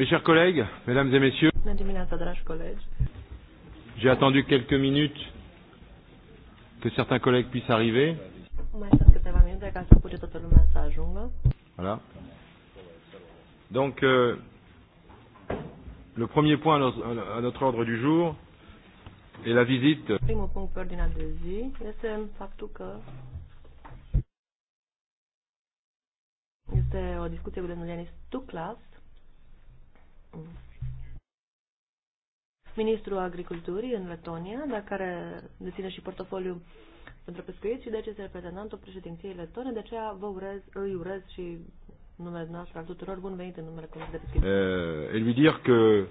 Mes chers collègues, mesdames et messieurs, j'ai attendu quelques minutes que certains collègues puissent arriver. Voilà. Donc, euh, le premier point à notre, à notre ordre du jour est la visite. este o discuție cu domnul Ianis Tuclas, ministrul agriculturii în Letonia, dar care deține și portofoliu pentru pescuit și de deci este reprezentantul președinției letone, de aceea vă urez, îi urez și numele noastră al tuturor bun venit în numele Comisiei de Pescuit. Uh, eh, el lui dire că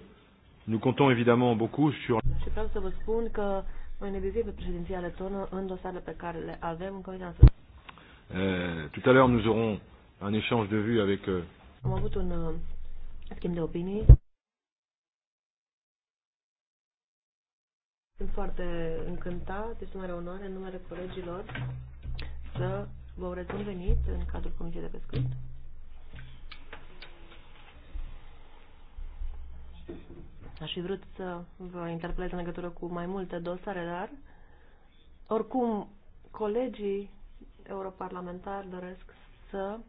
nous comptons évidemment beaucoup sur... Și vreau să vă spun că noi ne vizim pe președinția letonă în dosarele pe care le avem în Comisia noastră. Uh, tout à l'heure, nous aurons un échange de vue avec... Uh... Am avut un uh, schimb de opinii. Sunt foarte încântat, este mare onoare în numele colegilor să vă urez bun venit în cadrul Comisiei de Pescuit. Aș fi vrut să vă interpelez în legătură cu mai multe dosare, dar oricum colegii europarlamentari doresc să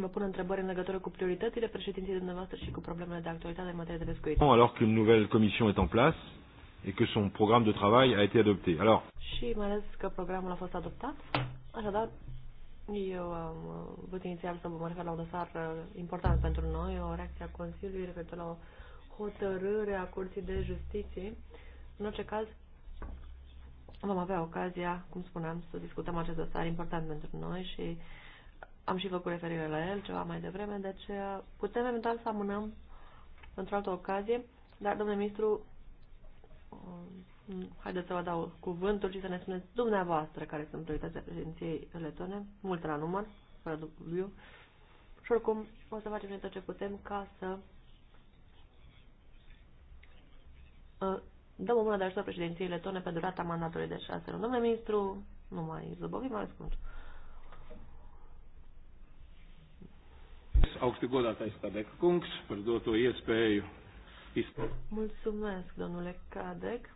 vă pun întrebări în legătură cu prioritățile președinției dumneavoastră și cu problemele de actualitate în materie de pescuit. Alors qu'une nouvelle commission est en place et que son programme de travail a été adopté. Alors... Și mai ales că programul a fost adoptat. Așadar, eu am văzut inițial să mă refer la un dosar uh, important pentru noi, o reacție a Consiliului referitor la o hotărâre a Curții de Justiție. În orice caz, vom avea ocazia, cum spuneam, să discutăm acest dosar important pentru noi și am și făcut referire la el ceva mai devreme, deci uh, putem eventual să amânăm într-o altă ocazie, dar, domnule ministru, um, haideți să vă dau cuvântul și să ne spuneți dumneavoastră care sunt prioritățile președinției letone, multe la număr, fără dubiu, și oricum o să facem tot ce putem ca să uh, dăm o mână de ajutor președinției letone pe durata mandatului de șase luni. Domnule ministru, nu mai zăbovim, mai răspund. kungs par doto iespēju izpildīt. Mulțumesc, domnule Cadec.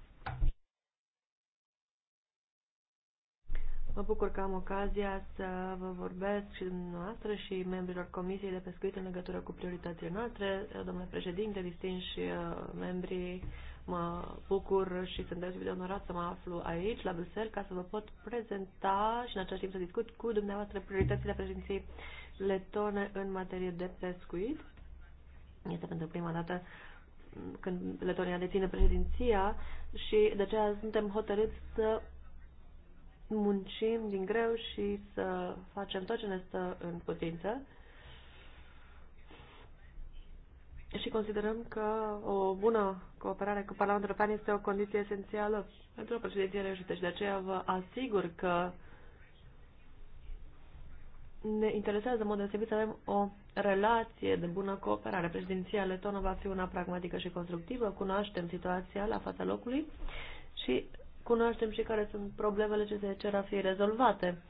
Mă bucur că am ocazia să vă vorbesc și dumneavoastră și membrilor Comisiei de Pescuit în legătură cu prioritățile noastre. Domnule președinte, distinși uh, membrii, mă bucur și sunt deosebit de onorat să mă aflu aici, la Bruxelles, ca să vă pot prezenta și în același timp să discut cu dumneavoastră prioritățile președinției letone în materie de pescuit. Este pentru prima dată când Letonia deține președinția și de aceea suntem hotărâți să muncim din greu și să facem tot ce ne stă în putință. Și considerăm că o bună cooperare cu Parlamentul European este o condiție esențială pentru o președinție reușită și de aceea vă asigur că ne interesează în mod deosebit să avem o relație de bună cooperare. Președinția letonă va fi una pragmatică și constructivă, cunoaștem situația la fața locului și cunoaștem și care sunt problemele ce se cer a fi rezolvate.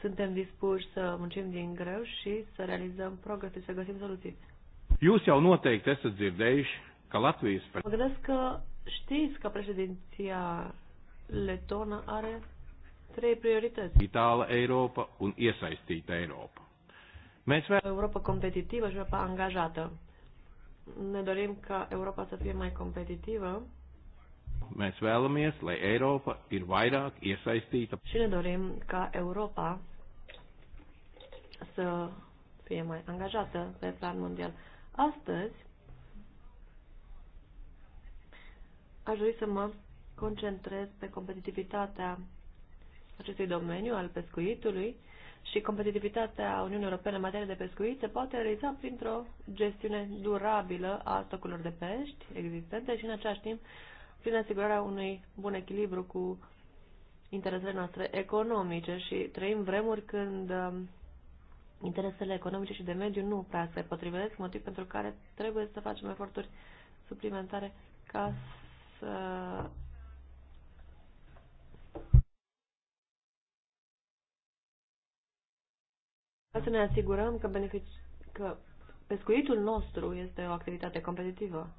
Suntem dispuși să muncim din greu și să realizăm și să găsim soluții. Jūs jau noteikti esat dzirdējuši, ka Latvijas... Mă gândesc că știți că președinția Letona are trei priorități. Digitāla Europa, un iesaistīta Europa. Mēs vēl... Europa competitivă și Europa angajată. Ne dorim ca Europa să fie mai competitivă. Mēs vēlamies, lai Europa ir vairāk iesaistīta. Și ne dorim ca Europa să fie mai angajată pe plan mondial. Astăzi aș dori să mă concentrez pe competitivitatea acestui domeniu al pescuitului și competitivitatea Uniunii Europene în materie de pescuit se poate realiza printr-o gestiune durabilă a stocurilor de pești existente și în același timp prin asigurarea unui bun echilibru cu interesele noastre economice și trăim vremuri când um, interesele economice și de mediu nu prea se potrivesc, motiv pentru care trebuie să facem eforturi suplimentare ca să Să ne asigurăm că, benefici, că pescuitul nostru este o activitate competitivă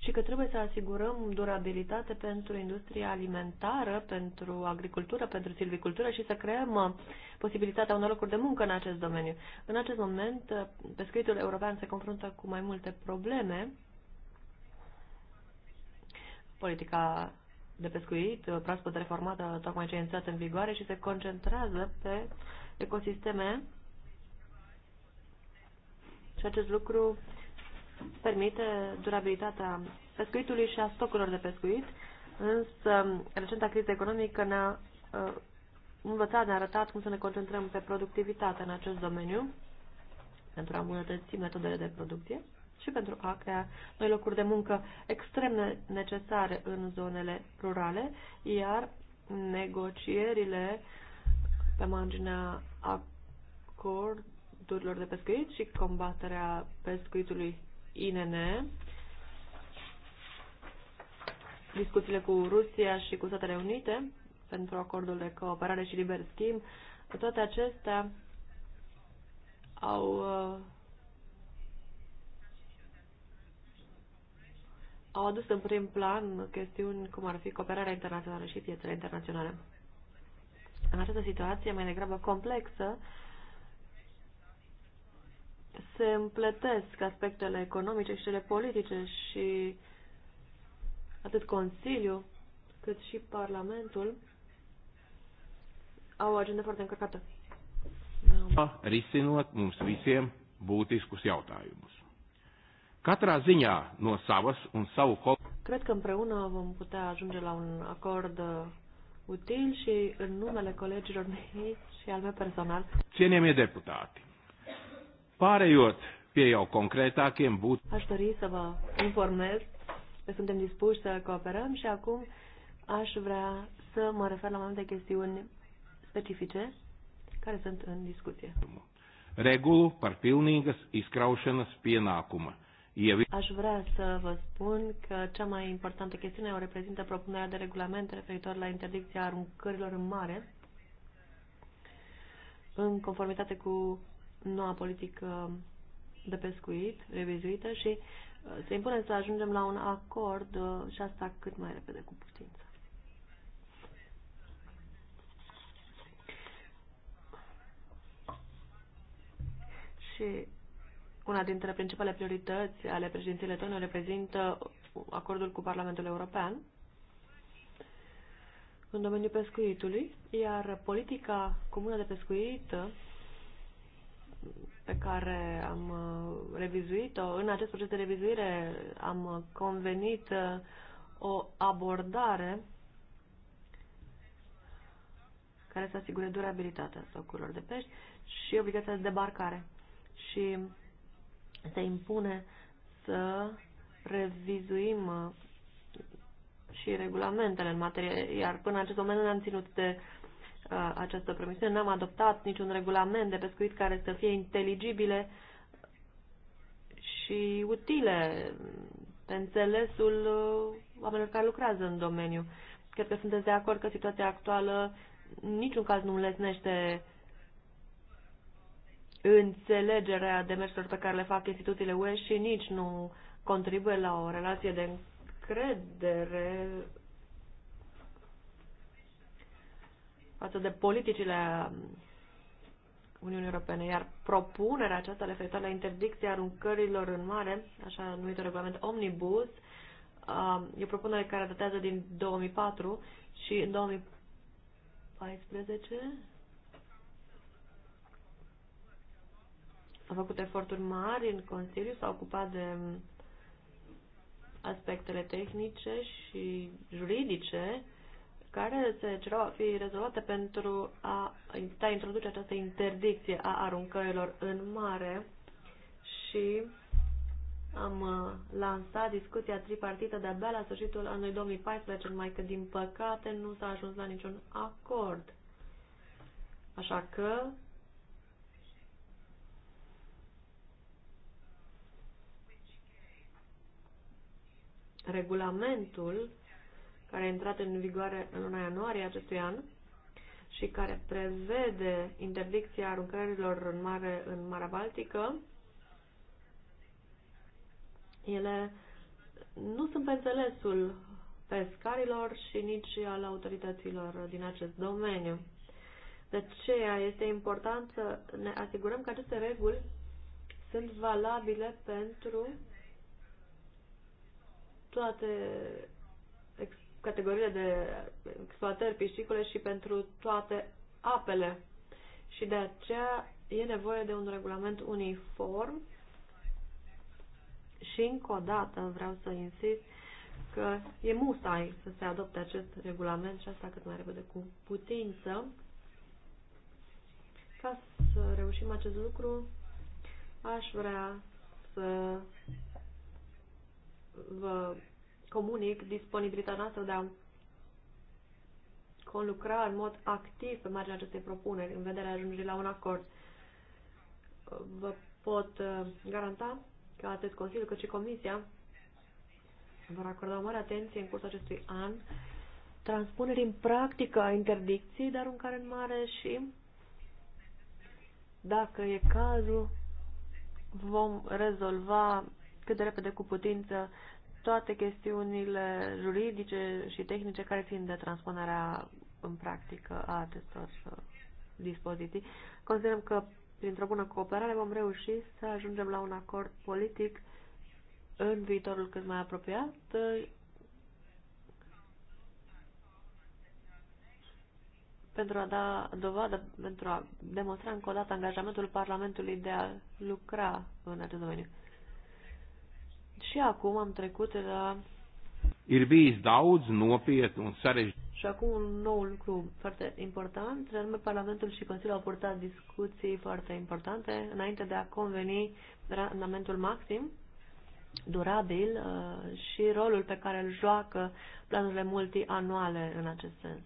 și că trebuie să asigurăm durabilitate pentru industria alimentară, pentru agricultură, pentru silvicultură și să creăm uh, posibilitatea unor locuri de muncă în acest domeniu. În acest moment, uh, pescuitul european se confruntă cu mai multe probleme. Politica de pescuit, proaspăt reformată, tocmai ce a intrat în vigoare și se concentrează pe ecosisteme și acest lucru permite durabilitatea pescuitului și a stocurilor de pescuit, însă recenta criză economică ne-a ă, învățat, ne-a arătat cum să ne concentrăm pe productivitate în acest domeniu pentru a îmbunătăți metodele de producție și pentru a crea noi locuri de muncă extrem necesare în zonele rurale, iar negocierile pe marginea acordurilor de pescuit și combaterea pescuitului INN, discuțiile cu Rusia și cu Statele Unite pentru acordul de cooperare și liber schimb, toate acestea au uh, au adus în prim plan chestiuni cum ar fi cooperarea internațională și piețele internaționale. În această situație mai degrabă complexă, se împletesc aspectele economice și cele politice și atât Consiliul cât și Parlamentul au o agendă foarte încărcată. Risinot mums visiem būtiskus jautājumus. Katrā ziņā nu savas un sau hop. Cred că împreună vom putea ajunge la un acord uh, util și în numele colegilor mei și al meu personal. Ținem deputati. Pārējot pie jau konkrētākiem but. Aș dori să vă informez că suntem dispuși să cooperăm și acum aș vrea să mă refer la mai multe chestiuni specifice care sunt în discuție. Regulul par pilnīgas izkraušanas pienākuma Aș vrea să vă spun că cea mai importantă chestiune o reprezintă propunerea de regulament referitor la interdicția aruncărilor în mare, în conformitate cu noua politică de pescuit revizuită și uh, se impune să ajungem la un acord uh, și asta cât mai repede cu putință. Și una dintre principalele priorități ale președinției letone reprezintă acordul cu Parlamentul European în domeniul pescuitului, iar politica comună de pescuit pe care am revizuit-o, în acest proces de revizuire am convenit o abordare care să asigure durabilitatea stocurilor de pești și obligația de debarcare. Și se impune să revizuim uh, și regulamentele în materie, iar până în acest moment nu am ținut de uh, această promisiune, n-am adoptat niciun regulament de pescuit care să fie inteligibile și utile pe înțelesul uh, oamenilor care lucrează în domeniu. Cred că sunteți de acord că situația actuală în niciun caz nu lesnește înțelegerea demersurilor pe care le fac instituțiile UE și nici nu contribuie la o relație de încredere față de politicile Uniunii Europene, iar propunerea aceasta referitoare la interdicția aruncărilor în mare, așa numitul regulament Omnibus, uh, e o propunere care datează din 2004 și în 2014 a făcut eforturi mari în Consiliu, s-a ocupat de aspectele tehnice și juridice care se cerau a fi rezolvate pentru a evita introduce această interdicție a aruncărilor în mare și am uh, lansat discuția tripartită de-abia la sfârșitul anului 2014, numai că, din păcate, nu s-a ajuns la niciun acord. Așa că Regulamentul care a intrat în vigoare în luna ianuarie acestui an și care prevede interdicția aruncărilor în mare în Marea Baltică, ele nu sunt pe înțelesul pescarilor și nici al autorităților din acest domeniu. De aceea este important să ne asigurăm că aceste reguli sunt valabile pentru toate categoriile de exploatări piscicole și pentru toate apele. Și de aceea e nevoie de un regulament uniform și încă o dată vreau să insist că e musai să se adopte acest regulament și asta cât mai repede cu putință. Ca să reușim acest lucru, aș vrea să vă comunic disponibilitatea noastră de a conlucra în mod activ pe marginea acestei propuneri în vederea ajungerii la un acord. Vă pot uh, garanta că atât Consiliul cât și Comisia vor acorda o mare atenție în cursul acestui an transpunerii în practică a interdicției, dar un care în mare și, dacă e cazul, vom rezolva cât de repede cu putință toate chestiunile juridice și tehnice care țin de transpunerea în practică a acestor uh, dispoziții. Considerăm că printr-o bună cooperare vom reuși să ajungem la un acord politic în viitorul cât mai apropiat pentru a da dovadă, pentru a demonstra încă o dată angajamentul Parlamentului de a lucra în acest domeniu. Și acum am trecut la... Ir bijis daudz nopietnu un sarežģītu. Și acum un nou lucru foarte important, anume Parlamentul și Consiliul au purtat discuții foarte importante înainte de a conveni randamentul maxim durabil uh, și rolul pe care îl joacă planurile multianuale în acest sens.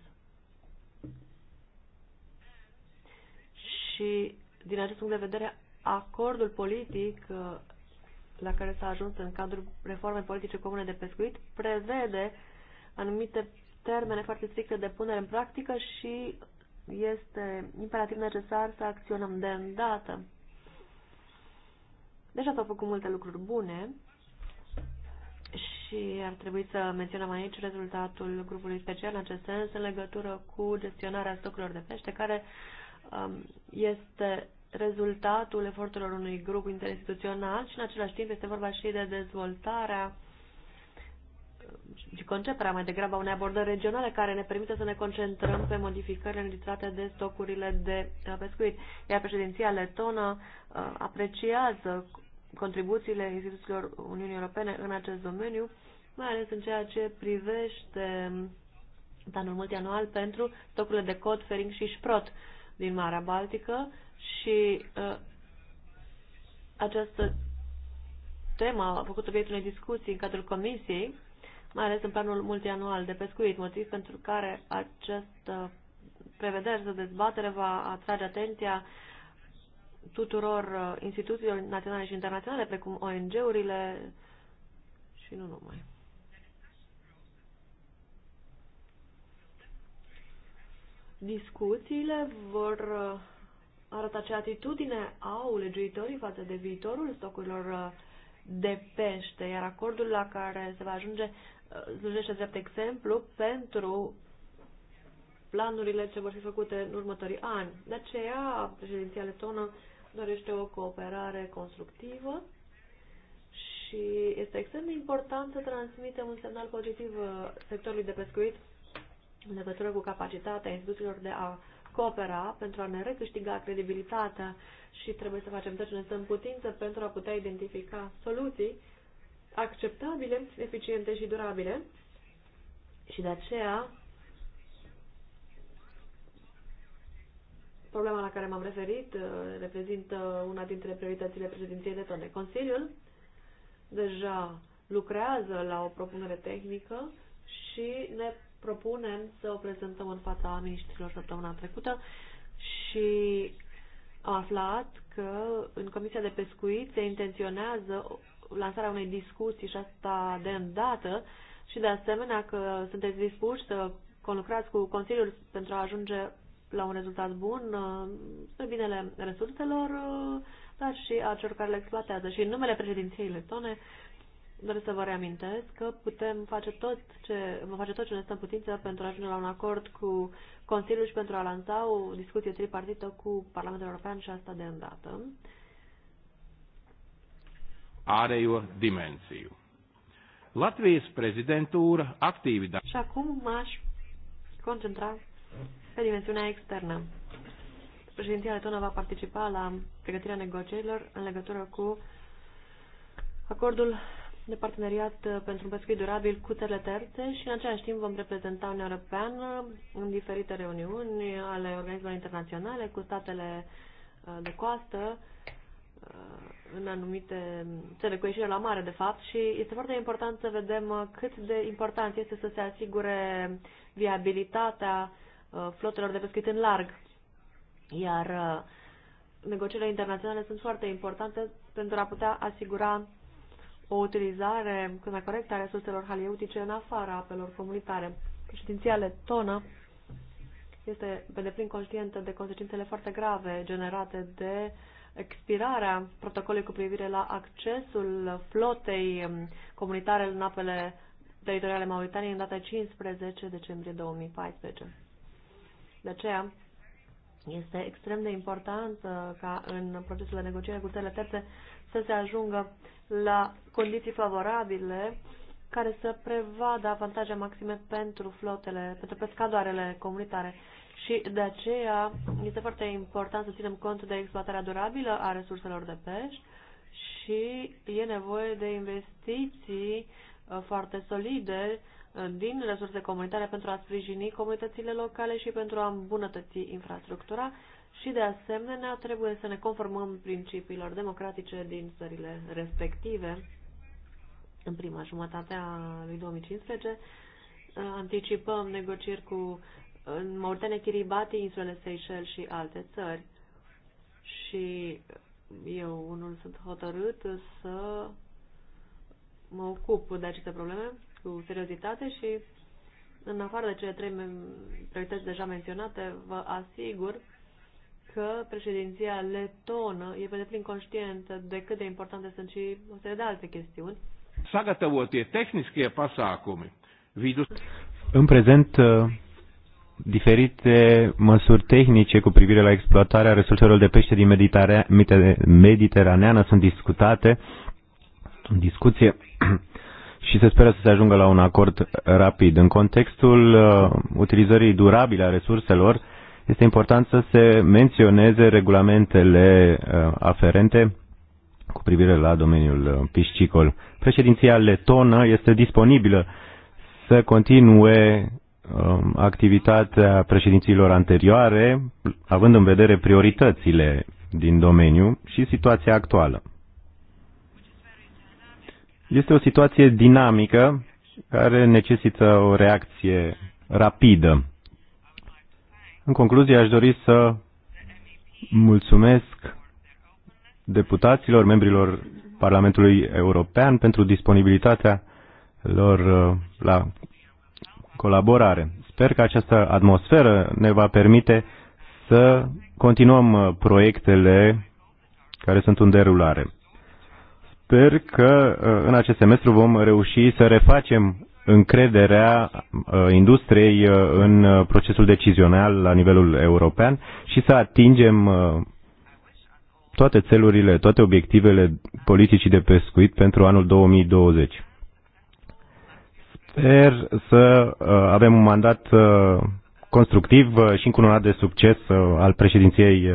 Și din acest punct de vedere, acordul politic uh, la care s-a ajuns în cadrul reformei politice comune de pescuit prevede anumite termene foarte stricte de punere în practică și este imperativ necesar să acționăm de îndată. Deja s-au făcut multe lucruri bune și ar trebui să menționăm aici rezultatul grupului special în acest sens în legătură cu gestionarea stocurilor de pește, care um, este rezultatul eforturilor unui grup interinstituțional și în același timp este vorba și de dezvoltarea și conceperea mai degrabă a unei abordări regionale care ne permite să ne concentrăm pe modificările înregistrate de stocurile de uh, pescuit. Iar președinția letonă uh, apreciază contribuțiile instituțiilor Uniunii Europene în acest domeniu, mai ales în ceea ce privește planul multianual pentru stocurile de cod, fering și șprot din Marea Baltică, și uh, această temă a făcut obiectul unei discuții în cadrul comisiei, mai ales în planul multianual de pescuit, motiv pentru care această prevedere, de dezbatere va atrage atenția tuturor uh, instituțiilor naționale și internaționale, precum ONG-urile și nu numai. Discuțiile vor uh, arată ce atitudine au legiuitorii față de viitorul stocurilor uh, de pește, iar acordul la care se va ajunge uh, slujește drept exemplu pentru planurile ce vor fi făcute în următorii ani. De aceea, președinția letonă dorește o cooperare constructivă și este extrem de important să transmitem un semnal pozitiv uh, sectorului de pescuit în legătură cu capacitatea instituțiilor de a coopera pentru a ne recâștiga credibilitatea și trebuie să facem tot ce ne stă în putință pentru a putea identifica soluții acceptabile, eficiente și durabile. Și de aceea, problema la care m-am referit uh, reprezintă una dintre prioritățile președinției de tone. Consiliul deja lucrează la o propunere tehnică și ne propunem să o prezentăm în fața ministrilor săptămâna trecută și am aflat că în Comisia de Pescuit se intenționează lansarea unei discuții și asta de îndată și de asemenea că sunteți dispuși să conlucrați cu Consiliul pentru a ajunge la un rezultat bun uh, pe binele resurselor, uh, dar și a celor care le exploatează. Și în numele președinției letone Doresc să vă reamintesc că putem face tot ce, vă face tot ce ne stă în putință pentru a ajunge la un acord cu Consiliul și pentru a lansa o discuție tripartită cu Parlamentul European și asta de îndată. o dimensiu. Latvijas prezidentūra aktīvi da. Și acum m-aș concentra pe dimensiunea externă. Președinția letonă va participa la pregătirea negocierilor în legătură cu acordul de parteneriat uh, pentru un pescuit durabil cu țările terțe și în același timp vom reprezenta Uniunea Europeană în diferite reuniuni ale organismelor internaționale cu statele uh, de coastă uh, în anumite țări cu ieșire la mare, de fapt, și este foarte important să vedem cât de important este să se asigure viabilitatea flotelor de pescuit în larg. Iar negocierile internaționale sunt foarte importante pentru a putea asigura o utilizare cât mai corectă a resurselor halieutice în afara apelor comunitare. Președinția letonă este pe deplin conștientă de consecințele foarte grave generate de expirarea protocolului cu privire la accesul flotei comunitare în apele teritoriale Mauritaniei în data 15 decembrie 2014. De aceea, este extrem de important uh, ca în procesul de negociere cu țările terțe să se ajungă la condiții favorabile care să prevadă avantaje maxime pentru flotele, pentru pescadoarele comunitare. Și de aceea este foarte important să ținem cont de exploatarea durabilă a resurselor de pești și e nevoie de investiții uh, foarte solide Uh, din resurse comunitare pentru a sprijini comunitățile locale și pentru a îmbunătăți infrastructura și, de asemenea, trebuie să ne conformăm principiilor democratice din țările respective. În prima jumătate a lui 2015 uh, anticipăm negocieri cu Mauritania, Kiribati, insulele Seychelles și alte țări. Și eu unul sunt hotărât să mă ocup de aceste probleme cu seriozitate și, în afară de cele trei priorități deja menționate, vă asigur că președinția letonă e pe deplin conștientă de cât de importante sunt și o serie de alte chestiuni. Sagatavotie tehniskie pasākumi. Vidus... În prezent, uh, diferite măsuri tehnice cu privire la exploatarea resurselor de pește din Mediterane Mediteraneană sunt discutate, în discuție și se speră să se ajungă la un acord rapid. În contextul uh, utilizării durabile a resurselor, este important să se menționeze regulamentele uh, aferente cu privire la domeniul uh, piscicol. Președinția letonă este disponibilă să continue um, activitatea președințiilor anterioare, având în vedere prioritățile din domeniu și situația actuală. Este o situație dinamică care necesită o reacție rapidă. În concluzie, aș dori să mulțumesc deputaților, membrilor Parlamentului European pentru disponibilitatea lor uh, la colaborare. Sper că această atmosferă ne va permite să continuăm uh, proiectele care sunt în derulare sper că uh, în acest semestru vom reuși să refacem încrederea uh, industriei uh, în procesul decizional la nivelul european și să atingem toate țelurile, toate obiectivele politicii de pescuit pentru anul 2020. Sper să avem un mandat constructiv și încununat de succes al președinției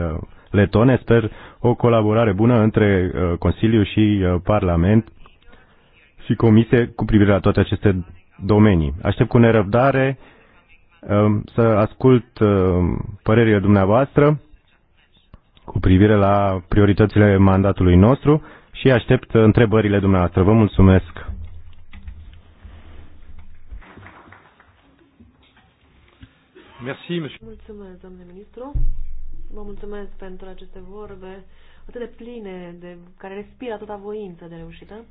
letone. Sper o colaborare bună între uh, Consiliu și uh, Parlament și Comisie cu privire la toate aceste domenii. Aștept cu nerăbdare um, să ascult um, părerile dumneavoastră cu privire la prioritățile mandatului nostru și aștept uh, întrebările dumneavoastră. Vă mulțumesc! Merci, Mulțumesc, domnule ministru. Vă mulțumesc pentru aceste vorbe atât de pline, de, care respiră atâta voință de reușită.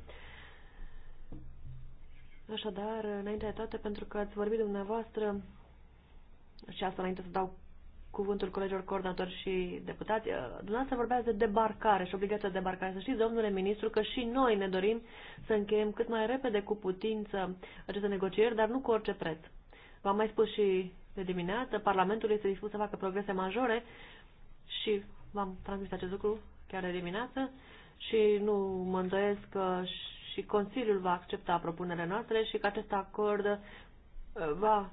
Așadar, înainte de toate, pentru că ați vorbit dumneavoastră și asta înainte să dau cuvântul colegilor coordonatori și deputați, dumneavoastră vorbeați de debarcare și obligația de debarcare. Să știți, domnule ministru, că și noi ne dorim să încheiem cât mai repede cu putință aceste negocieri, dar nu cu orice preț. V-am mai spus și de dimineață, Parlamentul este dispus să facă progrese majore și v-am transmis acest lucru chiar de dimineață și nu mă îndoiesc că și Consiliul va accepta propunerea noastră și că acest acord uh, va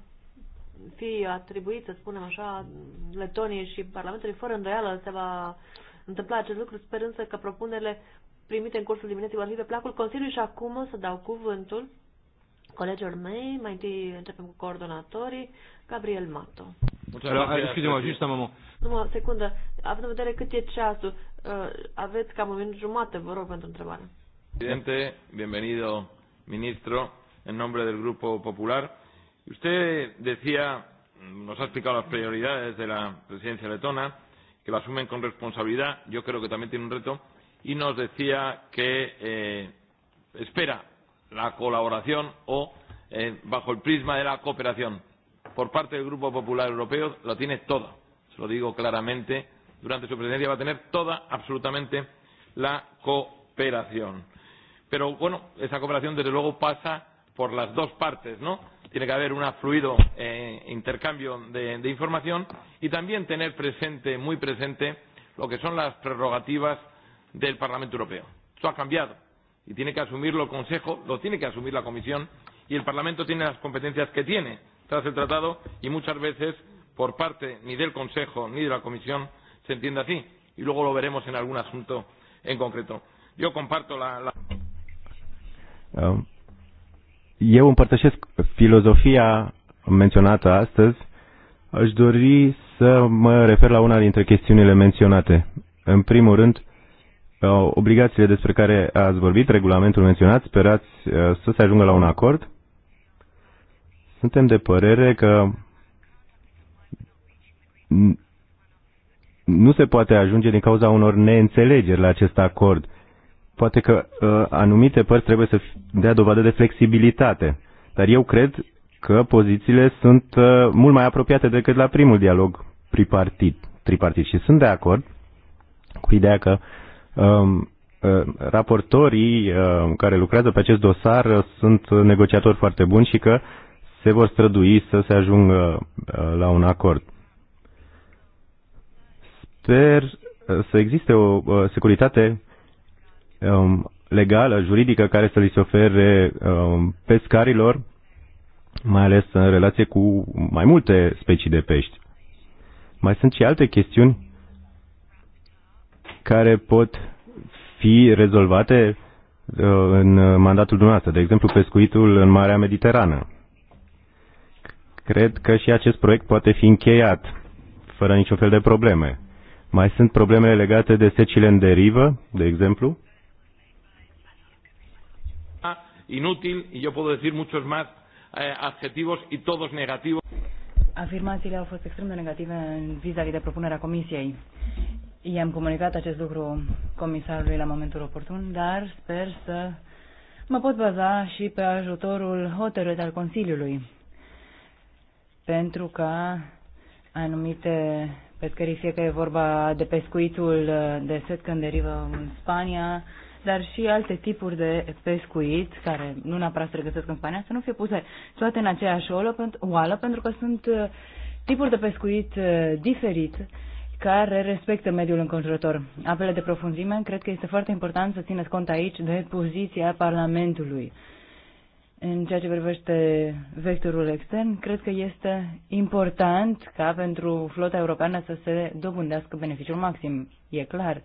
fi atribuit, să spunem așa, Letoniei și Parlamentului, fără îndoială se va întâmpla acest lucru, sper însă că propunerile primite în cursul dimineții vor fi pe placul Consiliului și acum o să dau cuvântul colegilor mei, mai întâi începem cu coordonatorii, Gabriel Mato. Alors, excusez-mă, just un moment. Nu, o secundă. Având în vedere cât e ceasul, uh, aveți cam un minut jumate, vă rog, pentru întrebare. Presidente, bienvenido, ministro, en nombre del Grupo Popular. Usted decía, nos ha explicado las prioridades de la presidencia letona, que la asumen con responsabilidad, yo creo que también tiene un reto, y nos decía que eh, espera la colaboración o eh, bajo el prisma de la cooperación por parte del Grupo Popular Europeo lo tiene todo. Se lo digo claramente, durante su presidencia va a tener toda, absolutamente, la cooperación. Pero bueno, esa cooperación desde luego pasa por las dos partes, ¿no? Tiene que haber un fluido eh, intercambio de, de información y también tener presente, muy presente, lo que son las prerrogativas del Parlamento Europeo. Esto ha cambiado y tiene que asumirlo el Consejo, lo tiene que asumir la Comisión y el Parlamento tiene las competencias que tiene se hace el tratado y muchas veces por parte ni del Consejo ni de la Comisión se entiende así. Y luego lo veremos en algún asunto en concreto. Yo comparto la... la... Eu împărtășesc filozofia menționată astăzi. Aș dori să mă refer la una dintre chestiunile menționate. În primul rând, uh, obligațiile despre care ați vorbit, regulamentul menționat, sperați uh, să se ajungă la un acord. Suntem de părere că nu se poate ajunge din cauza unor neînțelegeri la acest acord. Poate că uh, anumite părți trebuie să dea dovadă de flexibilitate, dar eu cred că pozițiile sunt uh, mult mai apropiate decât la primul dialog tripartit. tripartit. Și sunt de acord cu ideea că um, uh, raportorii uh, care lucrează pe acest dosar uh, sunt negociatori foarte buni și că se vor strădui să se ajungă uh, la un acord. Sper uh, să existe o uh, securitate um, legală, juridică, care să li se ofere um, pescarilor, mai ales în relație cu mai multe specii de pești. Mai sunt și alte chestiuni care pot fi rezolvate în mandatul dumneavoastră, de exemplu pescuitul în Marea Mediterană. Cred că și acest proiect poate fi încheiat fără niciun fel de probleme. Mai sunt problemele legate de secile în derivă, de exemplu? Inutil. eu pot puedo decir muchos más eh, adjetivos y todos negativos. Afirmațiile au fost extrem de negative vis a -vis de propunerea comisiei. I-am comunicat acest lucru comisarului la momentul oportun, dar sper să mă pot baza și pe ajutorul hotărât al Consiliului pentru ca anumite pescării, fie că e vorba de pescuitul uh, de set când derivă în Spania, dar și alte tipuri de pescuit, care nu neapărat se regăsesc în Spania, să nu fie puse toate în aceeași oală, pentru că sunt uh, tipuri de pescuit uh, diferit care respectă mediul înconjurător. Apele de profunzime, cred că este foarte important să țineți cont aici de poziția Parlamentului. În ceea ce privește vectorul extern, cred că este important ca pentru flota europeană să se dobândească beneficiul maxim. E clar.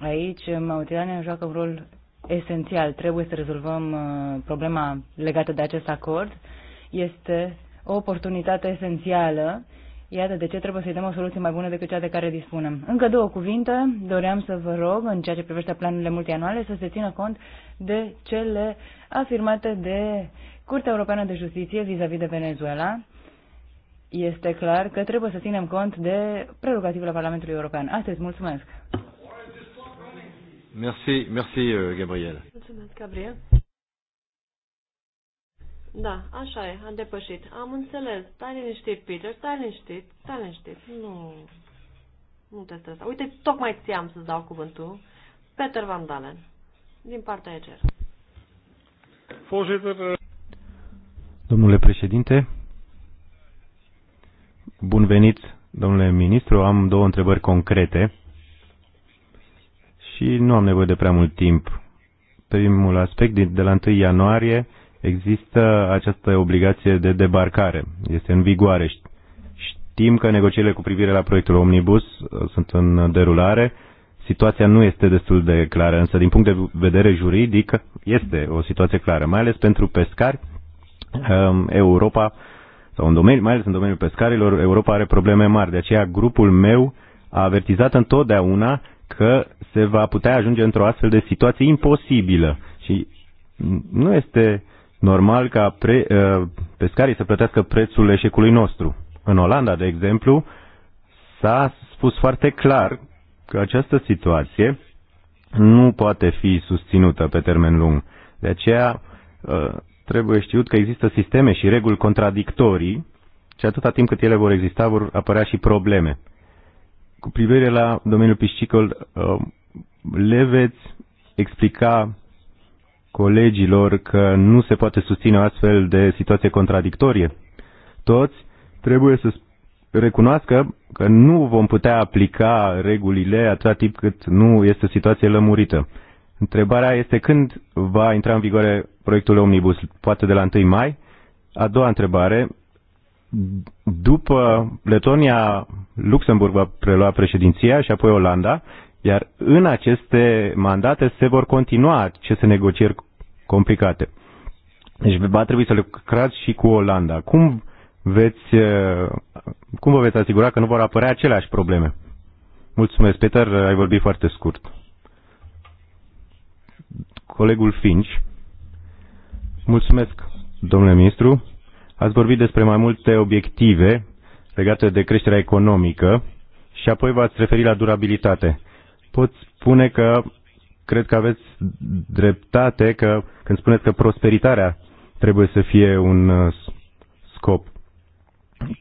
Aici Mauritania joacă un rol esențial. Trebuie să rezolvăm uh, problema legată de acest acord. Este o oportunitate esențială. Iată de ce trebuie să-i dăm o soluție mai bună decât cea de care dispunem. Încă două cuvinte. Doream să vă rog, în ceea ce privește planurile multianuale, să se țină cont de cele afirmate de Curtea Europeană de Justiție vis-a-vis -vis de Venezuela. Este clar că trebuie să ținem cont de prerogativele Parlamentului European. Astăzi, mulțumesc! Merci, merci, uh, Gabriel. Mulțumesc, Gabriel. Da, așa e, am depășit. Am înțeles. Stai liniștit, Peter, stai liniștit, stai liniștit. Nu, nu te stresa. Uite, tocmai ți-am să-ți dau cuvântul. Peter Van Dalen din partea ECR. Eh, domnule președinte, bun venit, domnule ministru. Am două întrebări concrete și nu am nevoie de prea mult timp. Primul aspect, de la 1 ianuarie există această obligație de debarcare. Este în vigoare. Știm că negocierile cu privire la proiectul Omnibus uh, sunt în derulare Situația nu este destul de clară, însă din punct de vedere juridic este o situație clară, mai ales pentru pescari. Um, Europa, sau în domeniu, mai ales în domeniul pescarilor, Europa are probleme mari. De aceea grupul meu a avertizat întotdeauna că se va putea ajunge într-o astfel de situație imposibilă. Și nu este normal ca pre, uh, pescarii să plătească prețul eșecului nostru. În Olanda, de exemplu, s-a spus foarte clar că această situație nu poate fi susținută pe termen lung. De aceea ă, trebuie știut că există sisteme și reguli contradictorii și atâta timp cât ele vor exista vor apărea și probleme. Cu privire la domeniul piscicol, ă, le veți explica colegilor că nu se poate susține astfel de situație contradictorie? Toți trebuie să recunoască că nu vom putea aplica regulile atâta timp cât nu este situație lămurită. Întrebarea este când va intra în vigoare proiectul Omnibus, poate de la 1 mai? A doua întrebare, după Letonia, Luxemburg va prelua președinția și apoi Olanda, iar în aceste mandate se vor continua aceste negocieri complicate. Deci va trebui să lucrați și cu Olanda. Cum veți, eh, cum vă veți asigura că nu vor apărea aceleași probleme? Mulțumesc, Peter, ai vorbit foarte scurt. Colegul Finch, mulțumesc, domnule ministru. Ați vorbit despre mai multe obiective legate de creșterea economică și apoi v-ați referit la durabilitate. Pot spune că cred că aveți dreptate că când spuneți că prosperitatea trebuie să fie un eh, scop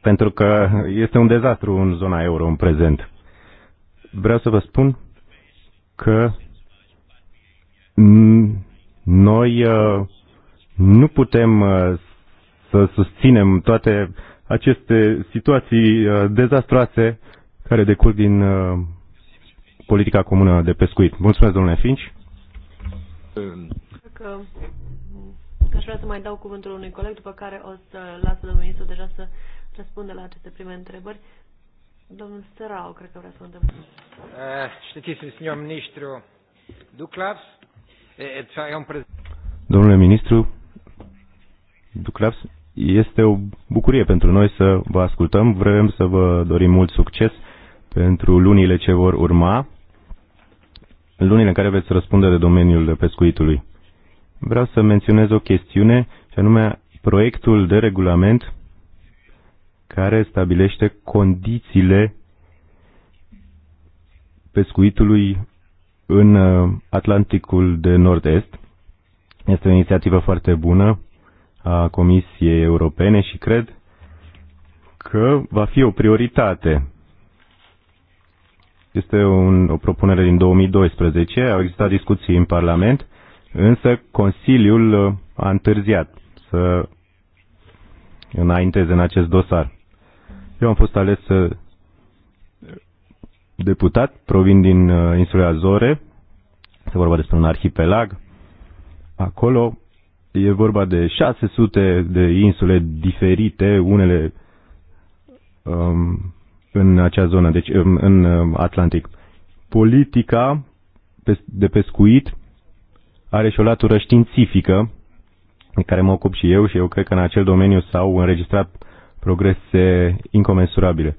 pentru că este un dezastru în zona euro în prezent. Vreau să vă spun că noi uh, nu putem uh, să susținem toate aceste situații uh, dezastroase care decurg din politica comună de pescuit. Mulțumesc, domnule Finci. Că aș vrea să mai dau cuvântul unui coleg, după care o să las domnul ministru deja să răspunde la aceste prime întrebări. Domnul Sărau, cred că vrea să întrebă. Eh, știți, signor ministru Duclavs, Domnule ministru Duclavs, este o bucurie pentru noi să vă ascultăm. Vrem să vă dorim mult succes pentru lunile ce vor urma, lunile în care veți răspunde de domeniul pescuitului. Vreau să menționez o chestiune, și anume proiectul de regulament care stabilește condițiile pescuitului în uh, Atlanticul de Nord-Est. Este o inițiativă foarte bună a Comisiei Europene și cred că va fi o prioritate. Este un, o propunere din 2012, au existat discuții în Parlament, însă Consiliul uh, a întârziat să înainteze în acest dosar. Eu am fost ales uh, deputat, provin din uh, insula Azore, se vorba despre un arhipelag. Acolo e vorba de 600 de insule diferite, unele um, în acea zonă, deci um, în, în uh, Atlantic. Politica de pescuit are și o latură științifică, de care mă ocup și eu și eu cred că în acel domeniu s-au înregistrat progrese incomensurabile.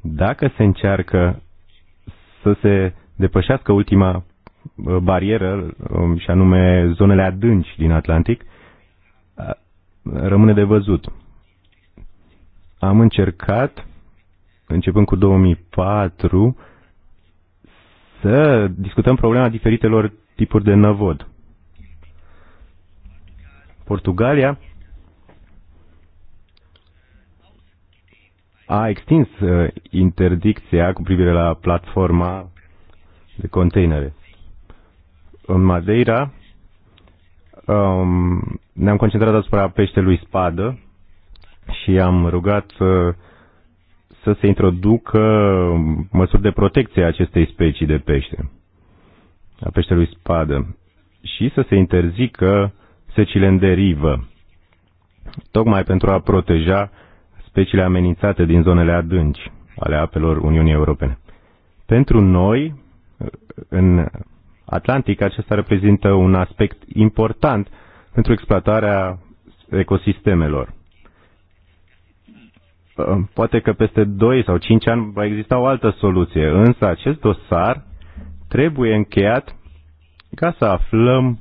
Dacă se încearcă să se depășească ultima uh, barieră, um, și anume zonele adânci din Atlantic, uh, rămâne de văzut. Am încercat, începând cu 2004, să discutăm problema diferitelor tipuri de năvod. Portugalia a extins uh, interdicția cu privire la platforma de containere. În Madeira um, ne-am concentrat asupra peștelui spadă și am rugat uh, să se introducă um, măsuri de protecție a acestei specii de pește, a peștelui spadă, și să se interzică secile în derivă, tocmai pentru a proteja speciile amenințate din zonele adânci ale apelor Uniunii Europene. Pentru noi, în Atlantic, acesta reprezintă un aspect important pentru exploatarea ecosistemelor. Poate că peste 2 sau 5 ani va exista o altă soluție, însă acest dosar trebuie încheiat ca să aflăm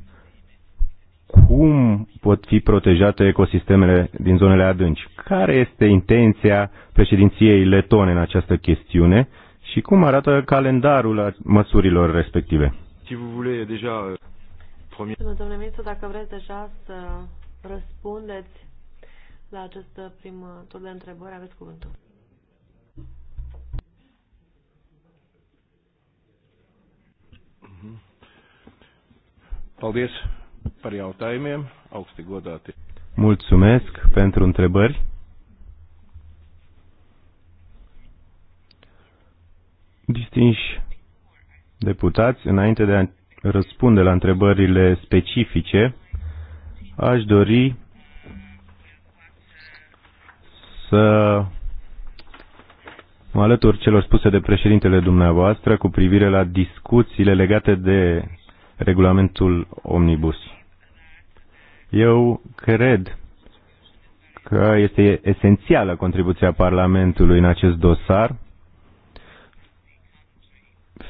cum pot fi protejate ecosistemele din zonele adânci. Care este intenția președinției letone în această chestiune și cum arată calendarul măsurilor respective? Si euh, Domnule ministru, dacă vreți deja să răspundeți la acest prim tur de întrebări, aveți cuvântul. Mhm. Paldies par jautājumiem, augsti godāti. Mulțumesc pentru întrebări. Distinși deputați, înainte de a răspunde la întrebările specifice, aș dori să mă alătur celor spuse de președintele dumneavoastră cu privire la discuțiile legate de regulamentul Omnibus. Eu cred că este esențială contribuția Parlamentului în acest dosar.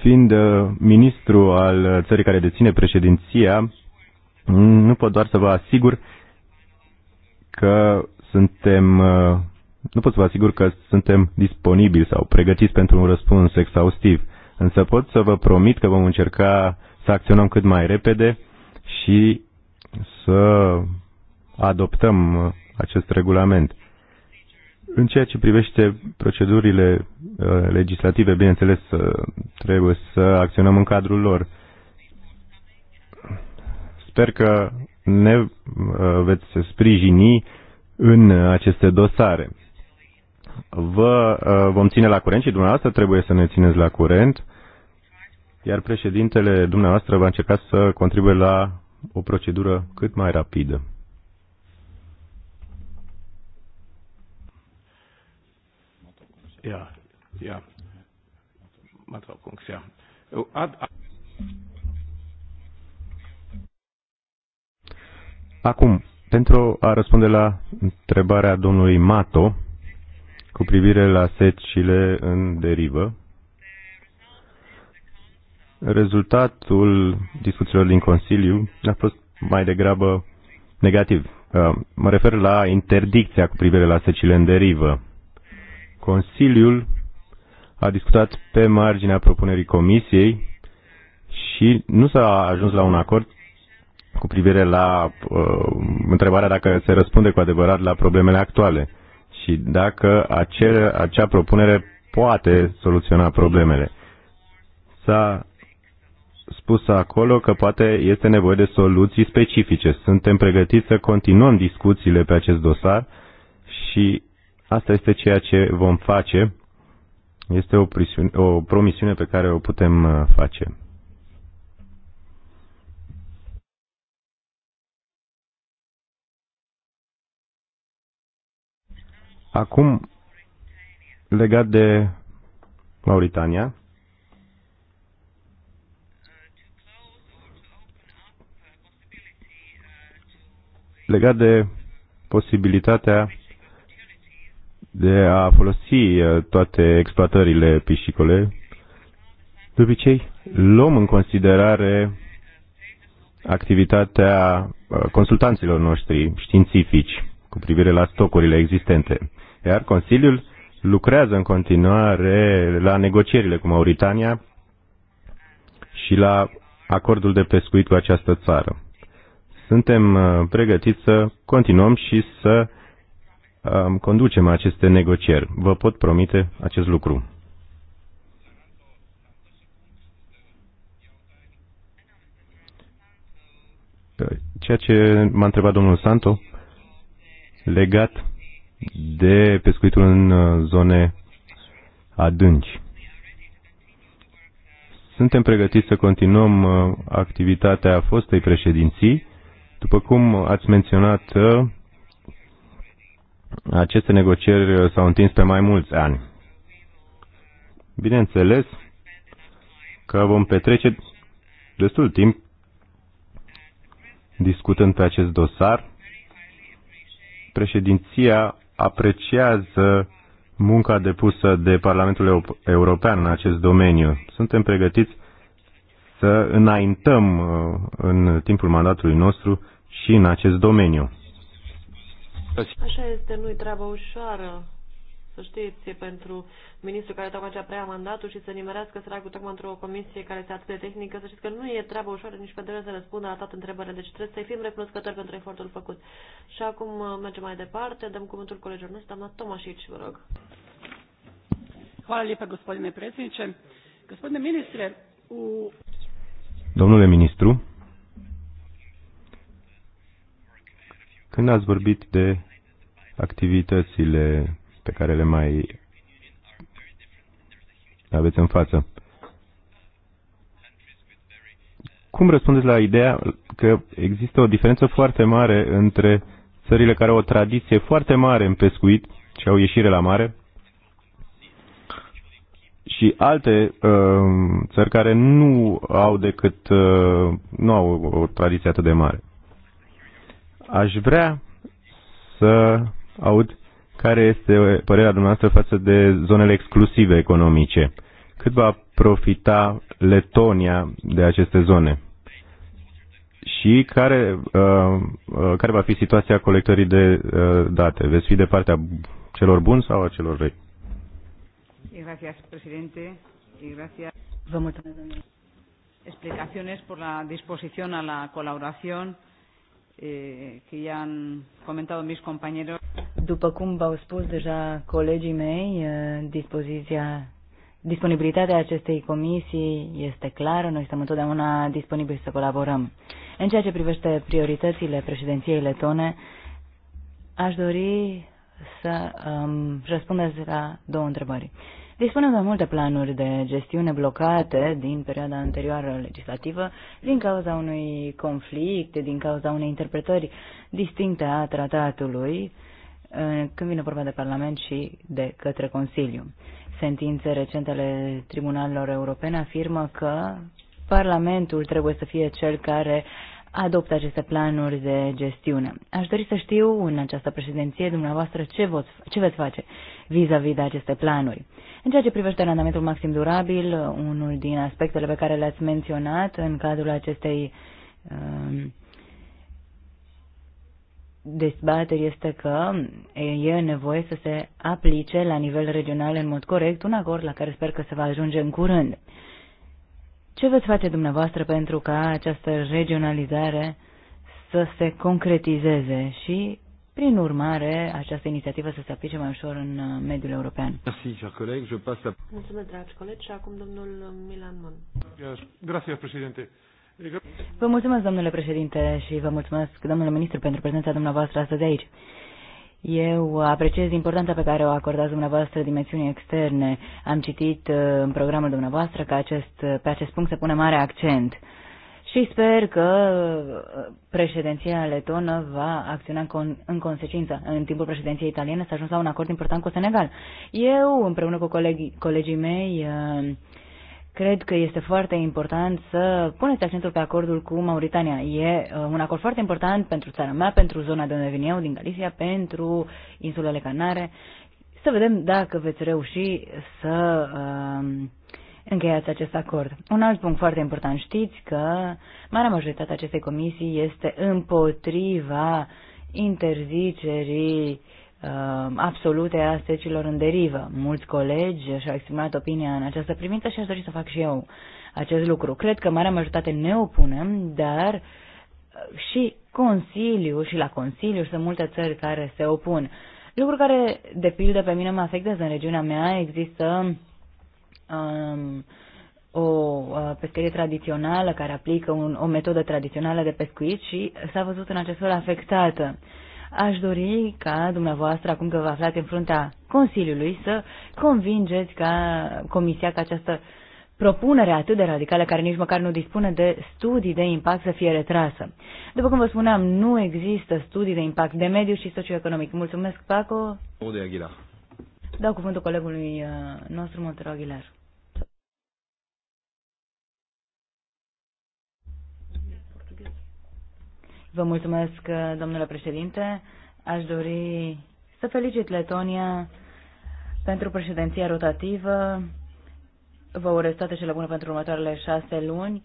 Fiind uh, ministru al țării care deține președinția, nu pot doar să vă asigur că suntem uh, nu pot să vă asigur că suntem disponibili sau pregătiți pentru un răspuns exhaustiv, însă pot să vă promit că vom încerca să acționăm cât mai repede și să adoptăm acest regulament. În ceea ce privește procedurile uh, legislative, bineînțeles, uh, trebuie să acționăm în cadrul lor. Sper că ne uh, veți sprijini în aceste dosare. Vă vom ține la curent și dumneavoastră trebuie să ne țineți la curent iar președintele dumneavoastră va încerca să contribuie la o procedură cât mai rapidă. Acum, pentru a răspunde la întrebarea domnului Mato cu privire la secile în derivă, rezultatul discuțiilor din Consiliu a fost mai degrabă negativ. Uh, mă refer la interdicția cu privire la secile în derivă. Consiliul a discutat pe marginea propunerii Comisiei și nu s-a ajuns la un acord cu privire la uh, întrebarea dacă se răspunde cu adevărat la problemele actuale și dacă acea, acea propunere poate soluționa problemele. S-a spus acolo că poate este nevoie de soluții specifice. Suntem pregătiți să continuăm discuțiile pe acest dosar și asta este ceea ce vom face. Este o, prisiune, o promisiune pe care o putem uh, face. Acum, legat de Mauritania, legat de posibilitatea de a folosi uh, toate exploatările piscicole, de obicei luăm în considerare activitatea uh, consultanților noștri științifici cu privire la stocurile existente. Iar Consiliul lucrează în continuare la negocierile cu Mauritania și la acordul de pescuit cu această țară suntem uh, pregătiți să continuăm și să um, conducem aceste negocieri. Vă pot promite acest lucru. Uh, ceea ce m-a întrebat domnul Santo legat de pescuitul în uh, zone adânci. Suntem pregătiți să continuăm activitatea fostei președinții după cum ați menționat, aceste negocieri s-au întins pe mai mulți ani. Bineînțeles că vom petrece destul timp discutând pe acest dosar. Președinția apreciază munca depusă de Parlamentul European în acest domeniu. Suntem pregătiți să înaintăm uh, în timpul mandatului nostru și în acest domeniu. Așa este, nu-i treabă ușoară. Să știți, pentru ministrul care tocmai a preia mandatul și să nimerească săracul tocmai într-o comisie care este atât de tehnică, să știți că nu e treabă ușoară nici pentru să răspundă la toate întrebările. Deci trebuie să-i fim recunoscători pentru efortul făcut. Și acum uh, mergem mai departe, dăm cuvântul colegilor noștri, doamna Tomașici, vă rog. Hvala lijepa, gospodine predsjedniče. Gospodine ministre, u... Domnule ministru, Când ați vorbit de activitățile pe care le mai aveți în față, cum răspundeți la ideea că există o diferență foarte mare între țările care au o tradiție foarte mare în pescuit și au ieșire la mare și alte uh, țări care nu au decât uh, nu au o tradiție atât de mare? Aș vrea să aud care este părerea dumneavoastră față de zonele exclusive economice. Cât va profita Letonia de aceste zone? Și care, uh, uh, care va fi situația colectării de uh, date? Veți fi de partea celor buni sau a celor răi? Gracias, presidente. Gracias. Vă mulțumesc, domnule. Explicaciones por la disposición a la colaboración. Eh, que ya han comentado mis compañeros. După cum v-au spus deja colegii mei, eh, dispoziția, disponibilitatea acestei comisii este clară, noi suntem întotdeauna disponibili să colaborăm. În ceea ce privește prioritățile președinției letone, aș dori să um, răspundeți la două întrebări. Uh, Dispunem de multe planuri de gestiune blocate din perioada anterioară legislativă din cauza unui conflict, din cauza unei interpretări distincte a tratatului când vine vorba de Parlament și de către Consiliu. Sentințe recente ale tribunalelor europene afirmă că Parlamentul trebuie să fie cel care adoptă aceste planuri de gestiune. Aș dori să știu în această președinție dumneavoastră ce, voți, ce veți face vis-a-vis -vis de aceste planuri. În ceea ce privește randamentul maxim durabil, unul din aspectele pe care le-ați menționat în cadrul acestei um, dezbateri este că e nevoie să se aplice la nivel regional în mod corect un acord la care sper că se va ajunge în curând. Ce veți face dumneavoastră pentru ca această regionalizare să se concretizeze și prin urmare, această inițiativă să se aplice mai ușor în uh, mediul european. Merci, coleg. Je passe la... Mulțumesc, dragi colegi. Și acum domnul Milan Mon. Gracias, președinte. Vă mulțumesc, domnule președinte, și vă mulțumesc, domnule ministru, pentru prezența dumneavoastră astăzi aici. Eu apreciez importanța pe care o acordați dumneavoastră dimensiunii externe. Am citit uh, în programul dumneavoastră că acest, pe acest punct se pune mare accent și sper că uh, președinția letonă va acționa în, în consecință. În timpul președinției italiene s-a ajuns la un acord important cu Senegal. Eu, împreună cu colegii, colegii mei, uh, cred că este foarte important să puneți accentul pe acordul cu Mauritania. E uh, un acord foarte important pentru țara mea, pentru zona de unde vin eu, din Galicia, pentru insulele Canare. Să vedem dacă veți reuși să uh, încheiați acest acord. Un alt punct foarte important, știți că marea majoritate a acestei comisii este împotriva interzicerii uh, absolute a secilor în derivă. Mulți colegi și-au exprimat opinia în această privință și aș dori să fac și eu acest lucru. Cred că marea majoritate ne opunem, dar uh, și Consiliu și la Consiliu sunt multe țări care se opun. Lucru care, de pildă, pe mine mă afectează în regiunea mea, există um, o pescărie tradițională care aplică un, o metodă tradițională de pescuit și s-a văzut în acest fel afectată. Aș dori ca dumneavoastră, acum că vă aflați în fruntea Consiliului, să convingeți ca Comisia că această propunere atât de radicală, care nici măcar nu dispune de studii de impact, să fie retrasă. După cum vă spuneam, nu există studii de impact de mediu și socioeconomic. Mulțumesc, Paco. De Aguilar. Dau cuvântul colegului uh, nostru, Montero Aguilar. Vă mulțumesc, uh, domnule președinte. Aș dori să felicit Letonia pentru președinția rotativă. Vă urez toate cele bune pentru următoarele șase luni.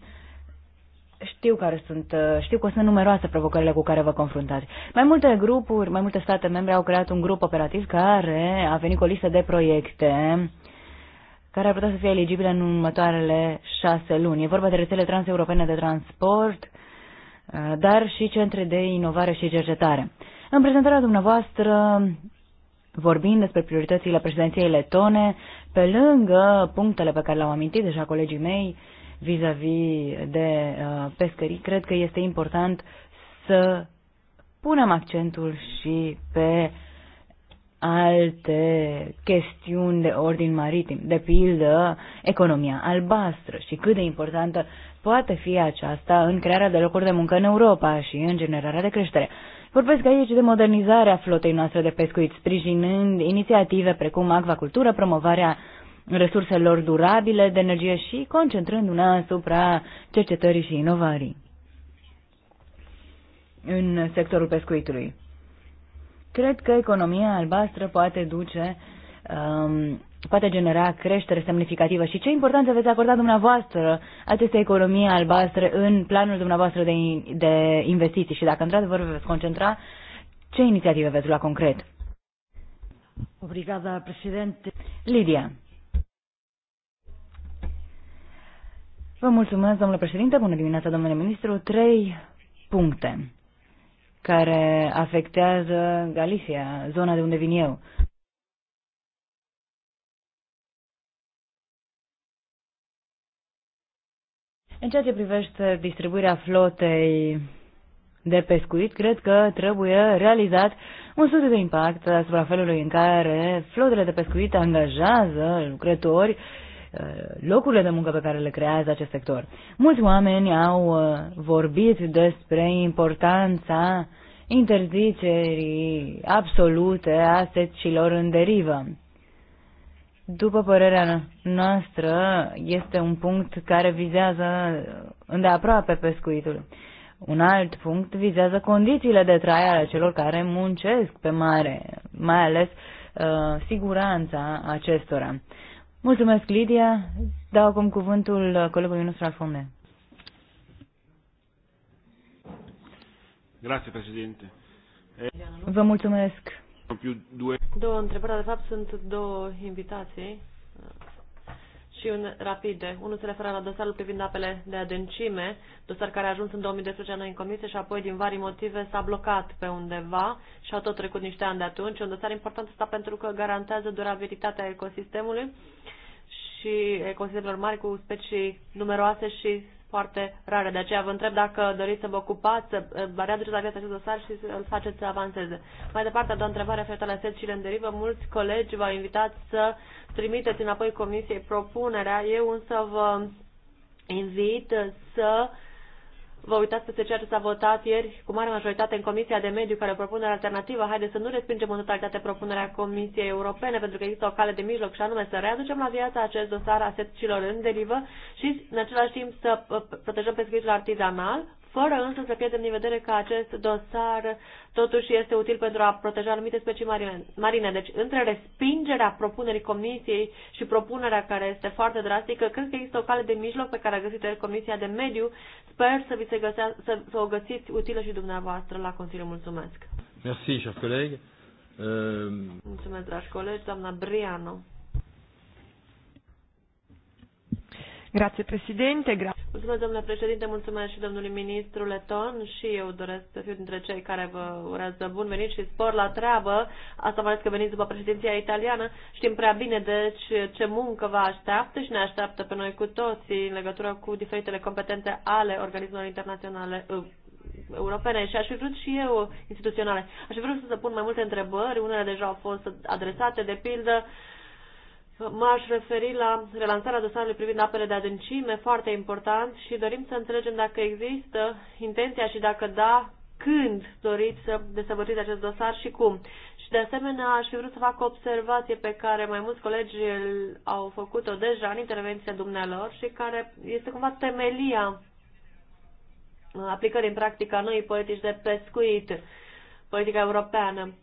Știu, care sunt, uh, știu că sunt numeroase provocările cu care vă confruntați. Mai multe grupuri, mai multe state membre au creat un grup operativ care a venit cu o listă de proiecte care ar putea să fie eligibile în următoarele șase luni. E vorba de rețele transeuropene de transport, uh, dar și centre de inovare și cercetare. În prezentarea dumneavoastră, vorbind despre prioritățile președinției letone, pe lângă punctele pe care le-au amintit deja colegii mei, vis-a-vis -vis de uh, pescării, cred că este important să punem accentul și pe alte chestiuni de ordin maritim, de pildă economia albastră și cât de importantă poate fi aceasta în crearea de locuri de muncă în Europa și în generarea de creștere. Vorbesc aici de modernizarea flotei noastre de pescuit, sprijinând inițiative precum acvacultură, promovarea uh, resurselor durabile de energie și concentrându-ne asupra cercetării și inovării în sectorul pescuitului. Cred că economia albastră poate duce, um, poate genera creștere semnificativă și ce importanță veți acorda dumneavoastră aceste economii albastră în planul dumneavoastră de, de investiții și dacă într-adevăr veți concentra, ce inițiative veți lua concret? Obrigada, președinte. Lidia. Vă mulțumesc, domnule președinte. Bună dimineața, domnule ministru. Trei puncte care afectează Galicia, zona de unde vin eu. În ceea ce privește distribuirea flotei de pescuit, cred că trebuie realizat un studiu de impact asupra felului în care flotele de pescuit angajează lucrători Uh, locurile de muncă pe care le creează acest sector. Mulți oameni au uh, vorbit despre importanța interzicerii absolute a secilor în derivă. După părerea noastră, este un punct care vizează îndeaproape pescuitul. Un alt punct vizează condițiile de trai ale celor care muncesc pe mare, mai ales uh, siguranța acestora. Mulțumesc, Lidia. Dau acum cuvântul colegului nostru Alfone. Grazie, președinte. Vă mulțumesc. Două întrebări, de fapt sunt două invitații și un rapide. Unul se referă la dosarul privind apele de adâncime, dosar care a ajuns în 2012 noi în comisie și apoi din vari motive s-a blocat pe undeva și a tot trecut niște ani de atunci. Un dosar important asta pentru că garantează durabilitatea ecosistemului și ecosistemelor mari cu specii numeroase și foarte rare. De aceea vă întreb dacă doriți să vă ocupați, să readuceți la acest dosar și să îl faceți să avanseze. Mai departe, doar întrebare referitoare la set și derivă. Mulți colegi v-au invitat să trimiteți înapoi comisiei propunerea. Eu însă vă invit să uh, vă uitați peste ceea ce s-a votat ieri cu mare majoritate în Comisia de Mediu care propune alternativă. Haideți să nu respingem în totalitate propunerea Comisiei Europene pentru că există o cale de mijloc și anume să readucem la viață acest dosar a setcilor în derivă și în același timp să uh, protejăm pescuitul artizanal fără însă să pierdem din vedere că acest dosar totuși este util pentru a proteja anumite specii marine. Deci, între respingerea propunerii Comisiei și propunerea care este foarte drastică, cred că există o cale de mijloc pe care a găsit Comisia de Mediu. Sper să, vi se găsea, să, să o găsiți utilă și dumneavoastră la Consiliu. Mulțumesc! Merci, chers collègues. Uh... Mulțumesc, dragi colegi, doamna Briano. Grazie Presidente. Gra- mulțumesc, domnule președinte, mulțumesc și domnului ministru Leton și eu doresc să fiu dintre cei care vă urează bun venit și spor la treabă. Asta mai ales că veniți după președinția italiană. Știm prea bine, deci, ce muncă vă așteaptă și ne așteaptă pe noi cu toții în legătură cu diferitele competențe ale organismelor internaționale uh, europene și aș fi vrut și eu instituționale. Aș fi vrut să pun mai multe întrebări, unele deja au fost adresate, de pildă, M-aș referi la relansarea dosarului privind apele de adâncime, foarte important, și dorim să înțelegem dacă există intenția și dacă da, când doriți să desăvârșiți acest dosar și cum. Și de asemenea, aș fi vrut să fac o observație pe care mai mulți colegi au făcut-o deja în intervenția dumnealor și care este cumva temelia aplicării în a noii politici de pescuit, politica europeană.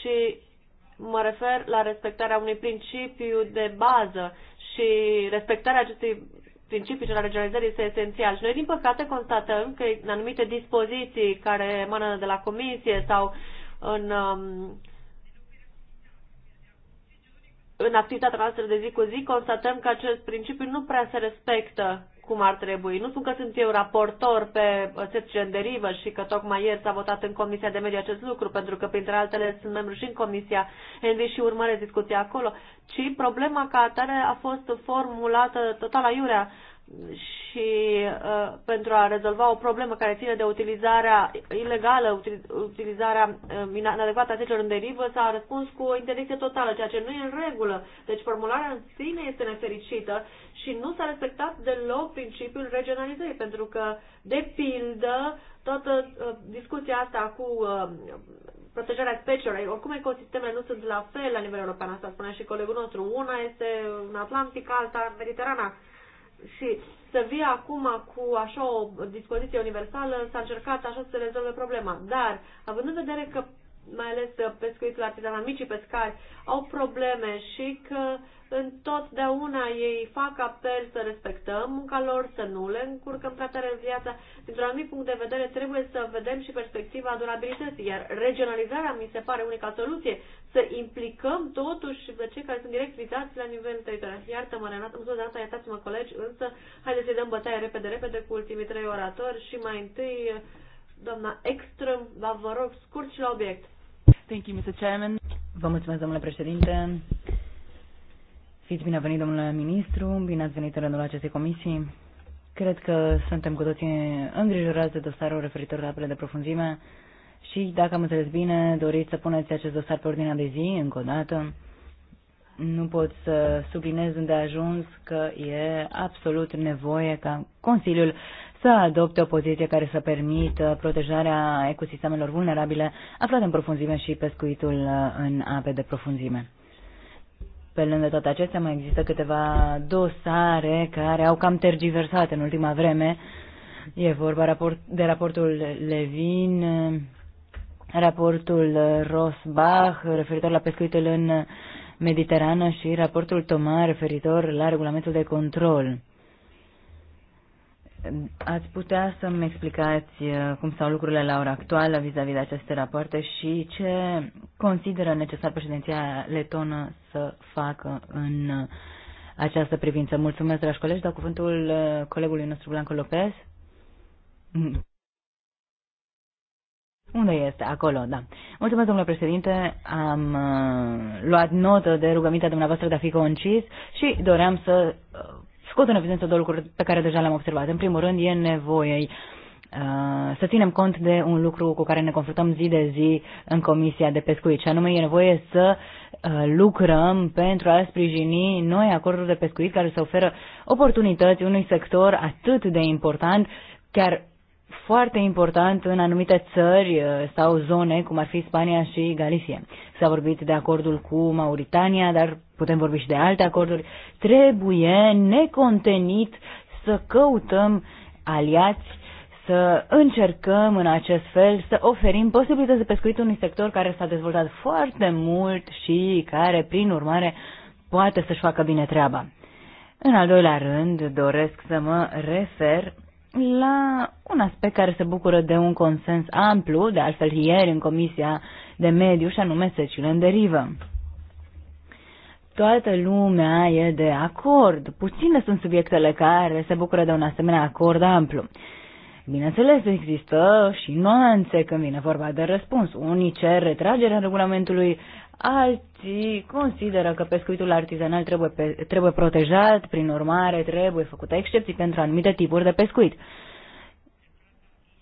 Și Mă refer la respectarea unui principiu de bază și respectarea acestui principiu și la regionalizării este esențial. Și noi, din păcate, constatăm că în anumite dispoziții care emană de la Comisie sau în, um, în activitatea noastră de zi cu zi, constatăm că acest principiu nu prea se respectă cum ar trebui. Nu spun că sunt eu raportor pe acest gen derivă și că tocmai ieri s-a votat în Comisia de medii acest lucru, pentru că, printre altele, sunt membru și în Comisia Envi și urmăresc discuția acolo, ci problema ca atare a fost formulată total aiurea și uh, pentru a rezolva o problemă care ține de utilizarea ilegală, utilizarea uh, inadecvată a secelor în derivă, s-a răspuns cu o interdicție totală, ceea ce nu e în regulă. Deci formularea în sine este nefericită și nu s-a respectat deloc principiul regionalizării, pentru că, de pildă, toată uh, discuția asta cu uh, protejarea speciilor, oricum ecosistemele nu sunt la fel la nivel european, asta spunea și colegul nostru. Una este în Atlantic, alta în Mediterana și să vii acum cu așa o dispoziție universală, s-a încercat așa să se rezolve problema. Dar, având în vedere că mai ales pescuitul artizanal, micii pescari, au probleme și că întotdeauna ei fac apel să respectăm munca lor, să nu le încurcăm prea tare în viața. Dintr-un anumit punct de vedere trebuie să vedem și perspectiva durabilității, iar regionalizarea mi se pare unica soluție, să implicăm totuși pe cei care sunt direct vizați la nivel teritorial. Iartă-mă, Renata, îmi de asta, iertați-mă, colegi, însă haideți să-i dăm bătaie repede, repede cu ultimii trei oratori și mai întâi doamna extrem va da, vă rog scurt și la obiect. Thank you, Mr. Chairman. Vă mulțumesc, domnule președinte. Fiți binevenit, domnule ministru, bine ați venit în rândul acestei comisii. Cred că suntem cu toții îngrijorați de dosarul referitor la apele de profunzime și, dacă am înțeles bine, doriți să puneți acest dosar pe ordinea de zi, încă o dată. Nu pot să sublinez unde a ajuns că e absolut nevoie ca Consiliul să adopte o poziție care să permită protejarea ecosistemelor vulnerabile aflate în profunzime și pescuitul uh, în ape de profunzime. Pe lângă toate acestea mai există câteva dosare care au cam tergiversat în ultima vreme. E vorba de raportul Levin, raportul Rosbach referitor la pescuitul în Mediterană și raportul Toma referitor la regulamentul de control. Ați putea să-mi explicați uh, cum stau lucrurile la ora actuală vis-a-vis -vis de aceste rapoarte și ce consideră necesar președinția letonă să facă în uh, această privință. Mulțumesc, dragi colegi. Dau cuvântul uh, colegului nostru, Blanco Lopez. Unde este? Acolo, da. Mulțumesc, domnule președinte. Am uh, luat notă de rugămintea dumneavoastră de a fi concis și doream să uh, scot în evidență două lucruri pe care deja le-am observat. În primul rând, e nevoie uh, să ținem cont de un lucru cu care ne confruntăm zi de zi în Comisia de Pescuit, și anume e nevoie să uh, lucrăm pentru a sprijini noi acorduri de pescuit care să oferă oportunități unui sector atât de important, chiar foarte important în anumite țări uh, sau zone, cum ar fi Spania și Galicia. S-a vorbit de acordul cu Mauritania, dar putem vorbi și de alte acorduri, trebuie necontenit să căutăm aliați, să încercăm în acest fel să oferim posibilități de pescuit unui sector care s-a dezvoltat foarte mult și care, prin urmare, poate să-și facă bine treaba. În al doilea rând, doresc să mă refer la un aspect care se bucură de un consens amplu, de altfel ieri în Comisia de Mediu, și anume secile în derivă toată lumea e de acord. Puține sunt subiectele care se bucură de un asemenea acord amplu. Bineînțeles, există și nuanțe când vine vorba de răspuns. Unii cer retragerea regulamentului, alții consideră că pescuitul artizanal trebuie, pe, trebuie protejat, prin urmare trebuie făcute excepții pentru anumite tipuri de pescuit.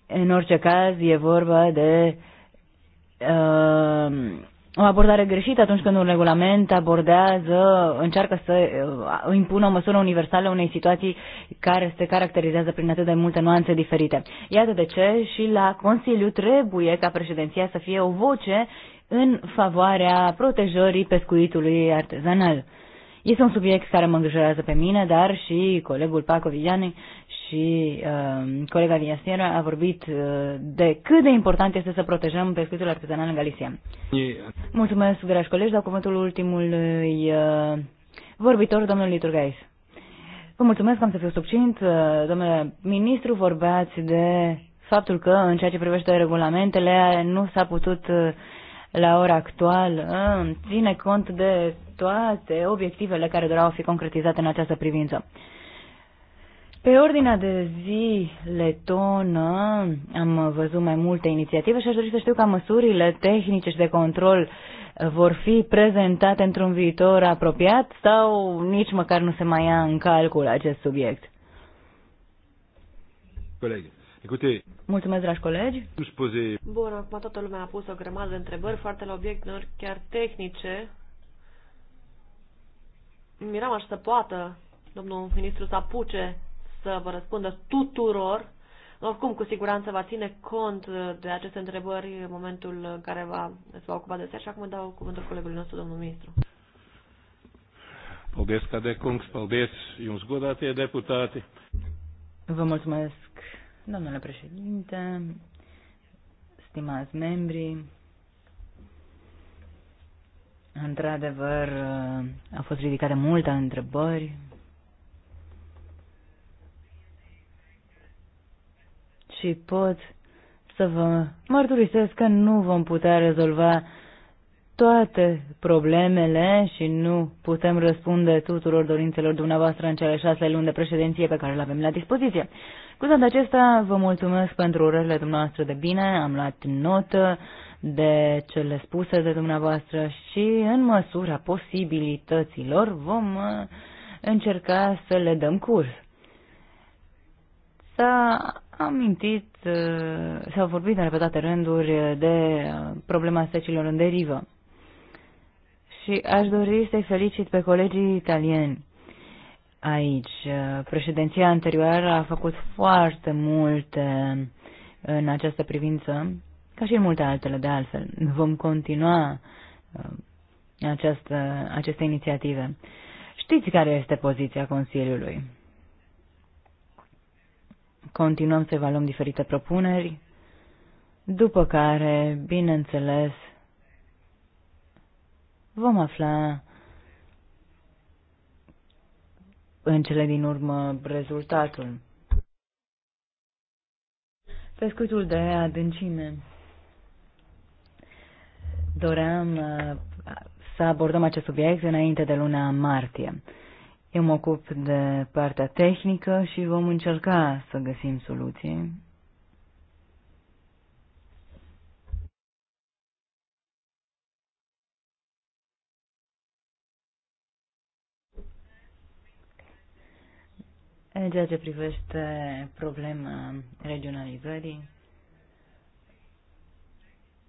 În orice caz, e vorba de uh, o abordare greșită atunci când un regulament abordează, încearcă să uh, impună o măsură universală unei situații care se caracterizează prin atât de multe nuanțe diferite. Iată de ce și la Consiliu trebuie ca președinția să fie o voce în favoarea protejării pescuitului artezanal. Este un subiect care mă îngrijorează pe mine, dar și colegul Paco Vigiani și uh, colega din a vorbit uh, de cât de important este să protejăm pescuitul artizanal în Galicia. Yeah. Mulțumesc, dragi colegi, dau cuvântul ultimului uh, vorbitor, domnul Liturgais. Vă mulțumesc, am să fiu subțint. Uh, domnule ministru, vorbeați de faptul că în ceea ce privește regulamentele nu s-a putut uh, la ora actuală uh, ține cont de toate obiectivele care doreau a fi concretizate în această privință. Pe ordinea de zi letonă am văzut mai multe inițiative și aș dori să știu ca măsurile tehnice și de control uh, vor fi prezentate într-un viitor apropiat sau nici măcar nu se mai ia în calcul acest subiect? Colegi. ecoute... Mulțumesc, dragi colegi. Bun, acum toată lumea a pus o grămadă de întrebări foarte la obiect, uneori chiar tehnice. Miram așa să poată, domnul ministru, să apuce să vă răspundă tuturor. Oricum, cu siguranță va ține cont de aceste întrebări în momentul în care va, se va ocupa de ser și acum dau cuvântul colegului nostru, domnul ministru. Paldies, Cade Kungs, paldies jums, godātie deputāti. Vă mulțumesc, domnule președinte, stimați membri. Într-adevăr, au fost ridicate multe întrebări, și pot să vă mărturisesc că nu vom putea rezolva toate problemele și nu putem răspunde tuturor dorințelor dumneavoastră în cele șase luni de președinție pe care le avem la dispoziție. Cu toate acestea, vă mulțumesc pentru urările dumneavoastră de bine, am luat notă de cele spuse de dumneavoastră și, în măsura posibilităților, vom uh, încerca să le dăm curs. Să am mintit, eh, s-au vorbit în repetate rânduri de eh, problema secilor în derivă. Și aș dori să-i felicit pe colegii italieni aici. Eh, președinția anterioară a făcut foarte multe în această privință, ca și în multe altele de altfel. Vom continua această, aceste inițiative. Știți care este poziția Consiliului continuăm să evaluăm diferite propuneri, după care, bineînțeles, vom afla în cele din urmă rezultatul. Pescuitul de adâncime. Doream uh, să abordăm acest subiect înainte de luna martie. Eu mă ocup de partea tehnică și vom încerca să găsim soluții. În ceea ce privește problema regionalizării,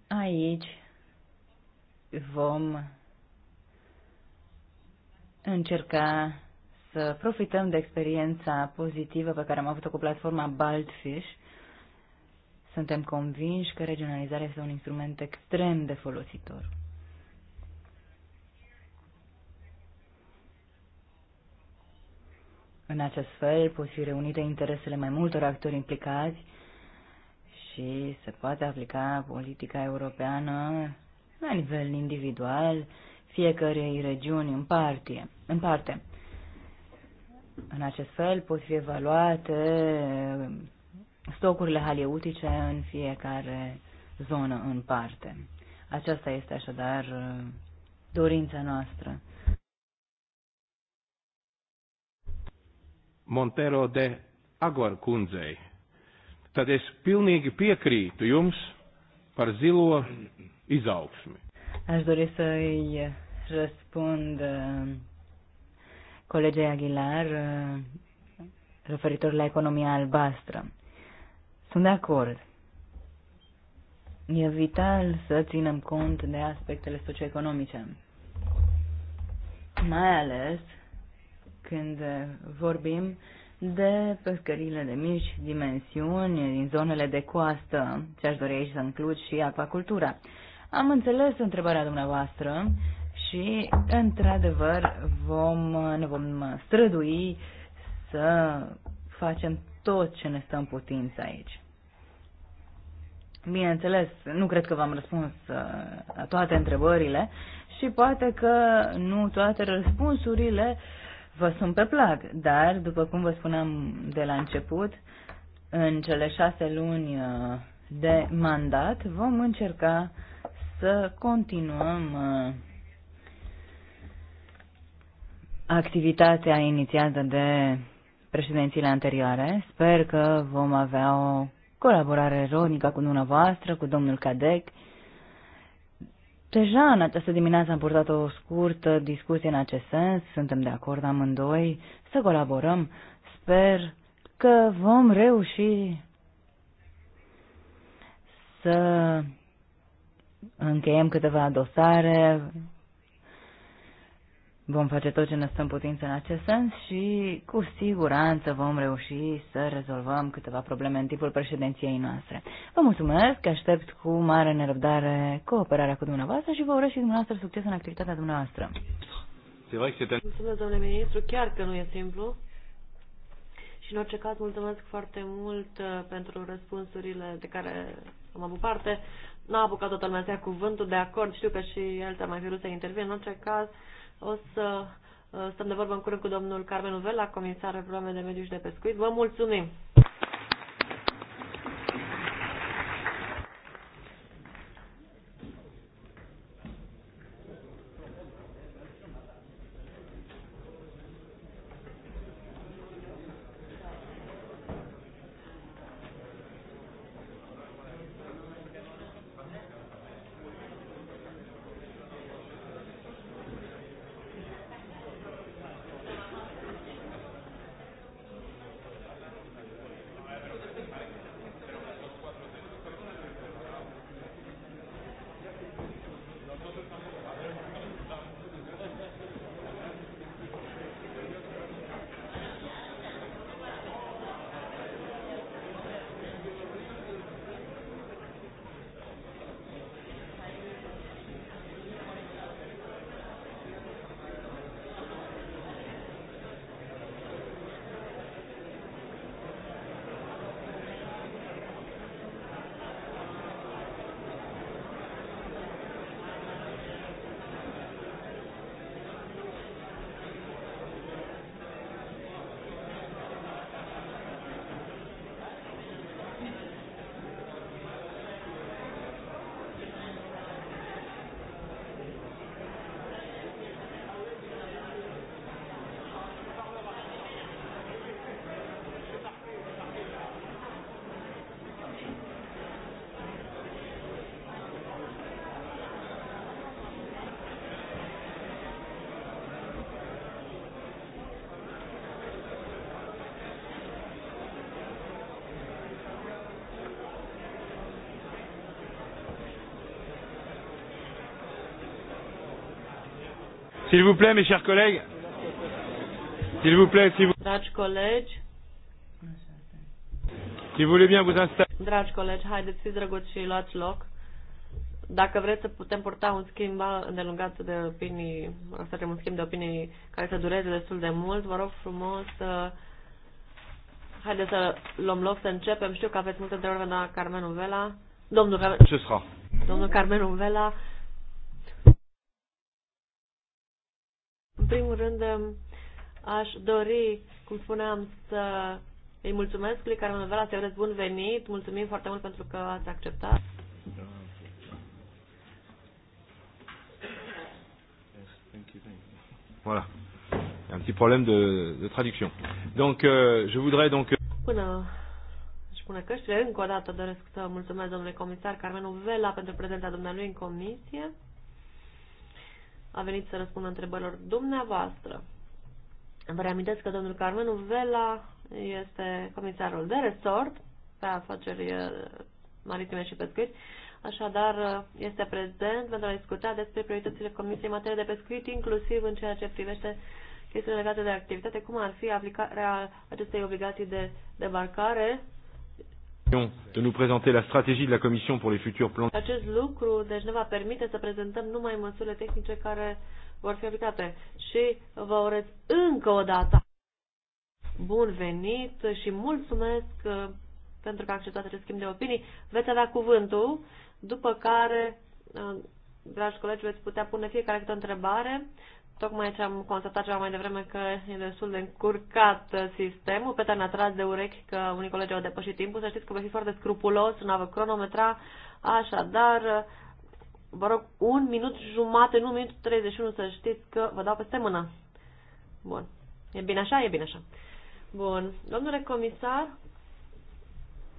aici vom încerca să profităm de experiența pozitivă pe care am avut-o cu platforma Baldfish. Suntem convinși că regionalizarea este un instrument extrem de folositor. În acest fel pot fi reunite interesele mai multor actori implicați și se poate aplica politica europeană la nivel individual fiecarei regiuni în parte. În parte. În acest fel pot fi evaluate stocurile haleutice în fiecare zonă în parte. Aceasta este așadar uh, dorința noastră. Montero de Agor Kunzei. Tad es pilnīgi piekrītu jums par zilo izaugsmi. Aș dori să-i răspund uh, colegei Aguilar uh, referitor la economia albastră. Sunt de acord. E vital să ținem cont de aspectele socioeconomice, mai ales când vorbim de pescările de mici dimensiuni din zonele de coastă, ce aș dori aici să includ și acvacultura. Am înțeles întrebarea dumneavoastră și, într-adevăr, vom, ne vom strădui să facem tot ce ne stă în putință aici. Bineînțeles, nu cred că v-am răspuns uh, la toate întrebările și poate că nu toate răspunsurile vă sunt pe plac, dar, după cum vă spuneam de la început, în cele șase luni uh, de mandat vom încerca să continuăm uh, activitatea inițiată de președințiile anterioare. Sper că vom avea o colaborare ironică cu dumneavoastră, cu domnul Cadec. Deja în această dimineață am purtat o scurtă discuție în acest sens, suntem de acord amândoi să colaborăm. Sper că vom reuși să încheiem câteva dosare, Vom face tot ce ne stăm putință în acest sens și cu siguranță vom reuși să rezolvăm câteva probleme în timpul președinției noastre. Vă mulțumesc, aștept cu mare nerăbdare cooperarea cu dumneavoastră și vă urez și dumneavoastră succes în activitatea dumneavoastră. Mulțumesc, domnule ministru, chiar că nu e simplu. Și în orice caz, mulțumesc foarte mult uh, pentru răspunsurile de care am avut parte. N-a apucat toată lumea cuvântul, de acord, știu că și el te-a mai vrut să intervine. În orice caz, o să uh, stăm de vorbă în curând cu domnul Carmen Uvel, la Comisarul Probleme de Mediu și de Pescuit. Vă mulțumim! S'il vous plaît, mes chers collègues. S'il vous plaît, S'il vous... Dragi colegi. Si vous voulez bien vous installer. Dragi colegi, haideți, fiți drăguți și luați loc. Dacă vreți să putem purta un schimb îndelungat de opinii, să facem un schimb de opinii care să dureze destul de mult, vă rog frumos să... Haideți să luăm loc, să începem. Știu că aveți multe întrebări dar Carmen Uvela. Domnul, Ce sera? Domnul Carmen Uvela primul rând, um, aș dori, cum spuneam, să îi mulțumesc lui Carmen Vera, să-i urez bun venit. Mulțumim foarte mult pentru că ați acceptat. Voilà. Un petit problème de, de traduction. Donc, euh, je voudrais donc... Euh, Până își pune căștile, încă o dată doresc să mulțumesc domnule comisar Carmenu Vela pentru prezența dumneavoastră în comisie a venit să răspundă întrebărilor dumneavoastră. Vă reamintesc că domnul Carmenu Vela este comisarul de resort pe afaceri eh, maritime și pescuit, așadar eh, este prezent pentru a discuta despre prioritățile Comisiei în materie de pescuit, inclusiv în ceea ce privește chestiunile legate de activitate, cum ar fi aplicarea acestei obligații de debarcare de nous présenter la stratégie de la Commission pour les futurs plans. Acest lucru deci ne va permite să prezentăm numai măsurile tehnice care vor fi aplicate și vă urez încă o dată bun venit și mulțumesc uh, pentru că acceptați acest schimb de opinii. Veți avea cuvântul, după care, uh, dragi colegi, veți putea pune fiecare câte o întrebare Tocmai ce am constatat ceva mai devreme că e destul de încurcat uh, sistemul. Peter ne-a tras de urechi că unii colegi au depășit timpul. Să știți că voi fi foarte scrupulos în a vă cronometra. Așadar, uh, vă rog, un minut jumate, nu un minut 31, să știți că vă dau peste mână. Bun. E bine așa? E bine așa. Bun. Domnule comisar,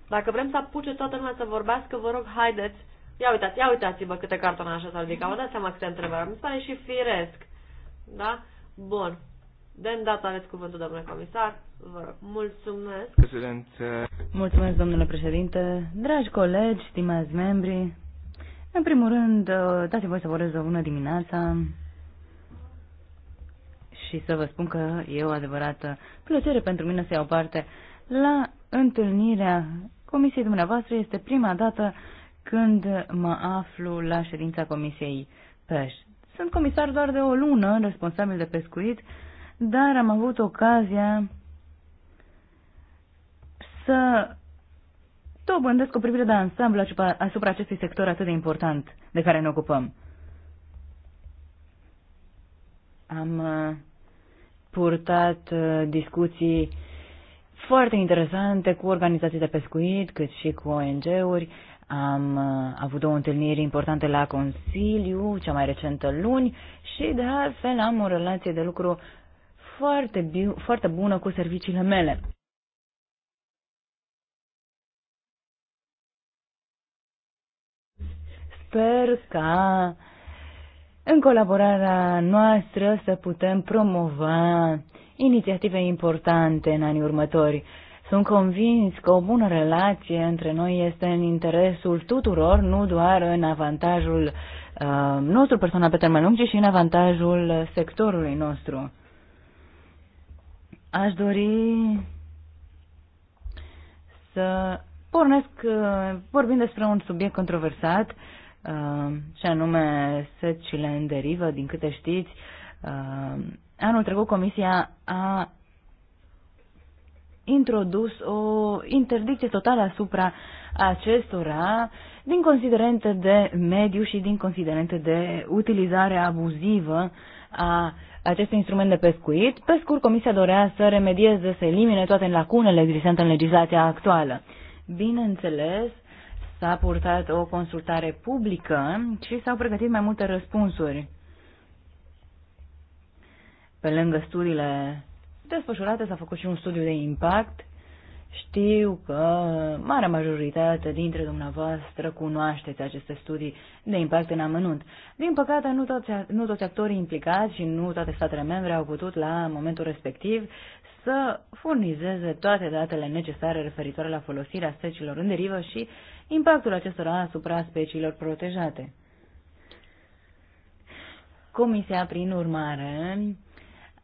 dacă vrem să apuce toată lumea să vorbească, vă rog, haideți. Ia uitați, ia uitați-vă câte cartonașe s-au ridicat. Vă dați seama câte întrebări. Mi se pare și firesc. Da? Bun. De îndată aveți cuvântul, domnule comisar. Vă rog, mulțumesc. Prezident. Mulțumesc, domnule președinte. Dragi colegi, stimați membri, în primul rând, uh, dați voi să vă urez o bună dimineața și să vă spun că e o adevărată plăcere pentru mine să iau parte la întâlnirea comisiei dumneavoastră. Este prima dată când mă aflu la ședința comisiei PEș. Sunt comisar doar de o lună, responsabil de pescuit, dar am avut ocazia să dobândesc o privire de ansamblu asupra acestui sector atât de important de care ne ocupăm. Am uh, purtat uh, discuții foarte interesante cu organizații de pescuit, cât și cu ONG-uri. Am uh, avut două întâlniri importante la Consiliu, cea mai recentă luni, și de altfel am o relație de lucru foarte, foarte bună cu serviciile mele. Sper ca în colaborarea noastră să putem promova inițiative importante în anii următori. Sunt convins că o bună relație între noi este în interesul tuturor, nu doar în avantajul uh, nostru personal pe termen lung, ci și în avantajul sectorului nostru. Aș dori să pornesc uh, vorbind despre un subiect controversat, uh, și anume secile în derivă, din câte știți. Uh, anul trecut Comisia a introdus o interdicție totală asupra acestora din considerente de mediu și din considerente de utilizare abuzivă a acestui instrument de pescuit. Pe scurt, Comisia dorea să remedieze, să elimine toate lacunele existente în legislația actuală. Bineînțeles, s-a purtat o consultare publică și s-au pregătit mai multe răspunsuri. Pe lângă studiile desfășurate, s-a făcut și un studiu de impact. Știu că marea majoritate dintre dumneavoastră cunoașteți aceste studii de impact în amănunt. Din păcate, nu toți, nu toți actorii implicați și nu toate statele membre au putut la momentul respectiv să furnizeze toate datele necesare referitoare la folosirea speciilor în derivă și impactul acestora asupra speciilor protejate. Comisia, prin urmare,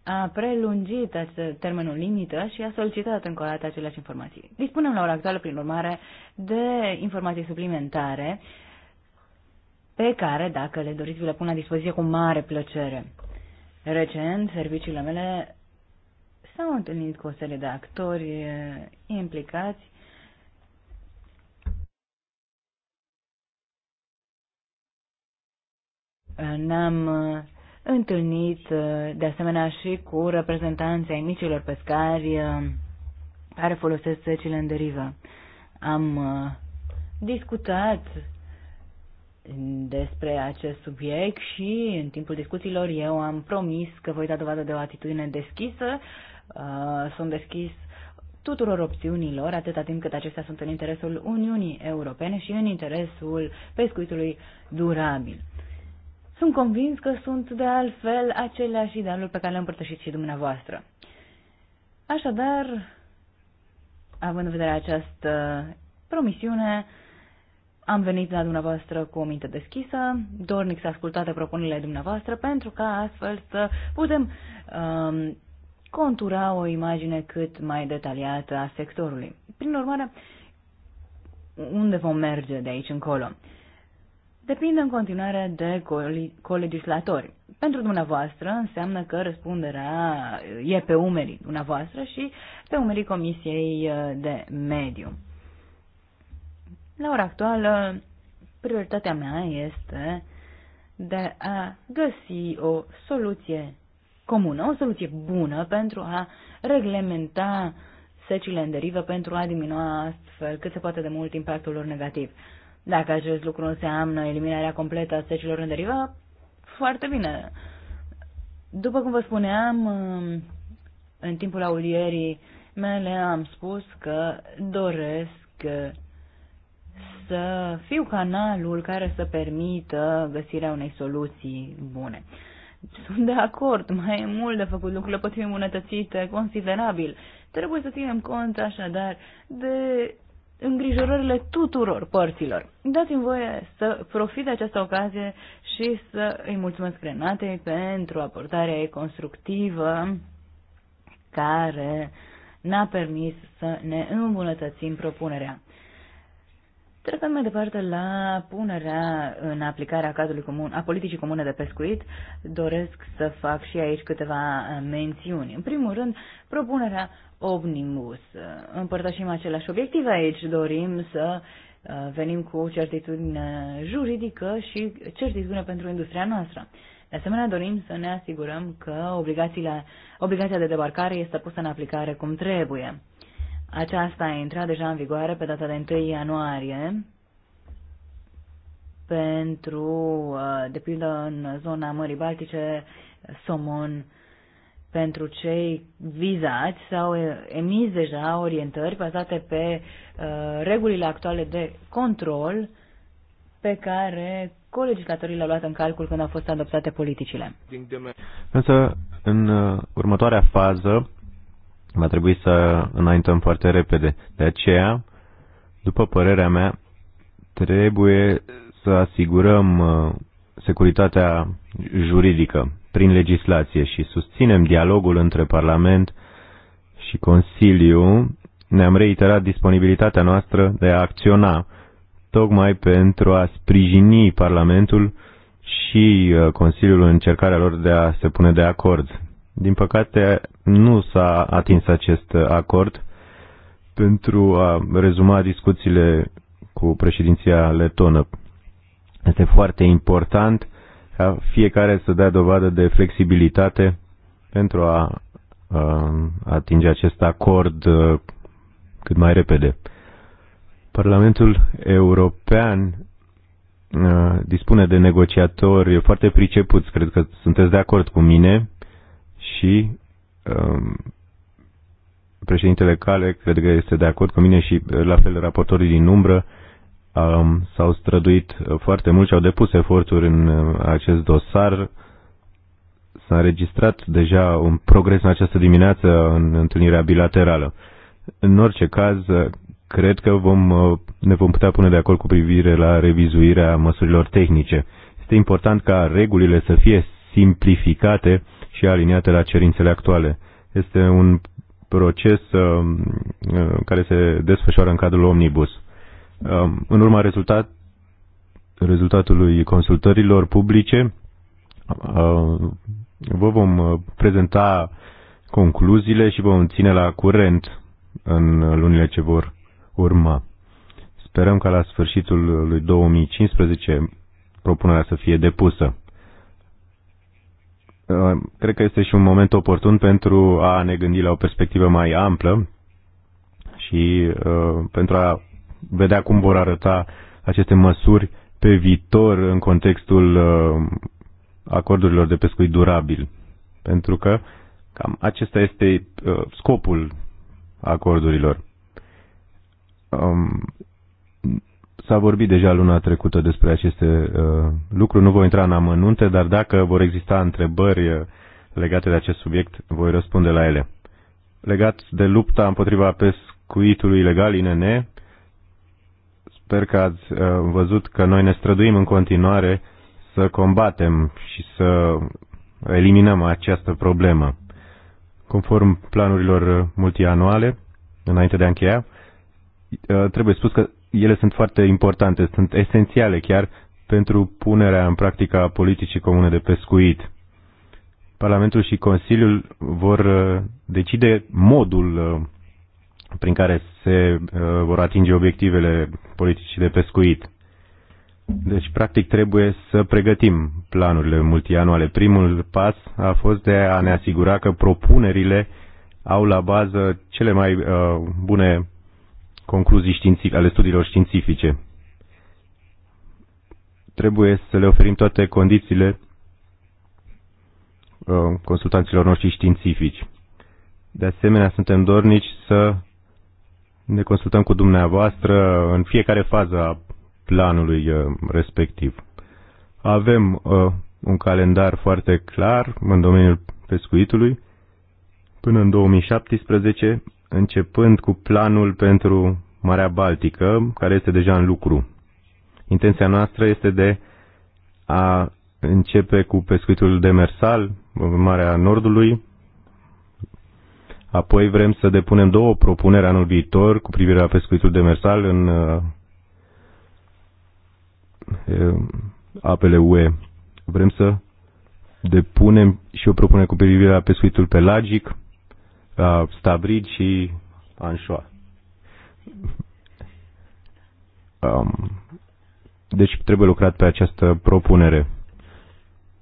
a prelungit acest termenul limită și a solicitat încă o dată aceleași informații. Dispunem la ora actuală, prin urmare, de informații suplimentare pe care, dacă le doriți, vi le pun la dispoziție cu mare plăcere. Recent, serviciile mele s-au întâlnit cu o serie de actori implicați ne-am întâlnit uh, de asemenea și cu reprezentanții ai micilor pescari uh, care folosesc secile în derivă. Am uh, discutat despre acest subiect și în timpul discuțiilor eu am promis că voi da dovadă de o atitudine deschisă. Sunt deschis tuturor opțiunilor, atâta timp cât acestea sunt în interesul Uniunii Europene și în interesul pescuitului durabil. Sunt convins că sunt de altfel aceleași idealuri pe care le-am împărtășit și dumneavoastră. Așadar, având în vedere această promisiune, am venit la dumneavoastră cu o minte deschisă, dornic să ascultate propunerile dumneavoastră pentru ca astfel să putem um, contura o imagine cât mai detaliată a sectorului. Prin urmare, unde vom merge de aici încolo? depinde în continuare de colegislatori. Pentru dumneavoastră înseamnă că răspunderea e pe umerii dumneavoastră și pe umerii Comisiei uh, de Mediu. La ora actuală, prioritatea mea este de a găsi o soluție comună, o soluție bună pentru a reglementa secile în derivă, pentru a diminua astfel cât se poate de mult impactul lor negativ. Dacă acest lucru înseamnă eliminarea completă a secilor în deriva, foarte bine. După cum vă spuneam, um, în timpul audierii mele am spus că doresc uh, să fiu canalul care să permită găsirea unei soluții bune. Sunt de acord, mai e mult de făcut, lucrurile pot fi îmbunătățite considerabil. Trebuie să ținem cont așadar de îngrijorările tuturor părților. Dați-mi voie să profit de această ocazie și să îi mulțumesc Renatei pentru aportarea ei constructivă care n a permis să ne îmbunătățim propunerea. Trecând mai departe la punerea în aplicarea cadrului comun, a politicii comune de pescuit, doresc să fac și aici câteva mențiuni. În primul rând, propunerea Omnimus. Împărtășim același obiectiv aici, dorim să uh, venim cu certitudine juridică și certitudine pentru industria noastră. De asemenea, dorim să ne asigurăm că obligațiile, obligația de debarcare este pusă în aplicare cum trebuie. Aceasta a intrat deja în vigoare pe data de 1 ianuarie pentru, uh, de pildă, în zona Mării Baltice, somon pentru cei vizați sau emis deja orientări bazate pe uh, regulile actuale de control pe care colegislatorii le-au luat în calcul când au fost adoptate politicile. Însă, în uh, următoarea fază, va trebui să înaintăm foarte repede. De aceea, după părerea mea, trebuie să asigurăm uh, securitatea juridică prin legislație și susținem dialogul între Parlament și Consiliu, ne-am reiterat disponibilitatea noastră de a acționa tocmai pentru a sprijini Parlamentul și uh, Consiliul în încercarea lor de a se pune de acord. Din păcate, nu s-a atins acest uh, acord pentru a rezuma discuțiile cu președinția letonă. Este foarte important ca fiecare să dea dovadă de flexibilitate pentru a, um, atinge acest acord uh, cât mai repede. Parlamentul European uh, dispune de negociatori foarte pricepuți, cred că sunteți de acord cu mine și um, președintele Cale cred că este de acord cu mine și uh, la fel raportorii din umbră s-au străduit uh, foarte mult și au depus eforturi în uh, acest dosar. S-a înregistrat deja un progres în această dimineață în întâlnirea bilaterală. În orice caz, uh, cred că vom, ne vom putea pune de acord cu privire la revizuirea măsurilor tehnice. Este important ca regulile să fie simplificate și aliniate la cerințele actuale. Este un proces um, care se desfășoară în cadrul omnibus Um, în urma rezultat, rezultatului consultărilor publice, uh, vă vom uh, prezenta concluziile și vom ține la curent în lunile ce vor urma. Sperăm ca la sfârșitul lui 2015 propunerea să fie depusă. Uh, cred că este și un moment oportun pentru a ne gândi la o perspectivă mai amplă și pentru a vedea cum vor arăta aceste măsuri pe viitor în contextul uh, acordurilor de pescuit durabil. Pentru că cam acesta este uh, scopul acordurilor. Um, s-a vorbit deja luna trecută despre aceste uh, lucruri, nu voi intra în amănunte, dar dacă vor exista întrebări legate de acest subiect, voi răspunde la ele. Legat de lupta împotriva pescuitului ilegal INN, Sper că ați uh, văzut că noi ne străduim în continuare să combatem și să eliminăm această problemă. Conform planurilor multianuale, înainte de a încheia, uh, trebuie spus că ele sunt foarte importante, sunt esențiale chiar pentru punerea în practică a politicii comune de pescuit. Parlamentul și Consiliul vor uh, decide modul prin care se uh, vor atinge obiectivele politicii de pescuit. Deci, practic, trebuie să pregătim planurile multianuale. Primul pas a fost de a ne asigura că propunerile au la bază cele mai uh, bune concluzii științifice, ale studiilor științifice. Trebuie să le oferim toate condițiile uh, consultanților noștri științifici. De asemenea, suntem dornici să ne consultăm cu dumneavoastră în fiecare fază a planului uh, respectiv. Avem uh, un calendar foarte clar în domeniul pescuitului până în 2017, începând cu planul pentru Marea Baltică, care este deja în lucru. Intenția noastră este de a începe cu pescuitul demersal în Marea Nordului Apoi vrem să depunem două propuneri anul viitor cu privire la pescuitul demersal în uh, apele UE. Vrem să depunem și o propunere cu privire la pescuitul pelagic, la stabrid și anșoa. Um, deci trebuie lucrat pe această propunere.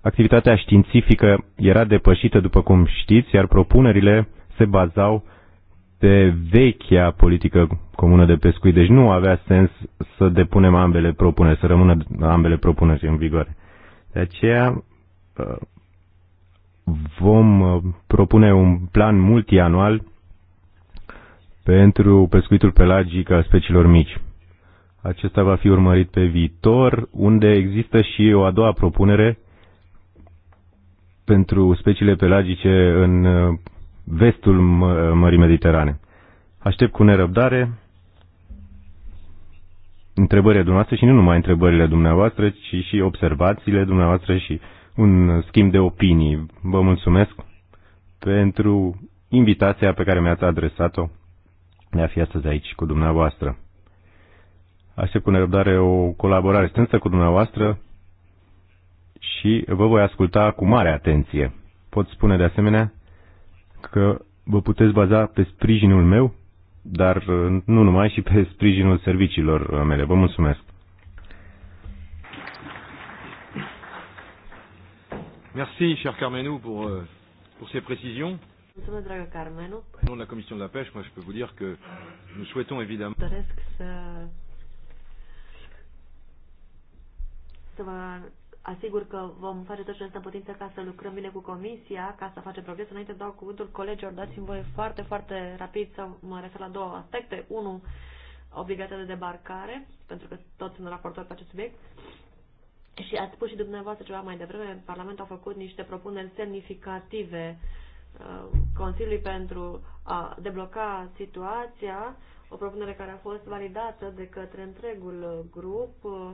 Activitatea științifică era depășită, după cum știți, iar propunerile se bazau pe vechea politică comună de pescuit, deci nu avea sens să depunem ambele propuneri, să rămână ambele propuneri în vigoare. De aceea uh, vom uh, propune un plan multianual pentru pescuitul pelagic al speciilor mici. Acesta va fi urmărit pe viitor, unde există și o a doua propunere pentru speciile pelagice în uh, vestul Mării Mediterane. Aștept cu nerăbdare întrebările dumneavoastră și nu numai întrebările dumneavoastră, ci și observațiile dumneavoastră și un schimb de opinii. Vă mulțumesc pentru invitația pe care mi-ați adresat-o de a fi astăzi aici cu dumneavoastră. Aștept cu nerăbdare o colaborare strânsă cu dumneavoastră și vă voi asculta cu mare atenție. Pot spune de asemenea că vă puteți baza pe sprijinul meu, dar uh, nu numai, și pe sprijinul serviciilor uh, mele. Vă mulțumesc! Merci, cher Carmenou, pour, euh, pour ces précisions. Mulțumesc, dragă Carmenu. În la Comisión de la Pêche, moi je peux vous dire que nous souhaitons évidemment... Doresc să, să vă asigur că vom face tot ce este în putință ca să lucrăm bine cu comisia, ca să facem progres. Înainte dau cuvântul colegilor, dați-mi voie foarte, foarte rapid să mă refer la două aspecte. Unul, obligația de debarcare, pentru că toți sunt raportori pe acest subiect. Și ați spus și dumneavoastră ceva mai devreme, Parlamentul a făcut niște propuneri semnificative uh, Consiliului pentru a debloca situația, o propunere care a fost validată de către întregul grup uh,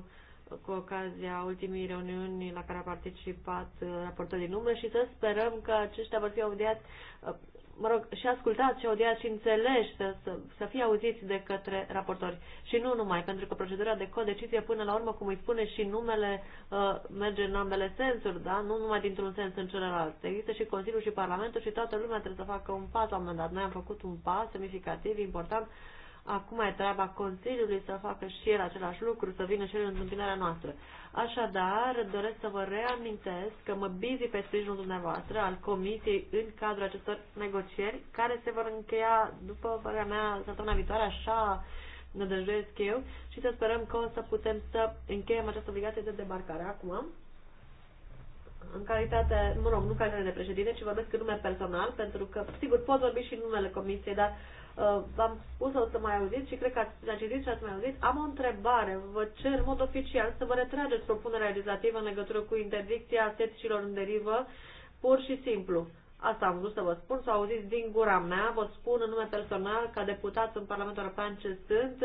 cu ocazia ultimii reuniuni la care a participat uh, raportorii din umbră și să sperăm că aceștia vor fi audiați, uh, mă rog, și ascultați și audiați și înțeleși, să, să, să fie auziți de către raportori. Și nu numai, pentru că procedura de codecizie până la urmă, cum îi spune și numele, uh, merge în ambele sensuri, da? Nu numai dintr-un sens în celălalt. Există și Consiliul și Parlamentul și toată lumea trebuie să facă un pas la un moment dat. Noi am făcut un pas semnificativ, important, Acum e treaba Consiliului să facă și el același lucru, să vină și el în întâmpinarea noastră. Așadar, doresc să vă reamintesc că mă bizi pe sprijinul dumneavoastră al comisiei în cadrul acestor negocieri, care se vor încheia, după părerea mea, săptămâna viitoare, așa nădăjduiesc eu, și să sperăm că o să putem să încheiem această obligație de debarcare acum în calitate, mă rog, nu calitate de președinte, ci vorbesc în nume personal, pentru că, sigur, pot vorbi și în numele comisiei, dar Uh, v-am spus, o să mai auziți și cred că ați a citit și ați mai auzit, am o întrebare. Vă cer în mod oficial să vă retrageți propunerea legislativă în legătură cu interdicția seticilor în derivă, pur și simplu. Asta am vrut să vă spun, s-au auzit din gura mea, vă spun în nume personal, ca deputat în Parlamentul European ce sunt,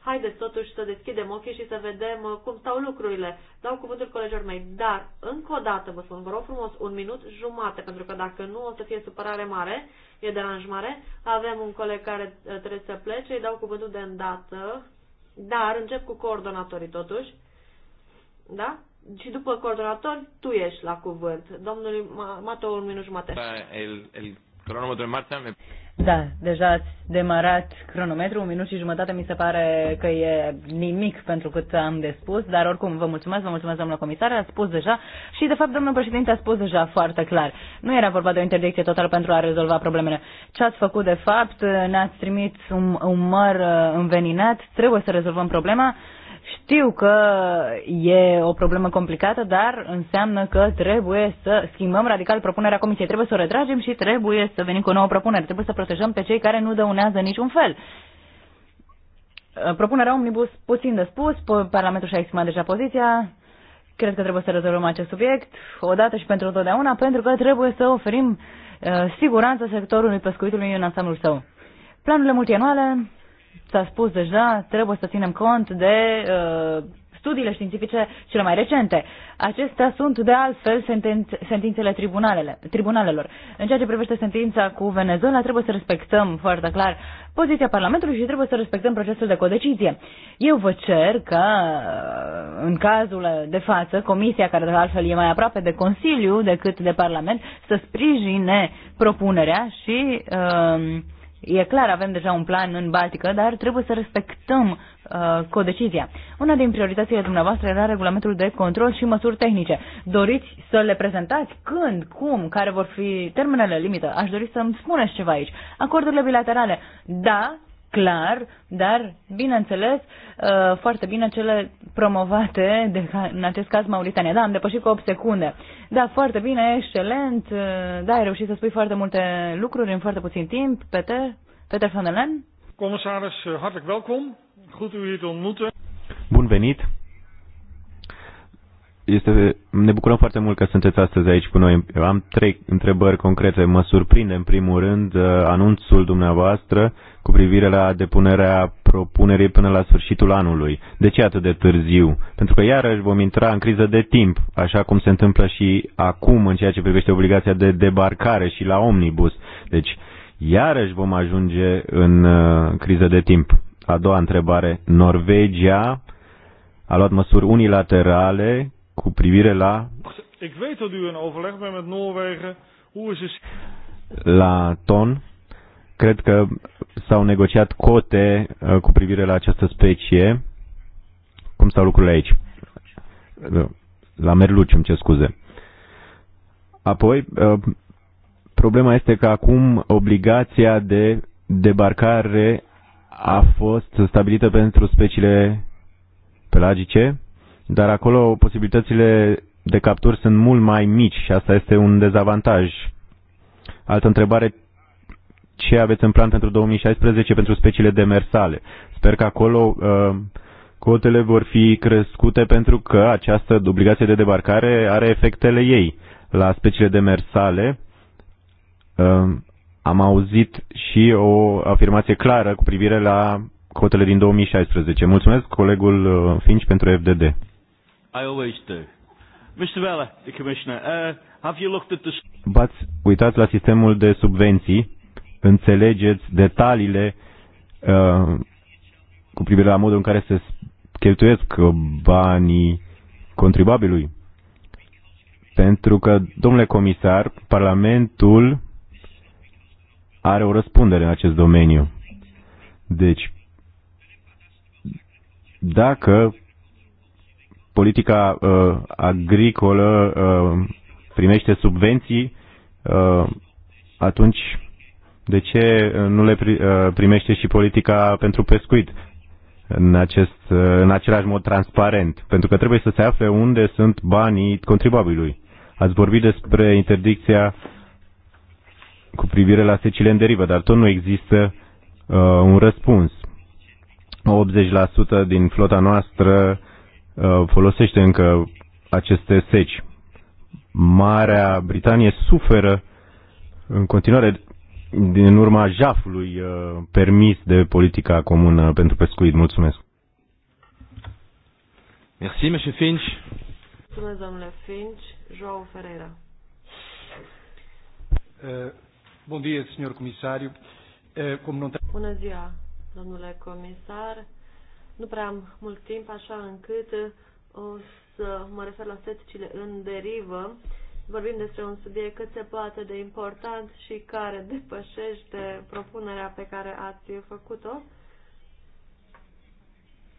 haideți totuși să deschidem ochii și să vedem uh, cum stau lucrurile. Dau cuvântul colegilor mei, dar încă o dată vă spun, vă rog frumos, un minut jumate, pentru că dacă nu o să fie supărare mare, e deranj mare. Avem un coleg care uh, trebuie să plece, îi dau cuvântul de îndată, dar încep cu coordonatorii totuși. Da? și după coordonator, tu ești la cuvânt. Domnul Mato, un minut jumate. Da, el, el cronometru în marța mea. Da, deja ați demarat cronometru, un minut și jumătate mi se pare că e nimic pentru cât am de spus, dar oricum vă mulțumesc, vă mulțumesc domnul comisar, a spus deja și de fapt domnul președinte a spus deja foarte clar. Nu era vorba de o interdicție totală pentru a rezolva problemele. Ce ați făcut de fapt, ne-ați trimis un, un măr uh, înveninat, trebuie să rezolvăm problema știu că e o problemă complicată, dar înseamnă că trebuie să schimbăm radical propunerea Comisiei. Trebuie să o retragem și trebuie să venim cu o nouă propunere. Trebuie să protejăm pe cei care nu dăunează niciun fel. Propunerea Omnibus, puțin de spus, Parlamentul și-a exprimat deja poziția. Cred că trebuie să rezolvăm acest subiect odată și pentru totdeauna, pentru că trebuie să oferim uh, siguranță sectorului pescuitului în ansamblul său. Planurile multianuale s-a spus deja, trebuie să ținem cont de uh, studiile științifice cele mai recente. Acestea sunt, de altfel, sentinț- sentințele tribunalelor. În ceea ce privește sentința cu Venezuela, trebuie să respectăm foarte clar poziția Parlamentului și trebuie să respectăm procesul de codecizie. Eu vă cer că, uh, în cazul de față, Comisia, care de altfel e mai aproape de Consiliu decât de Parlament, să sprijine propunerea și. Uh, E clar, avem deja un plan în Baltică, dar trebuie să respectăm uh, codecizia. Una din prioritățile dumneavoastră era regulamentul de control și măsuri tehnice. Doriți să le prezentați? Când? Cum? Care vor fi termenele limită? Aș dori să-mi spuneți ceva aici. Acordurile bilaterale. Da, clar, dar, bineînțeles, uh, foarte bine cele promovate, de, în acest caz Mauritania. Da, am depășit cu 8 secunde. Da, foarte bine, excelent. Uh, da, ai reușit să spui foarte multe lucruri în foarte puțin timp. Peter, Peter van der Len? Commissaris, hartelijk welkom. Goed u hier te ontmoeten. Bun venit este, ne bucurăm foarte mult că sunteți astăzi aici cu noi. Eu am trei întrebări concrete. Mă surprinde, în primul rând, uh, anunțul dumneavoastră cu privire la depunerea propunerii până la sfârșitul anului. De ce atât de târziu? Pentru că iarăși vom intra în criză de timp, așa cum se întâmplă și acum în ceea ce privește obligația de debarcare și la omnibus. Deci, iarăși vom ajunge în uh, criză de timp. A doua întrebare. Norvegia a luat măsuri unilaterale cu privire la la ton. Cred că s-au negociat cote uh, cu privire la această specie. Cum stau lucrurile aici? Uh, la merluci, îmi ce scuze. Apoi, uh, problema este că acum obligația de debarcare a fost stabilită pentru speciile pelagice dar acolo posibilitățile de capturi sunt mult mai mici și asta este un dezavantaj. Altă întrebare, ce aveți în plan pentru 2016 pentru speciile demersale? Sper că acolo uh, cotele vor fi crescute pentru că această obligație de debarcare are efectele ei. La speciile demersale uh, am auzit și o afirmație clară cu privire la cotele din 2016. Mulțumesc colegul uh, Finci pentru FDD. I always do. Mr. Vella, the Commissioner, uh, have you looked at the... V-ați uitat la sistemul de subvenții? Înțelegeți detaliile uh, cu privire la modul în care se cheltuiesc uh, banii contribuabilului? Pentru că, domnule comisar, Parlamentul are o răspundere în acest domeniu. Deci, dacă politica uh, agricolă uh, primește subvenții, uh, atunci de ce nu le uh, primește și politica pentru pescuit în, acest, uh, în același mod transparent? Pentru că trebuie să se afle unde sunt banii contribuabilului. Ați vorbit despre interdicția cu privire la secile în derivă, dar tot nu există uh, un răspuns. 80% din flota noastră Uh, folosește încă aceste seci. Marea Britanie suferă în continuare din urma jafului uh, permis de politica comună pentru pescuit. Mulțumesc! Merci, monsieur Finch. Mulțumesc, domnule Finch. João Ferreira. Uh, dia, senhor comissário. Uh, como não... Bună ziua, domnule comisar. Nu prea am mult timp, așa încât uh, o să mă refer la seticile în derivă. Vorbim despre un subiect cât se poate de important și care depășește propunerea pe care ați făcut-o.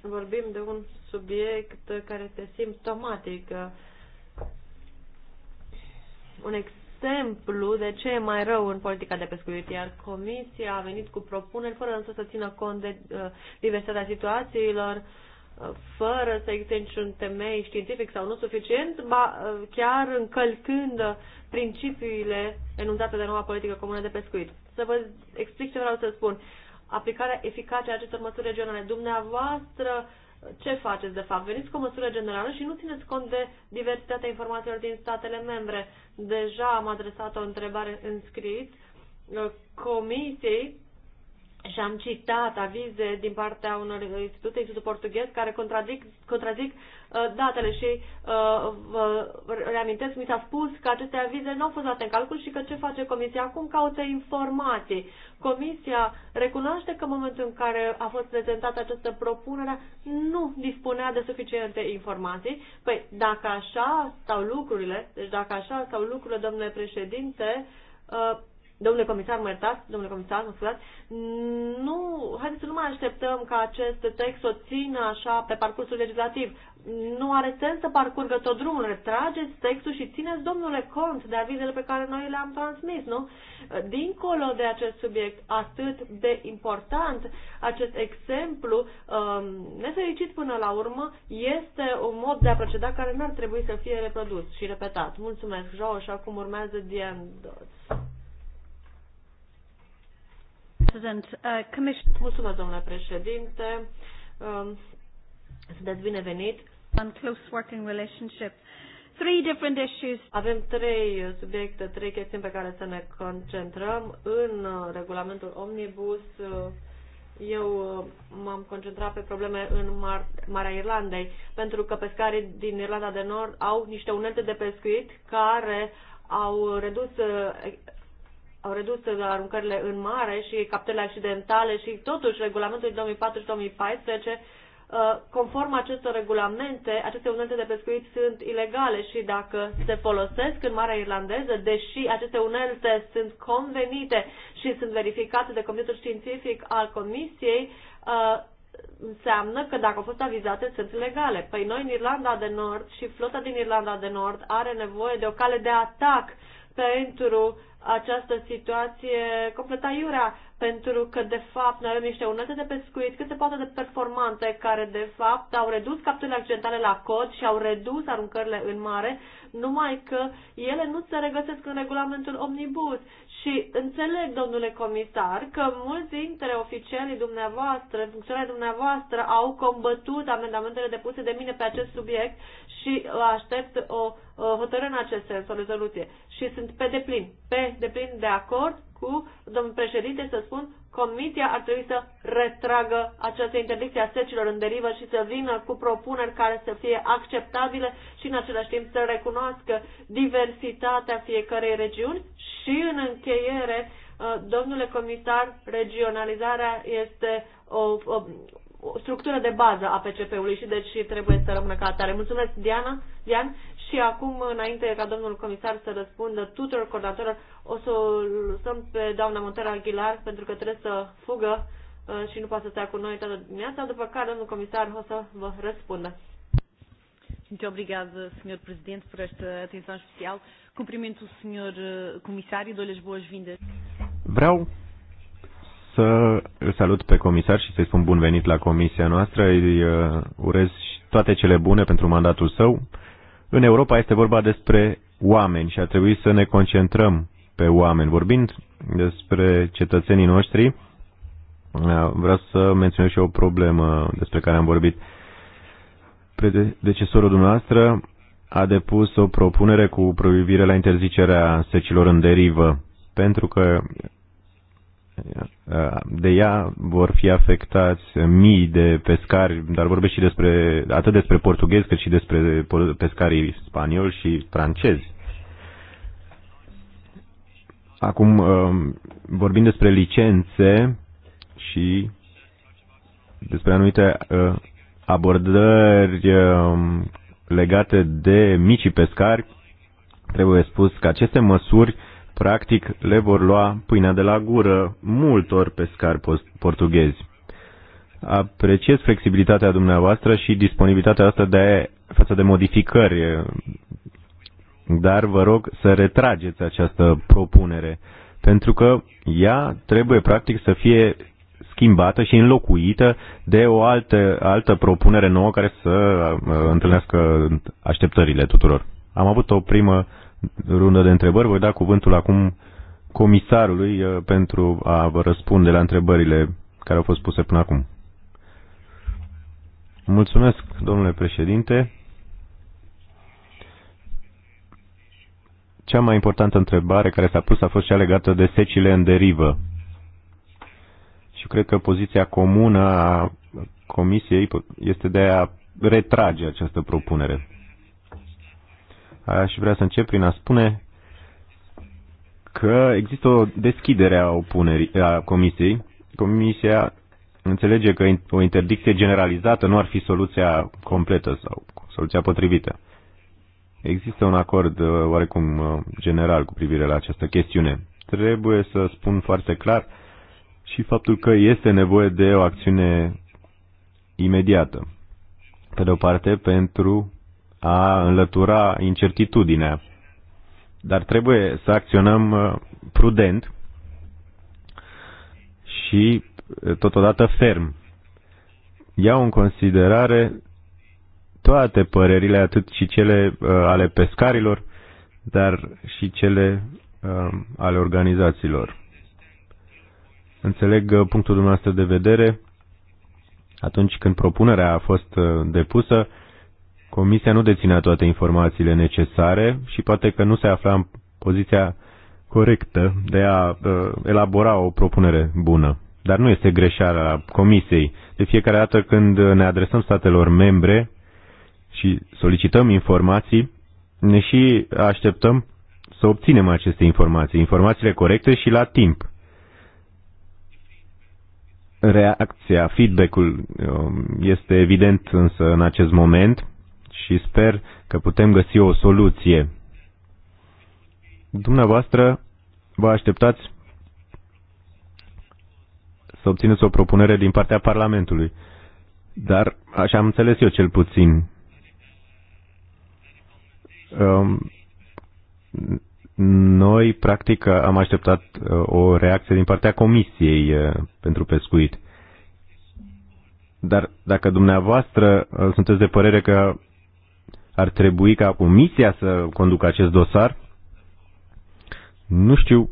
Vorbim de un subiect care este simptomatic. Un ex exemplu de ce e mai rău în politica de pescuit, iar Comisia a venit cu propuneri fără însă să țină cont de uh, diversitatea situațiilor, uh, fără să existe niciun temei științific sau nu suficient, ba uh, chiar încălcând principiile enunțate de noua politică comună de pescuit. Să vă explic ce vreau să spun. Aplicarea eficace a acestor măsuri regionale. Dumneavoastră uh, ce faceți de fapt? Veniți cu o măsură generală și nu țineți cont de diversitatea informațiilor din statele membre. Deja am adresat o întrebare în scris uh, comisiei și am citat avize din partea unor institute, Institutul Portughez, care contrazic, contrazic uh, datele și uh, vă reamintesc, mi s-a spus că aceste avize nu au fost date în calcul și că ce face Comisia acum? Caută informații. Comisia recunoaște că în momentul în care a fost prezentată această propunere nu dispunea de suficiente informații. Păi dacă așa stau lucrurile, deci dacă așa stau lucrurile, domnule președinte, uh, Domnule comisar, mă iertați, domnule comisar, mă scuzați, nu, haideți să nu mai așteptăm ca acest text să țină așa pe parcursul legislativ. Nu are sens să parcurgă tot drumul, retrageți textul și țineți, domnule, cont de avizele pe care noi le-am transmis, nu? Dincolo de acest subiect atât de important, acest exemplu um, nefericit până la urmă este un mod de a proceda care nu ar trebui să fie reprodus și repetat. Mulțumesc, Joao, și acum urmează Diane Dodds. President. Uh, commission... Mulțumesc, domnule președinte. să um, sunteți binevenit. On close working relationship. Three different issues. Avem trei subiecte, trei chestiuni pe care să ne concentrăm. În uh, regulamentul Omnibus, uh, eu uh, m-am concentrat pe probleme în Mar- Marea Irlandei, pentru că pescarii din Irlanda de Nord au niște unelte de pescuit care au redus au redus aruncările în mare și captele accidentale și totuși regulamentul 2004-2014 uh, conform acestor regulamente, aceste unelte de pescuit sunt ilegale și dacă se folosesc în Marea Irlandeză, deși aceste unelte sunt convenite și sunt verificate de Comitetul Științific al Comisiei, uh, înseamnă că dacă au fost avizate, sunt legale. Păi noi în Irlanda de Nord și flota din Irlanda de Nord are nevoie de o cale de atac pentru această situație complet aiurea, pentru că, de fapt, noi avem niște unelte de pescuit cât se poate de performante, care, de fapt, au redus capturile accidentale la cod și au redus aruncările în mare, numai că ele nu se regăsesc în regulamentul omnibus. Și înțeleg, domnule comisar, că mulți dintre oficialii dumneavoastră, funcționarii dumneavoastră, au combătut amendamentele depuse de mine pe acest subiect și uh, aștept o uh, hotărâre în acest sens, o rezoluție. Și sunt pe deplin, pe deplin de acord cu domnul președinte să spun Comisia ar trebui să retragă această interdicție a secilor în derivă și să vină cu propuneri care să fie acceptabile și în același timp să recunoască diversitatea fiecarei regiuni și în încheiere, uh, domnule comisar, regionalizarea este o, o, o structură de bază a PCP-ului și deci trebuie să rămână ca atare. Mulțumesc, Diana, Dian, și acum, înainte ca domnul comisar să răspundă tuturor coordonatorilor, o să lăsăm pe doamna Montera Aguilar, pentru că trebuie să fugă uh, și nu poate să stea cu noi toată dimineața, după care domnul comisar o să vă răspundă. Muito obrigada, Sr. Presidente, por esta atenção especial. Cumprimento o Sr. Uh, comissário e dou-lhe as boas-vindas. Vreau să îl salut pe comisar și să-i spun bun venit la comisia noastră. Îi uh, urez toate cele bune pentru mandatul său. În Europa este vorba despre oameni și ar trebui să ne concentrăm pe oameni. Vorbind despre cetățenii noștri, uh, vreau să menționez și o problemă despre care am vorbit. Predecesorul dumneavoastră a depus o propunere cu privire la interzicerea secilor în derivă, pentru că de ea vor fi afectați mii de pescari, dar vorbesc și despre, atât despre portughezi cât și despre pescarii spanioli și francezi. Acum um, vorbim despre licențe și despre anumite uh, abordări um, legate de micii pescari. Trebuie spus că aceste măsuri uh, Practic, le vor lua pâinea de la gură multor pescari portughezi. Apreciez flexibilitatea dumneavoastră și disponibilitatea asta de față de modificări, dar vă rog să retrageți această propunere, pentru că ea trebuie practic să fie schimbată și înlocuită de o altă, altă propunere nouă care să uh, întâlnească așteptările tuturor. Am avut o primă rundă de întrebări. Voi da cuvântul acum comisarului uh, pentru a vă răspunde la întrebările care au fost puse până acum. Mulțumesc, domnule președinte. Cea mai importantă întrebare care s-a pus a fost cea legată de secile în derivă. Și cred că poziția comună a Comisiei este de a retrage această propunere. Aș vrea să încep prin a spune că există o deschidere a, opunerii, a comisiei. Comisia înțelege că o interdicție generalizată nu ar fi soluția completă sau soluția potrivită. Există un acord uh, oarecum uh, general cu privire la această chestiune. Trebuie să spun foarte clar și faptul că este nevoie de o acțiune imediată. Pe de o parte, pentru a înlătura incertitudinea. Dar trebuie să acționăm uh, prudent și uh, totodată ferm. Iau în considerare toate părerile, atât și cele uh, ale pescarilor, dar și cele uh, ale organizațiilor. Înțeleg uh, punctul dumneavoastră de vedere. Atunci când propunerea a fost depusă, Comisia nu deținea toate informațiile necesare și poate că nu se afla în poziția corectă de a uh, elabora o propunere bună. Dar nu este greșeala Comisiei. De fiecare dată când ne adresăm statelor membre și solicităm informații, ne și așteptăm să obținem aceste informații, informațiile corecte și la timp. Reacția, feedback-ul um, este evident însă în acest moment și sper că putem găsi o soluție. Dumneavoastră vă așteptați să obțineți o propunere din partea Parlamentului. Dar așa am înțeles eu cel puțin. Um, noi, practic, am așteptat uh, o reacție din partea Comisiei uh, pentru pescuit. Dar dacă dumneavoastră uh, sunteți de părere că ar trebui ca comisia să conducă acest dosar. Nu știu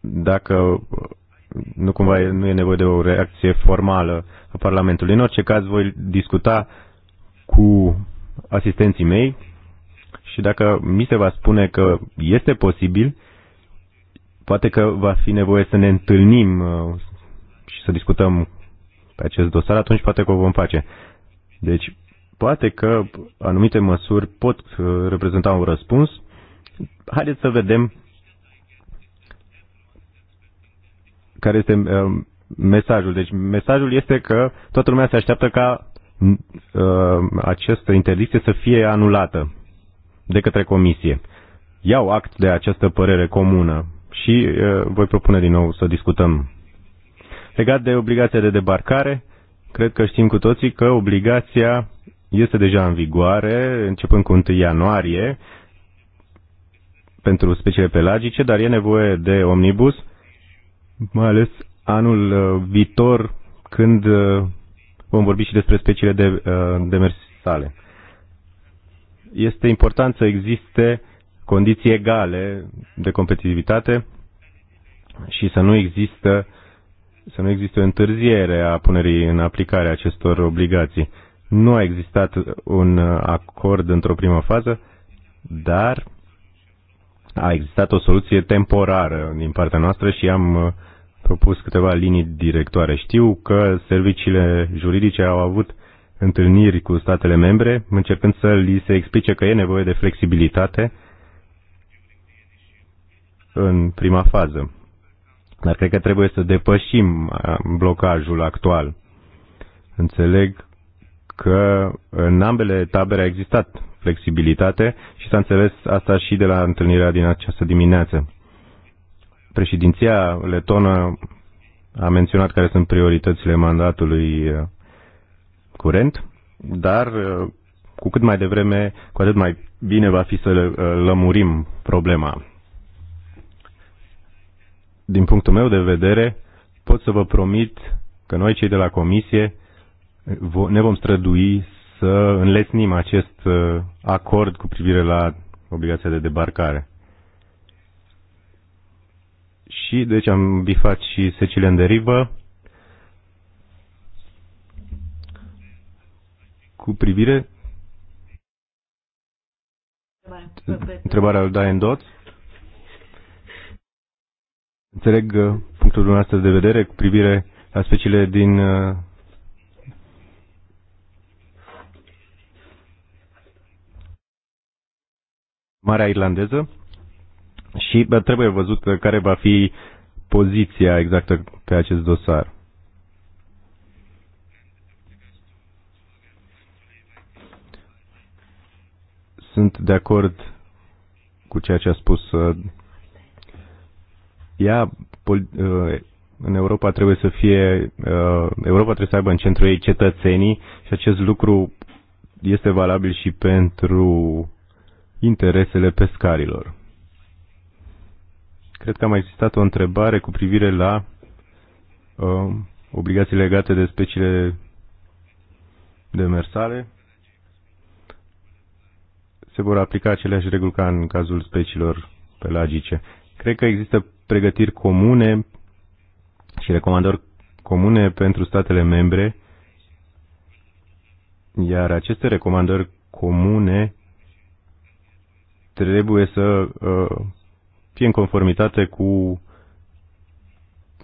dacă nu cumva nu e nevoie de o reacție formală a Parlamentului. În orice caz voi discuta cu asistenții mei și dacă mi se va spune că este posibil, poate că va fi nevoie să ne întâlnim uh, și să discutăm pe acest dosar, atunci poate că o vom face. Deci, Poate că anumite măsuri pot uh, reprezenta un răspuns. Haideți să vedem care este uh, mesajul. Deci mesajul este că toată lumea se așteaptă ca uh, această interdicție să fie anulată de către comisie. Iau act de această părere comună și voi propune din nou să discutăm. Legat de obligația de debarcare, cred că știm cu toții că obligația este deja în vigoare, începând cu 1 ianuarie, pentru speciile pelagice, dar e nevoie de omnibus, mai ales anul uh, viitor, când uh, vom vorbi și despre speciile de uh, sale. Este important să existe condiții egale de competitivitate și să nu există să nu existe o întârziere a punerii în aplicare acestor obligații. Nu a existat un uh, acord într-o primă fază, dar a existat o soluție temporară din partea noastră și am uh, propus câteva linii directoare. Știu că serviciile juridice au avut întâlniri cu statele membre, încercând să li se explice că e nevoie de flexibilitate în prima fază. Dar cred că trebuie să depășim uh, blocajul actual. Înțeleg că în ambele tabere a existat flexibilitate și s-a înțeles asta și de la întâlnirea din această dimineață. Președinția letonă a menționat care sunt prioritățile mandatului uh, curent, dar uh, cu cât mai devreme, cu atât mai bine va fi să uh, lămurim problema. Din punctul meu de vedere, pot să vă promit că noi cei de la comisie ne vom strădui să înlesnim acest uh, acord cu privire la obligația de debarcare. Și deci am bifat și secile în derivă cu privire întrebarea lui Diane Dot. Înțeleg uh, punctul dumneavoastră de vedere cu privire la speciile din uh, Marea Irlandeză și trebuie văzut care va fi poziția exactă pe acest dosar. Sunt de acord cu ceea ce a spus. Uh, ea, uh, în Europa trebuie să fie, uh, Europa trebuie să aibă în centru ei cetățenii și acest lucru este valabil și pentru interesele pescarilor. Cred că a mai existat o întrebare cu privire la uh, obligații legate de speciile demersale. Se vor aplica aceleași reguli ca în cazul speciilor pelagice. Cred că există pregătiri comune și recomandări comune pentru statele membre, iar aceste recomandări comune trebuie să uh, fie în conformitate cu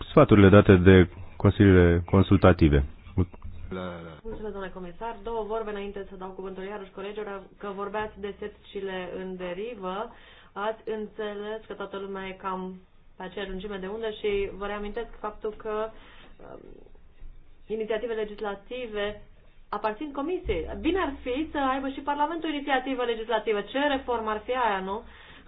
sfaturile date de consiliile consultative. Mulțumesc, domnule comisar. Două vorbe înainte să dau cuvântul iarăși colegilor, că vorbeați de setcile în derivă. Ați înțeles că toată lumea e cam pe aceeași lungime de undă și vă reamintesc faptul că um, inițiative legislative aparțin comisiei. Bine ar fi să aibă și Parlamentul inițiativă legislativă. Ce reformă ar fi aia, nu?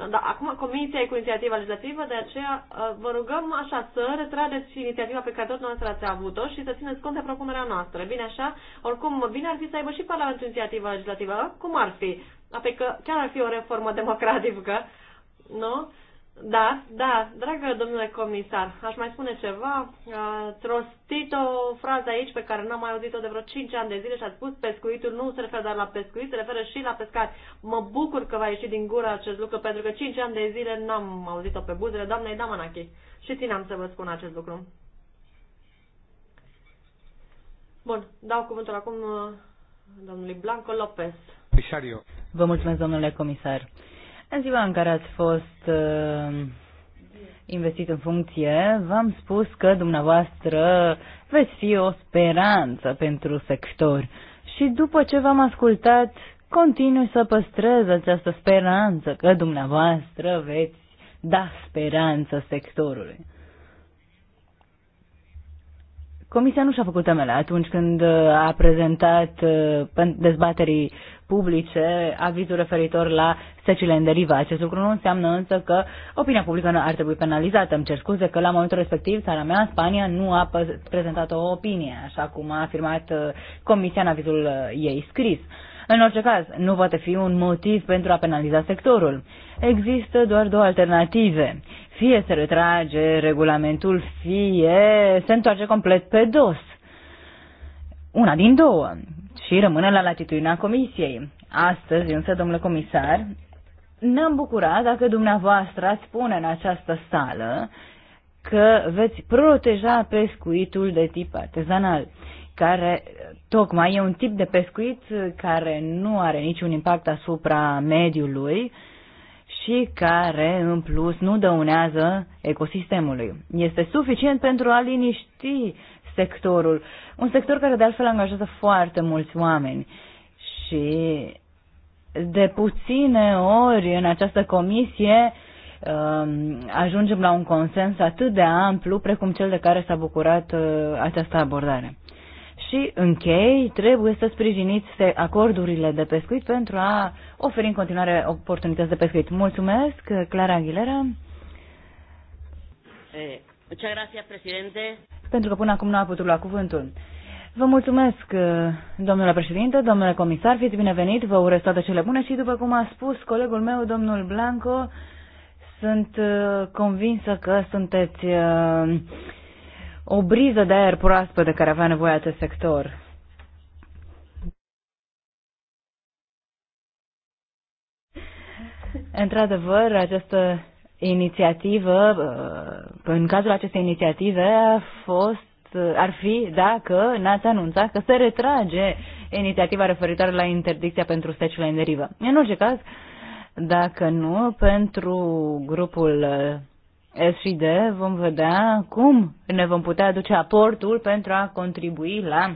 Da, acum comisia e cu inițiativa legislativă, de aceea uh, vă rugăm așa să retrageți și inițiativa pe care tot noastră ați avut-o și să țineți cont de propunerea noastră. Bine așa? Oricum, bine ar fi să aibă și Parlamentul inițiativă legislativă. Cum ar fi? Apoi că chiar ar fi o reformă democratică, nu? Da, da, dragă domnule comisar, aș mai spune ceva. A trostit o frază aici pe care n-am mai auzit-o de vreo 5 ani de zile și a spus pescuitul nu se referă doar la pescuit, se referă și la pescari. Mă bucur că va ieși din gură acest lucru pentru că 5 ani de zile n-am auzit-o pe buzele doamnei Damanachi și țineam să vă spun acest lucru. Bun, dau cuvântul acum uh, domnului Blanco Lopez. Vă mulțumesc, domnule comisar. În ziua în care ați fost uh, investit în funcție, v-am spus că dumneavoastră veți fi o speranță pentru sector. Și după ce v-am ascultat, continui să păstrez această speranță că dumneavoastră veți da speranță sectorului. Comisia nu și-a făcut temele atunci când uh, a prezentat uh, dezbaterii publice avizul referitor la secile în derivă. Acest lucru nu înseamnă însă că opinia publică nu ar trebui penalizată. Îmi cer scuze că la momentul respectiv țara mea, Spania, nu a prezentat o opinie, așa cum a afirmat uh, Comisia în avizul ei scris. În orice caz, nu poate fi un motiv pentru a penaliza sectorul. Există doar două alternative. Fie se retrage regulamentul, fie se întoarce complet pe dos. Una din două. Și rămâne la latitudinea comisiei. Astăzi, însă, domnule comisar, ne-am bucurat dacă dumneavoastră ați spune în această sală că veți proteja pescuitul de tip artezanal, care Tocmai e un tip de pescuit uh, care nu are niciun impact asupra mediului și care, în plus, nu dăunează ecosistemului. Este suficient pentru a liniști sectorul, un sector care de altfel angajează foarte mulți oameni și de puține ori în această comisie um, ajungem la un consens atât de amplu precum cel de care s-a bucurat uh, această abordare. Și închei, trebuie să sprijiniți acordurile de pescuit pentru a oferi în continuare oportunități de pescuit. Mulțumesc, Clara Aguilera. Eh, muchas gracias, presidente. Pentru că până acum nu a putut lua cuvântul. Vă mulțumesc, eh, domnule președinte, domnule comisar, fiți binevenit, vă urez toate cele bune și, după cum a spus colegul meu, domnul Blanco, sunt eh, convinsă că sunteți eh, o briză de aer proaspăt de care avea nevoie acest sector. Într-adevăr, această inițiativă, uh, în cazul acestei inițiative, a fost uh, ar fi dacă n-ați anunțat că se retrage inițiativa referitoare la interdicția pentru secile în derivă. În orice caz, dacă nu, pentru grupul uh, S și D vom vedea cum ne vom putea aduce aportul pentru a contribui la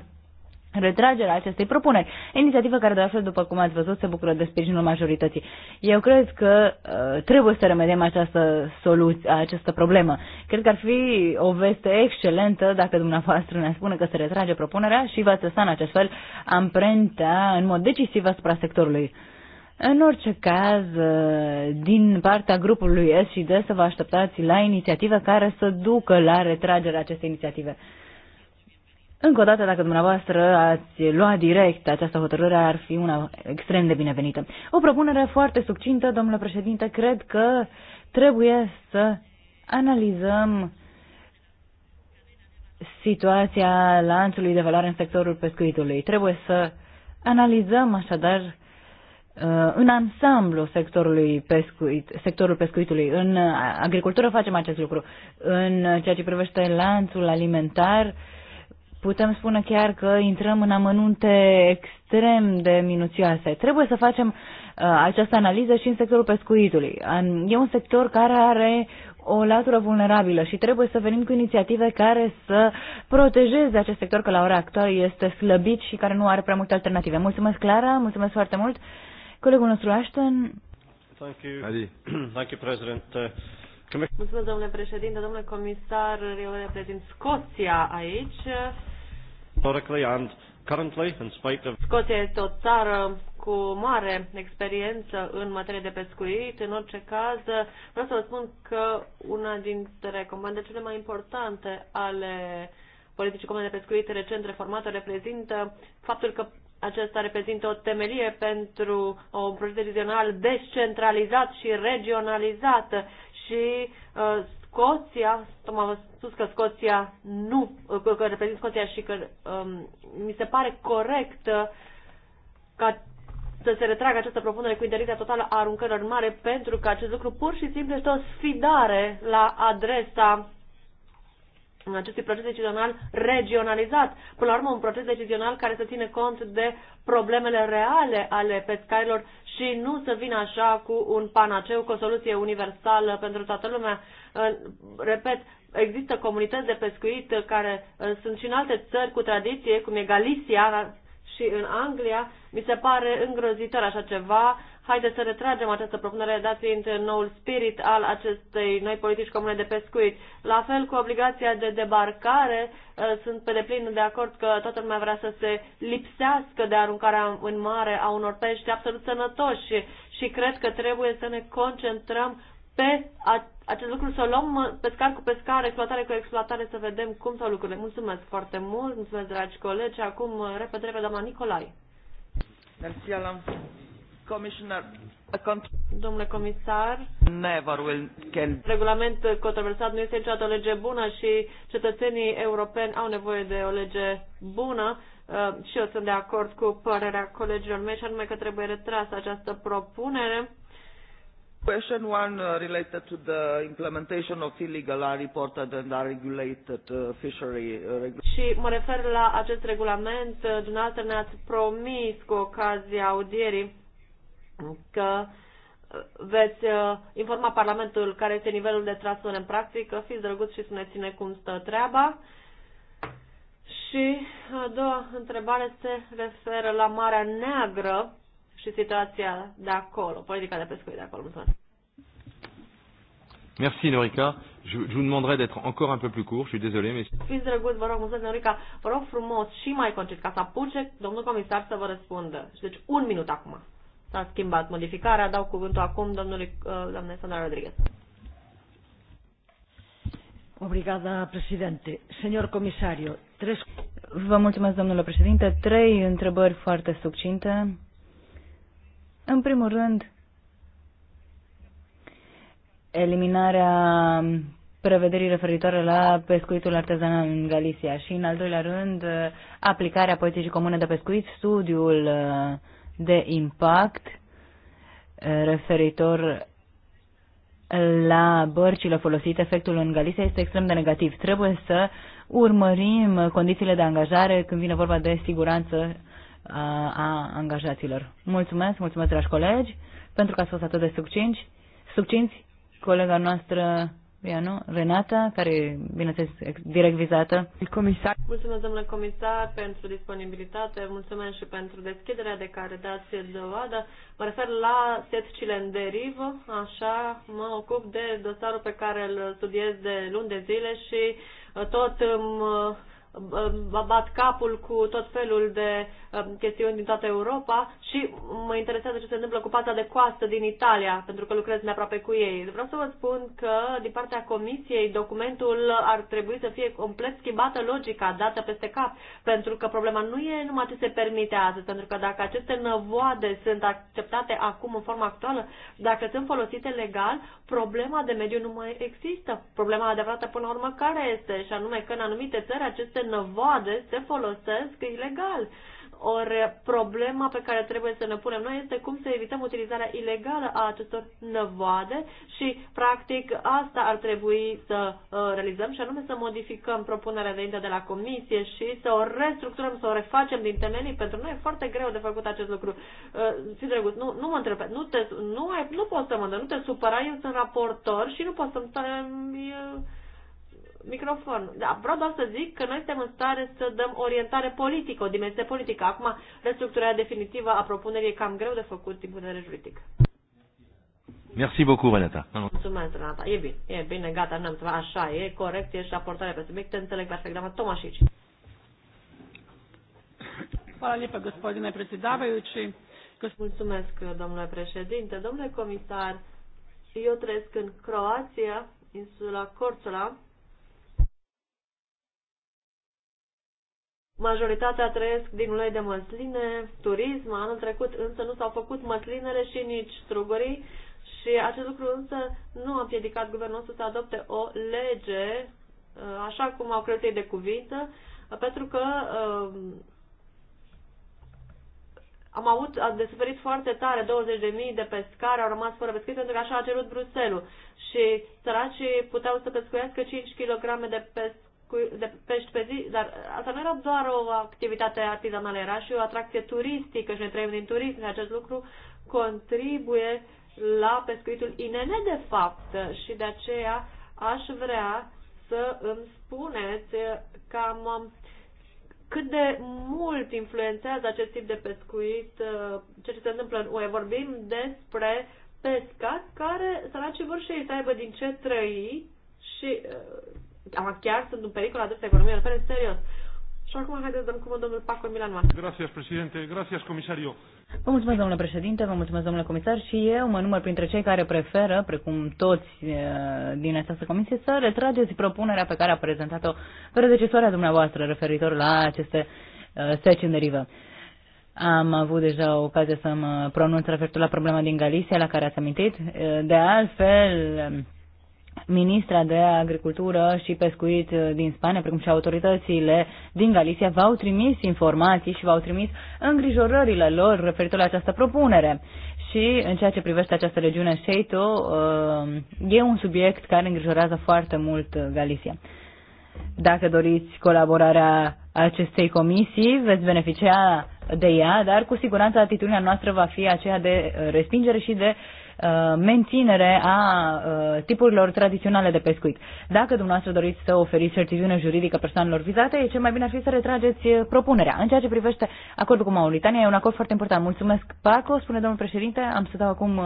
retragerea acestei propuneri. Inițiativă care, de altfel, după cum ați văzut, se bucură de sprijinul majorității. Eu cred că uh, trebuie să remediem această soluție, această problemă. Cred că ar fi o veste excelentă dacă dumneavoastră ne spune că se retrage propunerea și va țesa în acest fel amprenta în mod decisiv asupra sectorului. În orice caz, din partea grupului S și D să vă așteptați la inițiativă care să ducă la retragerea acestei inițiative. Încă o dată, dacă dumneavoastră ați lua direct această hotărâre, ar fi una extrem de binevenită. O propunere foarte succintă, domnule președinte, cred că trebuie să analizăm situația lanțului de valoare în sectorul pescuitului. Trebuie să analizăm așadar Uh, în ansamblu sectorului pescuit, sectorul pescuitului. În uh, agricultură facem acest lucru. În ceea ce privește lanțul alimentar, putem spune chiar că intrăm în amănunte extrem de minuțioase. Trebuie să facem uh, această analiză și în sectorul pescuitului. E un sector care are o latură vulnerabilă și trebuie să venim cu inițiative care să protejeze acest sector, că la ora actuală este slăbit și care nu are prea multe alternative. Mulțumesc, Clara, mulțumesc foarte mult! Colegul nostru Ashton. Thank you. Adi. Thank you, President. Uh, Mulțumesc, domnule președinte, domnule comisar, eu reprezint Scoția aici. Historically and currently, in spite of... Scoția este o țară cu mare experiență în materie de pescuit. În orice caz, vreau să vă spun că una dintre comandele cele mai importante ale politicii comune de pescuit recent reformată reprezintă faptul că acesta reprezintă o temelie pentru un proiect regional descentralizat și regionalizat și uh, Scoția, tocmai spus că Scoția nu, că, că reprezint Scoția și că um, mi se pare corect uh, ca să se retragă această propunere cu interdicția totală a aruncărilor mare pentru că acest lucru pur și simplu este o sfidare la adresa acestui proces decizional regionalizat. Până la urmă, un proces decizional care să ține cont de problemele reale ale pescarilor și nu să vină așa cu un panaceu, cu o soluție universală pentru toată lumea. Repet, există comunități de pescuit care sunt și în alte țări cu tradiție, cum e Galicia, și în Anglia, mi se pare îngrozitor așa ceva, Haideți să retragem această propunere, dat fiind noul spirit al acestei noi politici comune de pescuit. La fel cu obligația de debarcare, uh, sunt pe deplin de acord că toată lumea vrea să se lipsească de aruncarea în mare a unor pești absolut sănătoși și cred că trebuie să ne concentrăm pe acest lucru, să o luăm pescar cu pescar, exploatare cu exploatare, să vedem cum stau lucrurile. Mulțumesc foarte mult, mulțumesc, dragi colegi. Acum, repede, repede, doamna Nicolai. Mersi, Alan. Commissioner, Domnule comisar, Never will can... regulament controversat nu este niciodată o lege bună și cetățenii europeni au nevoie de o lege bună uh, și eu sunt de acord cu părerea colegilor mei și anume că trebuie retrasă această propunere. Question one uh, related to the implementation of illegal unreported and unregulated uh, fishery uh, regulations. Și mă refer la acest regulament. Uh, dumneavoastră ne-ați promis cu ocazia audierii că uh, veți uh, informa Parlamentul care este nivelul de trasuri în practică, fiți drăguți și spuneți-ne cum stă treaba. Și a doua întrebare se referă la Marea Neagră și situația de acolo, politica de pescuit de acolo. Mulțumesc. Merci, Norica. Je, je vous demanderai d'être encore un peu plus court. Je suis désolé, mais... Fiți drăguț, vă rog, mulțumesc, Norica. Vă rog frumos și mai concis, ca să apuce domnul comisar să vă răspundă. Și deci un minut acum. S-a schimbat modificarea. Dau cuvântul acum domnului, uh, doamne Sandra Rodriguez. Obrigada, președinte. Senor comisario, tres... Vă mulțumesc, domnule președinte. Trei întrebări foarte succinte. În primul rând, eliminarea prevederii referitoare la pescuitul artezanal în Galicia și, în al doilea rând, aplicarea politicii comune de pescuit, studiul uh, de impact eh, referitor la bărcile folosite, efectul în Galicia este extrem de negativ. Trebuie să urmărim condițiile de angajare când vine vorba de siguranță a angajaților. Mulțumesc, mulțumesc, dragi colegi, pentru că ați fost atât de succinți. Succinți, colega noastră Ianu, Renata, care e, bineînțeles, direct vizată. Comisar. Mulțumesc, domnule comisar, pentru disponibilitate, mulțumesc și pentru deschiderea de care dați dovadă. Mă refer la set în derivă, așa mă ocup de dosarul pe care îl studiez de luni de zile și uh, tot îmi bat capul cu tot felul de um, chestiuni din toată Europa și mă interesează ce se întâmplă cu pata de coastă din Italia, pentru că lucrez neaproape cu ei. Vreau să vă spun că, din partea Comisiei, documentul ar trebui să fie complet schimbată logica dată peste cap, pentru că problema nu e numai ce se permite azi, pentru că dacă aceste năvoade sunt acceptate acum în forma actuală, dacă sunt folosite legal, problema de mediu nu mai există. Problema adevărată până la urmă care este, și anume că în anumite țări aceste năvoade se folosesc ilegal. Ori problema pe care trebuie să ne punem noi este cum să evităm utilizarea ilegală a acestor năvoade și, practic, asta ar trebui să uh, realizăm și anume să modificăm propunerea venită de la comisie și să o restructurăm, să o refacem din temelii. Pentru noi e foarte greu de făcut acest lucru. Uh, Fi drăguț, nu, nu mă întreb, nu, te, nu, ai, nu poți să mă nu te supăra, eu sunt raportor și nu poți să-mi uh, microfon. Da, vreau doar să zic că noi suntem în stare să dăm orientare politică, o dimensiune politică. Acum, restructurarea definitivă a propunerii e cam greu de făcut din punct de vedere juridic. Merci beaucoup, Renata. Mulțumesc, Renata. E bine, e bine, gata, n-am ceva. Așa e, corect, e și raportarea pe subiect, te înțeleg perfect, dar Tomașici. Hvala lijepa, gospodine predsjedavajući. Mulțumesc, domnule președinte. Domnule comisar, eu trăiesc în Croația, insula Corțula, Majoritatea trăiesc din ulei de măsline, turism, anul trecut însă nu s-au făcut măslinele și nici strugurii și acest lucru însă nu a împiedicat guvernul să adopte o lege, uh, așa cum au crezut ei de cuvință, pentru că um, am avut de desferit foarte tare, 20.000 de pescari au rămas fără pescuit pentru că așa a cerut Bruselul. Și săracii puteau să pescuiască 5 kg de pescuit cu, de pești pe zi, dar asta nu era doar o activitate artizanală, era și o atracție turistică și ne trăim din turism și acest lucru contribuie la pescuitul INN de fapt și de aceea aș vrea să îmi spuneți cam um, cât de mult influențează acest tip de pescuit uh, ce se întâmplă în UE. Vorbim despre pescați care, săracii vor și ei să aibă din ce trăi și uh, chiar sunt un pericol adus economiei europene serios. Și acum haideți dăm cuvânt domnul Paco Mastru. Gracias, președinte. Gracias, comisario. Vă mulțumesc, domnule președinte, vă mulțumesc, domnule comisar, și eu mă număr printre cei care preferă, precum toți eh, din această comisie, să retrageți propunerea pe care a prezentat-o predecesoarea dumneavoastră referitor la aceste eh, seci în derivă. Am avut deja ocazia să mă pronunț referitor la problema din Galicia, la care ați amintit. Eh, de altfel, ministra de agricultură și pescuit din Spania, precum și autoritățile din Galicia, v-au trimis informații și v-au trimis îngrijorările lor referitor la această propunere. Și în ceea ce privește această regiune Sheito, uh, e un subiect care îngrijorează foarte mult Galicia. Dacă doriți colaborarea acestei comisii, veți beneficia de ea, dar cu siguranță atitudinea noastră va fi aceea de respingere și de uh, Uh, menținere a uh, tipurilor tradiționale de pescuit. Dacă dumneavoastră doriți să oferiți certitudine juridică persoanelor vizate, cel mai bine ar fi să retrageți uh, propunerea. În ceea ce privește acordul cu Mauritania, e un acord foarte important. Mulțumesc, Paco, spune domnul președinte. Am să dau acum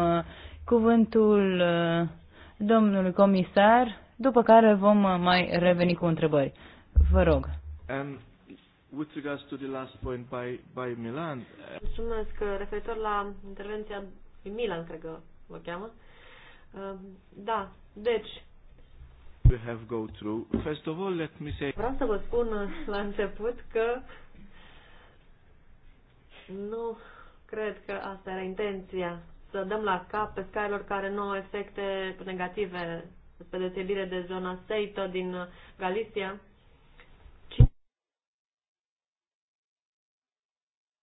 cuvântul domnului comisar, după care vom mai reveni cu întrebări. Vă rog. Um. With regards to the last point by, by Milan. Mulțumesc. Referitor la intervenția lui Milan, cred că mă cheamă. Ehm, da, deci... We have go through. First of all, let me say... Vreau să vă spun uh, la început că nu cred că asta era intenția, să dăm la cap pescarilor care nu au efecte negative pe deosebire de zona Seito din uh, Galicia.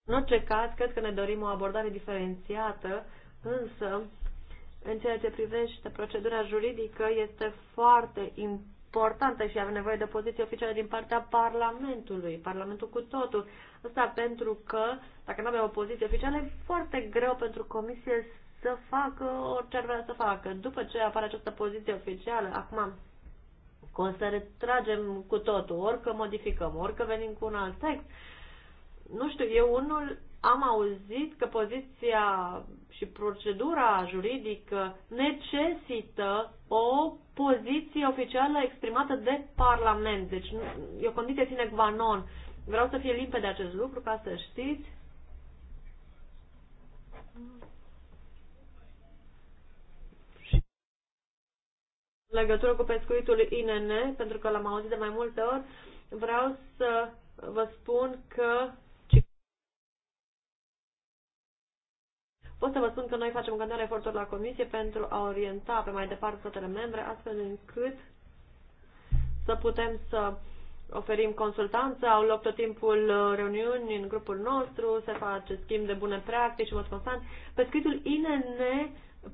În orice caz, cred că ne dorim o abordare diferențiată, însă în ceea ce privește procedura juridică este foarte importantă și avem nevoie de poziție oficială din partea Parlamentului, Parlamentul cu totul. Asta pentru că, dacă nu avem o poziție oficială, e foarte greu pentru Comisie să facă orice ar vrea să facă. După ce apare această poziție oficială, acum o să retragem cu totul, orică modificăm, orică venim cu un alt text. Nu știu, eu unul am auzit că poziția și procedura juridică necesită o poziție oficială exprimată de Parlament. Deci e o condiție sine qua non. Vreau să fie limpede acest lucru, ca să știți. În legătură cu pescuitul INN, pentru că l-am auzit de mai multe ori, vreau să vă spun că Pot să vă spun că noi facem un continuare eforturi la Comisie pentru a orienta pe mai departe statele membre, astfel încât să putem să oferim consultanță, au loc tot timpul uh, reuniuni în grupul nostru, se face schimb de bune practici în mod constant. scritul INN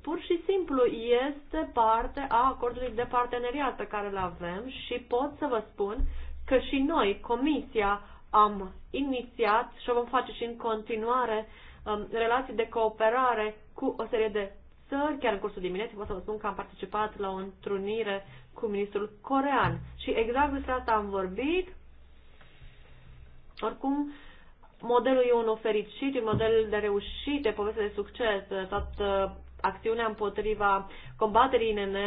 pur și simplu este parte a acordului de parteneriat pe care îl avem și pot să vă spun că și noi, Comisia, am inițiat și o vom face și în continuare um, relații de cooperare cu o serie de țări. Chiar în cursul dimineții pot să vă spun că am participat la o întrunire cu ministrul corean. Și exact despre asta am vorbit. Oricum, modelul e unul fericit, un model de reușite, poveste de succes. Uh, toată acțiunea împotriva combaterii INN,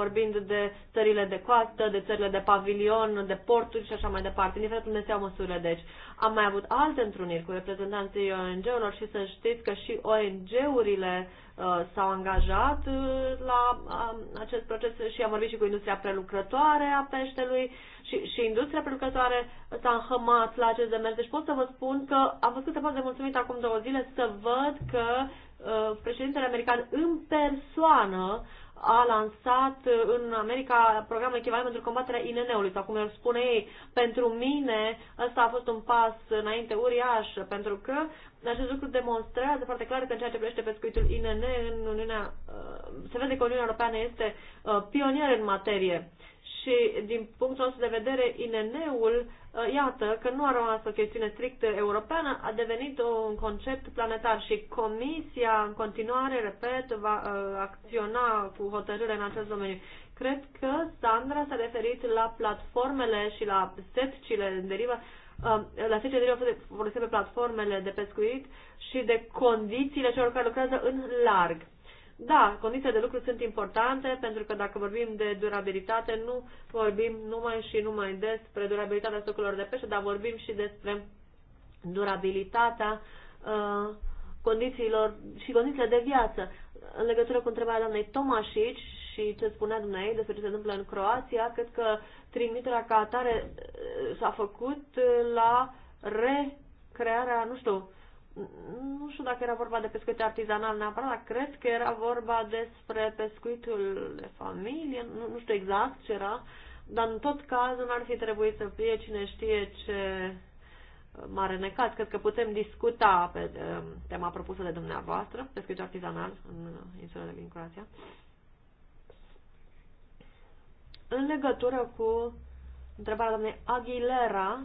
vorbind de țările de coastă, de țările de pavilion, de porturi și așa mai departe, indiferent unde se iau măsurile. Deci, am mai avut alte întruniri cu reprezentanții ONG-urilor și să știți că și ONG-urile uh, s-au angajat uh, la um, acest proces și am vorbit și cu industria prelucrătoare a peștelui și, și industria prelucrătoare s-a înhămat la acest demers. Deci pot să vă spun că am fost câteva de mulțumit acum două zile să văd că uh, Uh, președintele american în persoană a lansat uh, în America programul echivalent pentru combaterea INN-ului, sau cum îl spune ei. Pentru mine, ăsta a fost un pas înainte uriaș, pentru că acest lucru demonstrează foarte clar că în ceea ce privește pescuitul INN în Uniunea, uh, se vede că Uniunea Europeană este pionieră în materie. Și din punctul nostru de vedere, INN-ul Ă, iată că nu a rămas o chestiune strict europeană, a devenit un concept planetar și Comisia în continuare, repet, va ă, acționa cu hotărâre în acest domeniu. Cred că Sandra s-a referit la platformele și la setcile în derivă, ă, la setcile în derivă folosim pe platformele de pescuit și de condițiile celor care lucrează în larg. Da, condițiile de lucru sunt importante pentru că dacă vorbim de durabilitate, nu vorbim numai și numai despre durabilitatea stocurilor de pește, dar vorbim și despre durabilitatea uh, condițiilor și condițiile de viață. În legătură cu întrebarea doamnei Tomașic și ce spunea dumneavoastră despre ce se întâmplă în Croația, cred că trimiterea ca atare uh, s-a făcut la recrearea, nu știu, nu știu dacă era vorba de pescuit artizanal neapărat, dar cred că era vorba despre pescuitul de familie, nu, nu știu exact ce era, dar în tot cazul n-ar fi trebuit să fie cine știe ce mare necaz. Cred că putem discuta pe tema propusă de dumneavoastră, pescuit artizanal în insulele din Croația. În legătură cu întrebarea doamnei Aguilera,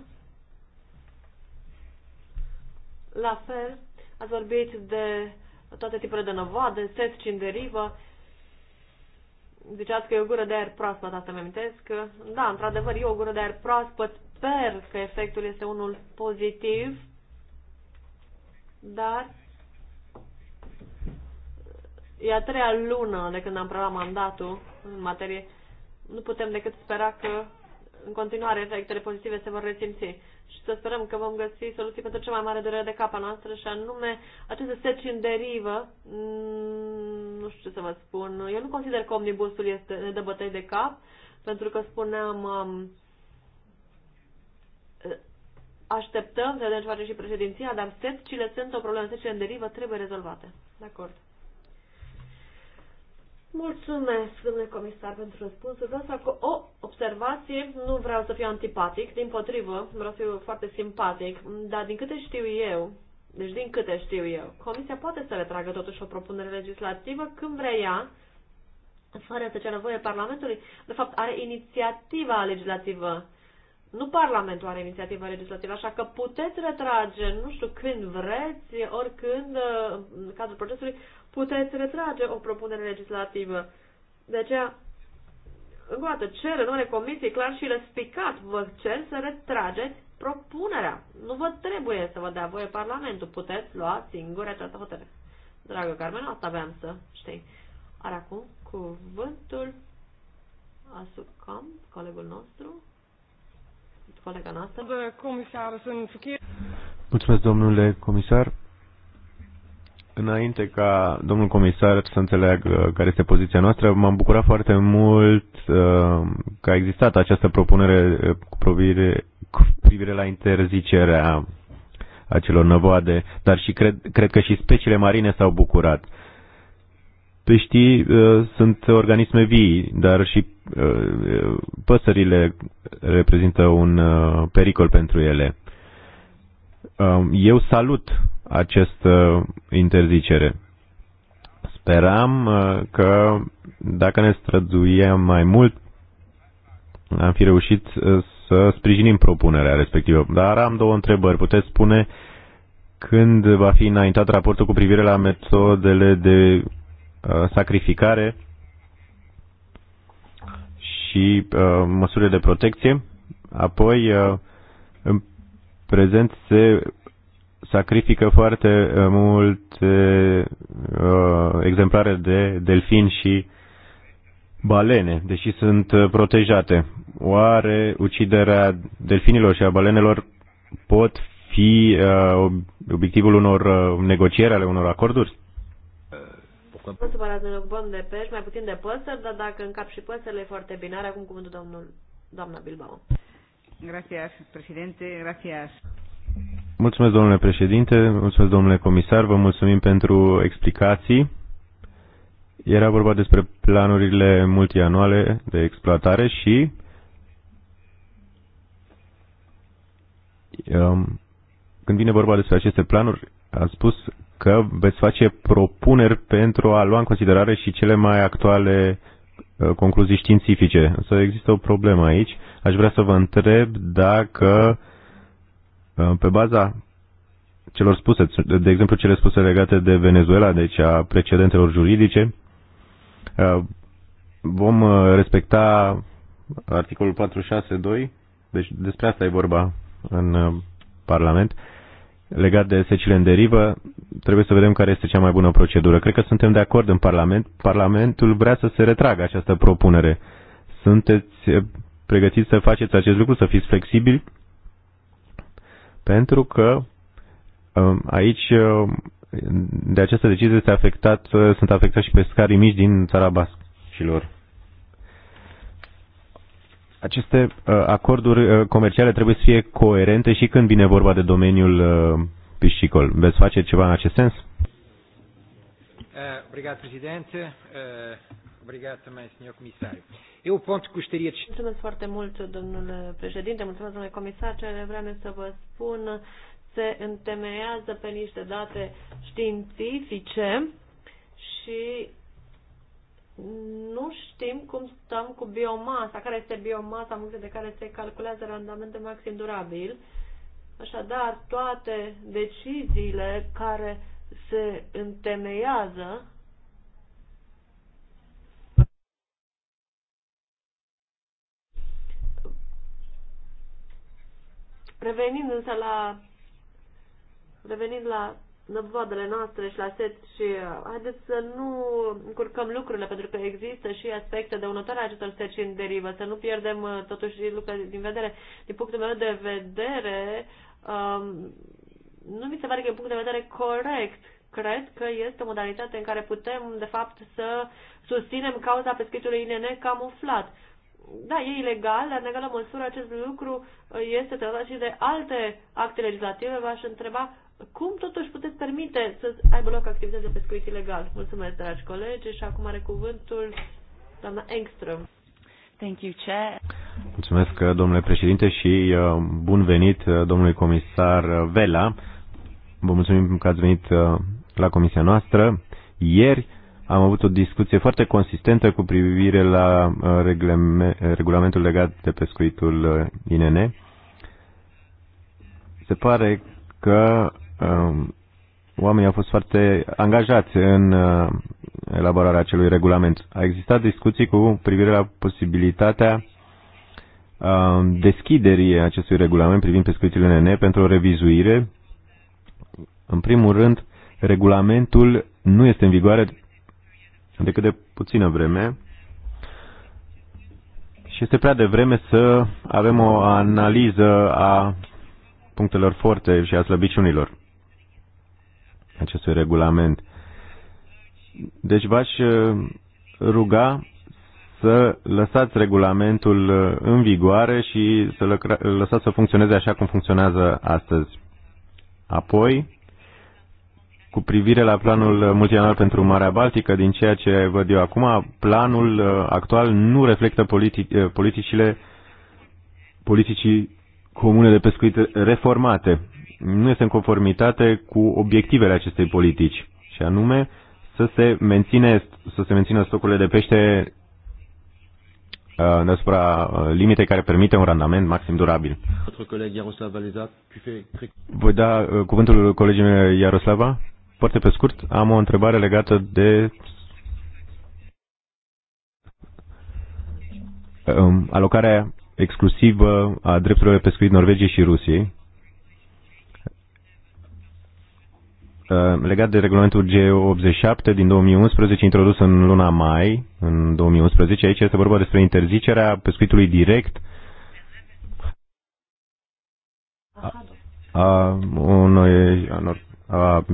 la fel, ați vorbit de toate tipurile de năvoade, setci în derivă. Ziceați că e o gură de aer proaspăt, asta mi amintesc. Da, într-adevăr, e o gură de aer proaspăt. Sper că efectul este unul pozitiv, dar e a treia lună de când am preluat mandatul în materie. Nu putem decât spera că în continuare efectele pozitive se vor resimți și să sperăm că vom găsi soluții pentru cea mai mare durere de capa noastră și anume aceste seci în derivă. Mm, nu știu ce să vă spun. Eu nu consider că omnibusul este, ne dă bătăi de cap pentru că spuneam um, așteptăm să vedem ce face și președinția, dar secile sunt o problemă, secile în derivă trebuie rezolvate. De acord. Mulțumesc, domnule comisar, pentru răspuns. Vreau să fac o observație. Nu vreau să fiu antipatic, din potrivă, vreau să fiu foarte simpatic, dar din câte știu eu, deci din câte știu eu, Comisia poate să retragă totuși o propunere legislativă când vrea ea, fără să ceară voie Parlamentului. De fapt, are inițiativa legislativă nu Parlamentul are inițiativă legislativă, așa că puteți retrage, nu știu, când vreți, oricând, uh, în cadrul procesului, puteți retrage o propunere legislativă. De aceea, încă o dată, cer în comisiei clar și răspicat, vă cer să retrageți propunerea. Nu vă trebuie să vă dea voie Parlamentul. Puteți lua singur această hotărâre. Dragă Carmen, asta aveam să știi. Are acum cuvântul Asucam, colegul nostru colega noastră. Comisar, sunt Mulțumesc, domnule comisar. Înainte ca domnul comisar să înțeleagă care este poziția noastră, m-am bucurat foarte mult uh, că a existat această propunere uh, cu privire, cu privire la interzicerea acelor năvoade, dar și cred, cred că și speciile marine s-au bucurat. Peștii uh, sunt organisme vii, dar și Uh, păsările reprezintă un uh, pericol pentru ele. Um, eu salut această interzicere. Speram uh, că dacă ne străduiem mai mult, am fi reușit să sprijinim propunerea respectivă. Dar am două întrebări. Puteți spune când va fi înaintat raportul cu privire la metodele de sacrificare și uh, măsurile de protecție. Apoi, uh, în prezent se sacrifică foarte uh, mult uh, exemplare de delfini și balene, deși sunt uh, protejate. Oare uciderea delfinilor și a balenelor pot fi uh, obiectivul unor uh, negocieri ale unor acorduri? păsări. Nu să deloc, bun de pești, mai puțin de păsări, dar dacă încap și păsările e foarte bine. Are acum cuvântul domnul, doamna Bilbao. Gracias, președinte, gracias. Mulțumesc, domnule președinte, mulțumesc, domnule comisar, vă mulțumim pentru explicații. Era vorba despre planurile multianuale de exploatare și um, când vine vorba despre aceste planuri, a spus că veți face propuneri pentru a lua în considerare și cele mai actuale uh, concluzii științifice. Însă există o problemă aici. Aș vrea să vă întreb dacă uh, pe baza celor spuse, de exemplu cele spuse legate de Venezuela, deci a precedentelor juridice, uh, vom respecta articolul 462, deci despre asta e vorba în Parlament. Legat de secile în derivă, trebuie să vedem care este cea mai bună procedură. Cred că suntem de acord în Parlament. Parlamentul vrea să se retragă această propunere. Sunteți pregătiți să faceți acest lucru, să fiți flexibili? Pentru că um, aici um, de această decizie este afectat, sunt afectați și pescarii mici din țara Basc. Și lor aceste uh, acorduri uh, comerciale trebuie să fie coerente și când vine vorba de domeniul uh, piscicol. Veți face ceva în acest sens? Uh, obrigado, Presidente. Uh, obrigado também, Sr. Comissário. Eu ponto que gostaria de... Mulțumesc foarte mult, domnule președinte, mulțumesc, domnule comisar. Ce vreme să vă spun se întemeiază pe niște date științifice și nu știm cum stăm cu biomasa, care este biomasa în de care se calculează randamentul maxim durabil. Așadar, toate deciziile care se întemeiază Revenind însă la revenind la năvoadele noastre și la set și uh, haideți să nu încurcăm lucrurile, pentru că există și aspecte dăunătoare acestor set și în derivă, să nu pierdem uh, totuși lucrurile din vedere. Din punctul meu de vedere, um, nu mi se pare că e punct de vedere corect. Cred că este o modalitate în care putem, de fapt, să susținem cauza pescuitului INN camuflat. Da, e ilegal, dar în egală măsură acest lucru uh, este tratat și de alte acte legislative. V-aș întreba cum totuși puteți permite să aibă loc activități de pescuit ilegal? Mulțumesc, dragi colegi, și acum are cuvântul doamna Engström. Thank you, Chair. Mulțumesc, domnule președinte, și uh, bun venit, uh, domnului comisar Vela. Vă mulțumim că ați venit uh, la comisia noastră. Ieri am avut o discuție foarte consistentă cu privire la regulamentul legat de pescuitul INN. Se pare că Um, oamenii au fost foarte angajați în uh, elaborarea acelui regulament. A existat discuții cu privire la posibilitatea um, deschiderii acestui regulament privind pescuitul NN pentru o revizuire. În primul rând, regulamentul nu este în vigoare decât de puțină vreme și este prea devreme să avem o analiză a punctelor forte și a slăbiciunilor acestui regulament. Deci v-aș uh, ruga să lăsați regulamentul uh, în vigoare și să lăsați să funcționeze așa cum funcționează astăzi. Apoi, cu privire la planul multianual pentru Marea Baltică, din ceea ce văd eu acum, planul uh, actual nu reflectă politic, politicile politicii comune de pescuit reformate nu este în conformitate cu obiectivele acestei politici, și anume să se, menține, să se mențină stocurile de pește uh, deasupra uh, limitei care permite un randament maxim durabil. Voi da uh, cuvântul colegii mei Iaroslava? Foarte pe scurt, am o întrebare legată de um, alocarea exclusivă a drepturilor de pescuit Norvegiei și Rusiei. Uh, legat de regulamentul G87 din 2011, introdus în luna mai, în 2011, aici este vorba despre interzicerea pescuitului direct a, a, unui, a, a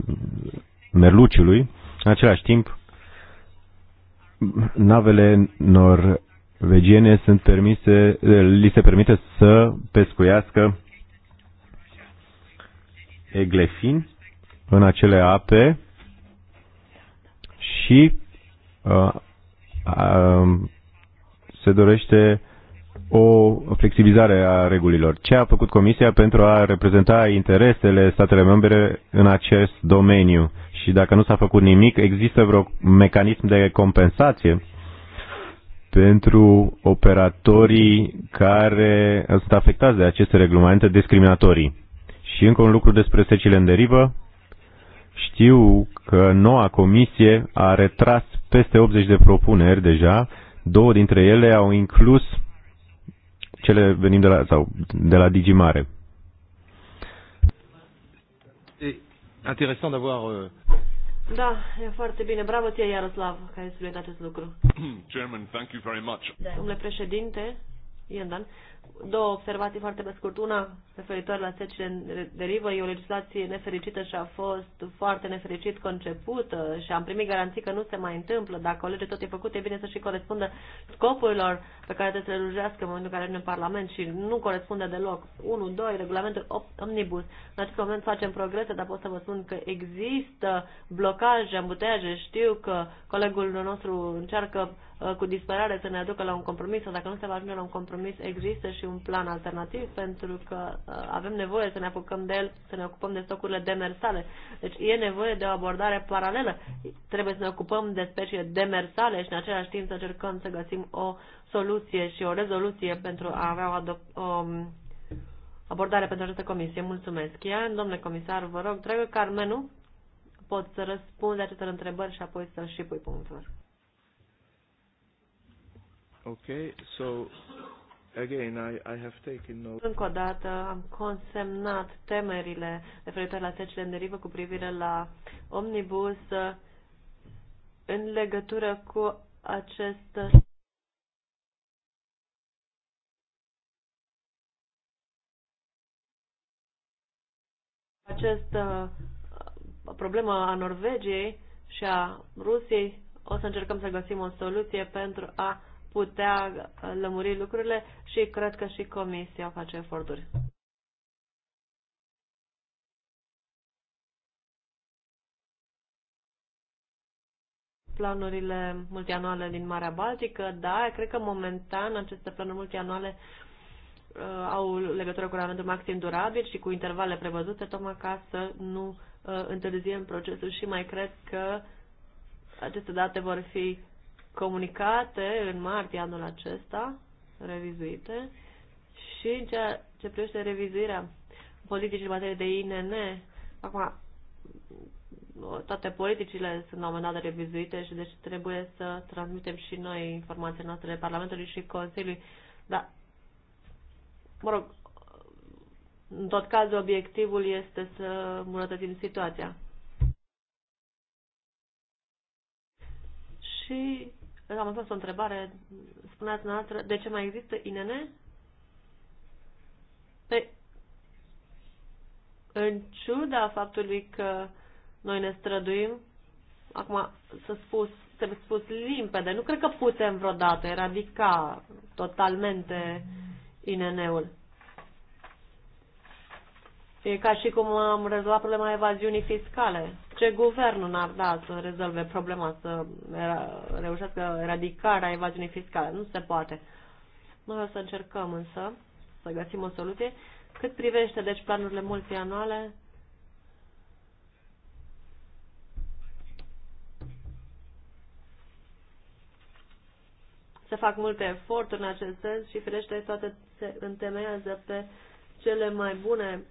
merluciului. În același timp, navele norvegiene sunt permise, li se permite să pescuiască eglefin în acele ape și uh, uh, se dorește o flexibilizare a regulilor. Ce a făcut Comisia pentru a reprezenta interesele statele membre în acest domeniu? Și dacă nu s-a făcut nimic, există vreo mecanism de compensație pentru operatorii care sunt afectați de aceste reglemente discriminatorii? Și încă un lucru despre secile în derivă. Știu că noua comisie a retras peste 80 de propuneri deja, două dintre ele au inclus cele venind de la, sau de la Digimare. E interesant d'avoir uh... Da, e foarte bine. Bravo ție, Iaroslav, că ai subliniat acest lucru. Chairman, thank you very much. Da, domnule președinte, Iandan, două observații foarte pe scurt. Una referitoare la secile de derivă, e o legislație nefericită și a fost foarte nefericit concepută și am primit garanții că nu se mai întâmplă. Dacă o lege tot e făcută, e bine să și corespundă scopurilor pe care trebuie să le rugească în momentul în care în Parlament și nu corespunde deloc. 1, 2, regulamentul omnibus. În acest moment facem progrese, dar pot să vă spun că există blocaje, ambuteaje. Știu că colegul nostru încearcă uh, cu disperare să ne aducă la un compromis sau dacă nu se va ajunge la un compromis există și un plan alternativ pentru că uh, avem nevoie să ne apucăm de el, să ne ocupăm de stocurile demersale. Deci e nevoie de o abordare paralelă. Trebuie să ne ocupăm de specii demersale și în același timp să încercăm să găsim o soluție și o rezoluție pentru a avea o, o um, abordare pentru această comisie. Mulțumesc. Ian, domnule comisar, vă rog, dragă Carmenu, pot să răspund acestor întrebări și apoi să și pui punctul. Okay, so Again, I, I have taken note. Încă o dată am consemnat temerile referitoare la secile în derivă cu privire la omnibus uh, în legătură cu acest uh, acest uh, problemă a Norvegiei și a Rusiei, o să încercăm să găsim o soluție pentru a putea uh, lămuri lucrurile și cred că și Comisia face eforturi. planurile multianuale din Marea Baltică, da, cred că momentan aceste planuri multianuale uh, au legătură cu ramentul maxim durabil și cu intervale prevăzute, tocmai ca să nu uh, întârziem procesul și mai cred că aceste date vor fi comunicate în martie anul acesta, revizuite, și în ceea ce privește revizuirea politicii în materie de INN, acum toate politicile sunt la un moment dat revizuite și deci trebuie să transmitem și noi informațiile noastre Parlamentului și Consiliului, dar, mă rog, în tot cazul obiectivul este să îmbunătățim situația. Și deci că am fost o întrebare. Spuneați noastră, de ce mai există INN? Pe, în ciuda faptului că noi ne străduim, acum să spus, trebuie spus limpede, nu cred că putem vreodată eradica totalmente INN-ul. E ca și cum am rezolvat problema evaziunii fiscale. Ce guvern n-ar da să rezolve problema, să reușească eradicarea evaziunii fiscale? Nu se poate. Noi o să încercăm însă să găsim o soluție. Cât privește, deci, planurile multianuale, se fac multe eforturi în acest sens și, firește, toate se întemeiază pe cele mai bune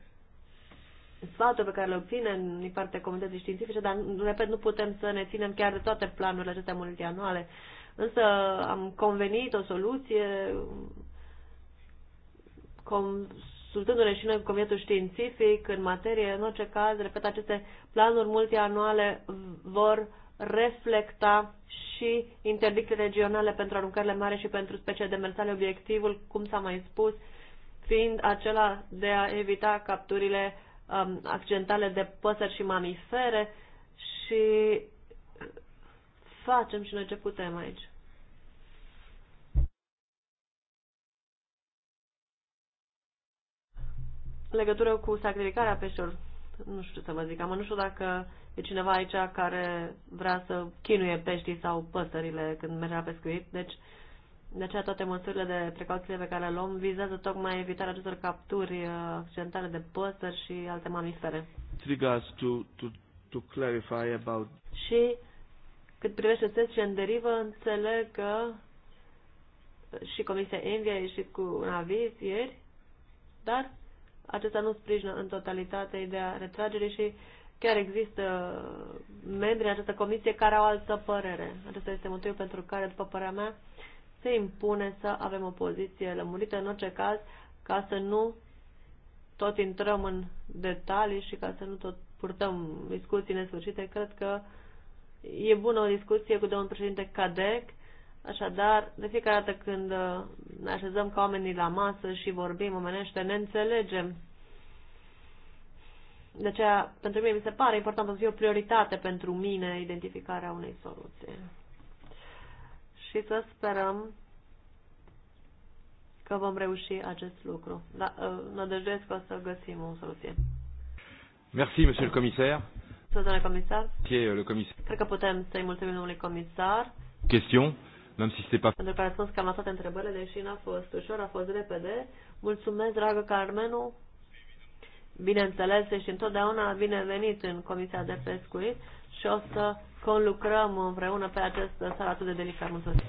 sfaturi pe care le obținem din partea comunității științifice, dar, repet, nu putem să ne ținem chiar de toate planurile acestea multianuale. Însă am convenit o soluție consultându-ne și noi cu comitetul științific în materie. În orice caz, repet, aceste planuri multianuale vor reflecta și interdicții regionale pentru aruncările mare și pentru specii demersale, obiectivul, cum s-a mai spus, fiind acela de a evita capturile um, accidentale de păsări și mamifere și facem și noi ce putem aici. legătură cu sacrificarea peșilor, nu știu ce să vă zic, am nu știu dacă e cineva aici care vrea să chinuie peștii sau păsările când merge la pescuit, deci uh, de aceea toate măsurile de precauție pe care le luăm vizează tocmai evitarea acestor capturi uh, accidentale de păsări și alte mamifere. to, to, to clarify about... Și cât privește test și în derivă, înțeleg că uh, și Comisia Envy a ieșit cu un aviz ieri, dar acesta nu sprijină în totalitate ideea retragerii și chiar există membri în această comisie care au altă părere. Acesta este motivul pentru care, după părerea mea, se impune să avem o poziție lămurită, în orice caz, ca să nu tot intrăm în detalii și ca să nu tot purtăm discuții nesfârșite, cred că e bună o discuție cu domnul președinte Cadec, așadar, de fiecare dată când uh, ne așezăm ca oamenii la masă și vorbim omenește, ne înțelegem. De aceea, pentru mine mi se pare important să fie o prioritate pentru mine identificarea unei soluții și să sperăm că vom reuși acest lucru. Da, ă, nădăjduiesc că o să găsim o soluție. Merci, monsieur le commissaire. Domnule comisar. Qui est Le commissaire? Cred că putem să-i mulțumim domnului comisar. Question, même si c'était pas... Pentru că a răspuns că am lăsat întrebările, deși n-a fost ușor, a fost repede. Mulțumesc, dragă Carmenu. Bineînțeles, ești întotdeauna binevenit în Comisia de Pescuit și o să conlucrăm împreună pe această sală atât de delicată. Mulțumesc!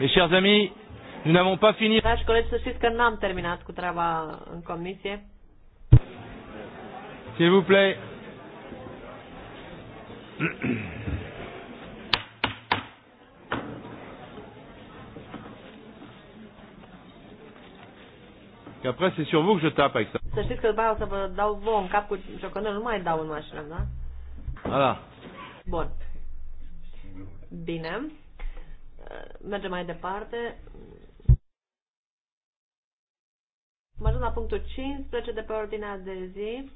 Mes chers amis, nous n'avons pas fini. Dragi colegi, să știți că n-am terminat cu treaba în comisie. S'il vous plaît. Că après c'est sur vous que je tape avec ça. Să știți că după o să vă dau vouă în cap cu ciocanul, nu mai dau în mașină, da? Bine mergem mai departe. Am ajuns la punctul 15 de pe ordinea de zi.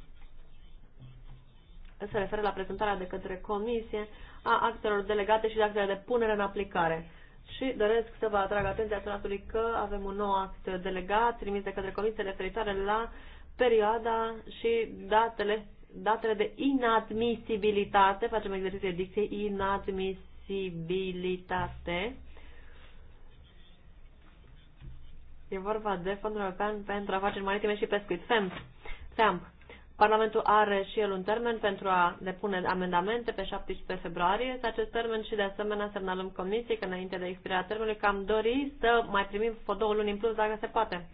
Se referă la prezentarea de către comisie a actelor delegate și de actele de punere în aplicare. Și doresc să vă atrag atenția faptului că avem un nou act delegat trimis de către comisie referitoare la perioada și datele, datele de inadmisibilitate. Facem de dicției inadmisibilitate E vorba de Fondul European pentru Afaceri Maritime și Pescuit, FEMP. FEMP. Parlamentul are și el un termen pentru a depune amendamente pe 17 februarie. Este acest termen și de asemenea semnalăm comisiei că înainte de expirarea termenului că am dori să mai primim o două luni în plus dacă se poate.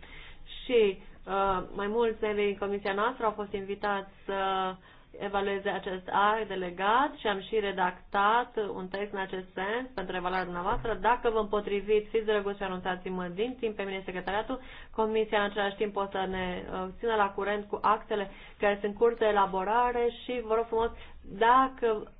Și uh, mai mulți membri din comisia noastră au fost invitați să uh, evalueze acest act delegat și am și redactat un text în acest sens pentru evaluarea dumneavoastră. Dacă vă împotriviți, fiți drăguți și anunțați-mă din timp pe mine secretariatul. Comisia în același timp o să ne uh, țină la curent cu actele care sunt curte elaborare și vă rog frumos, dacă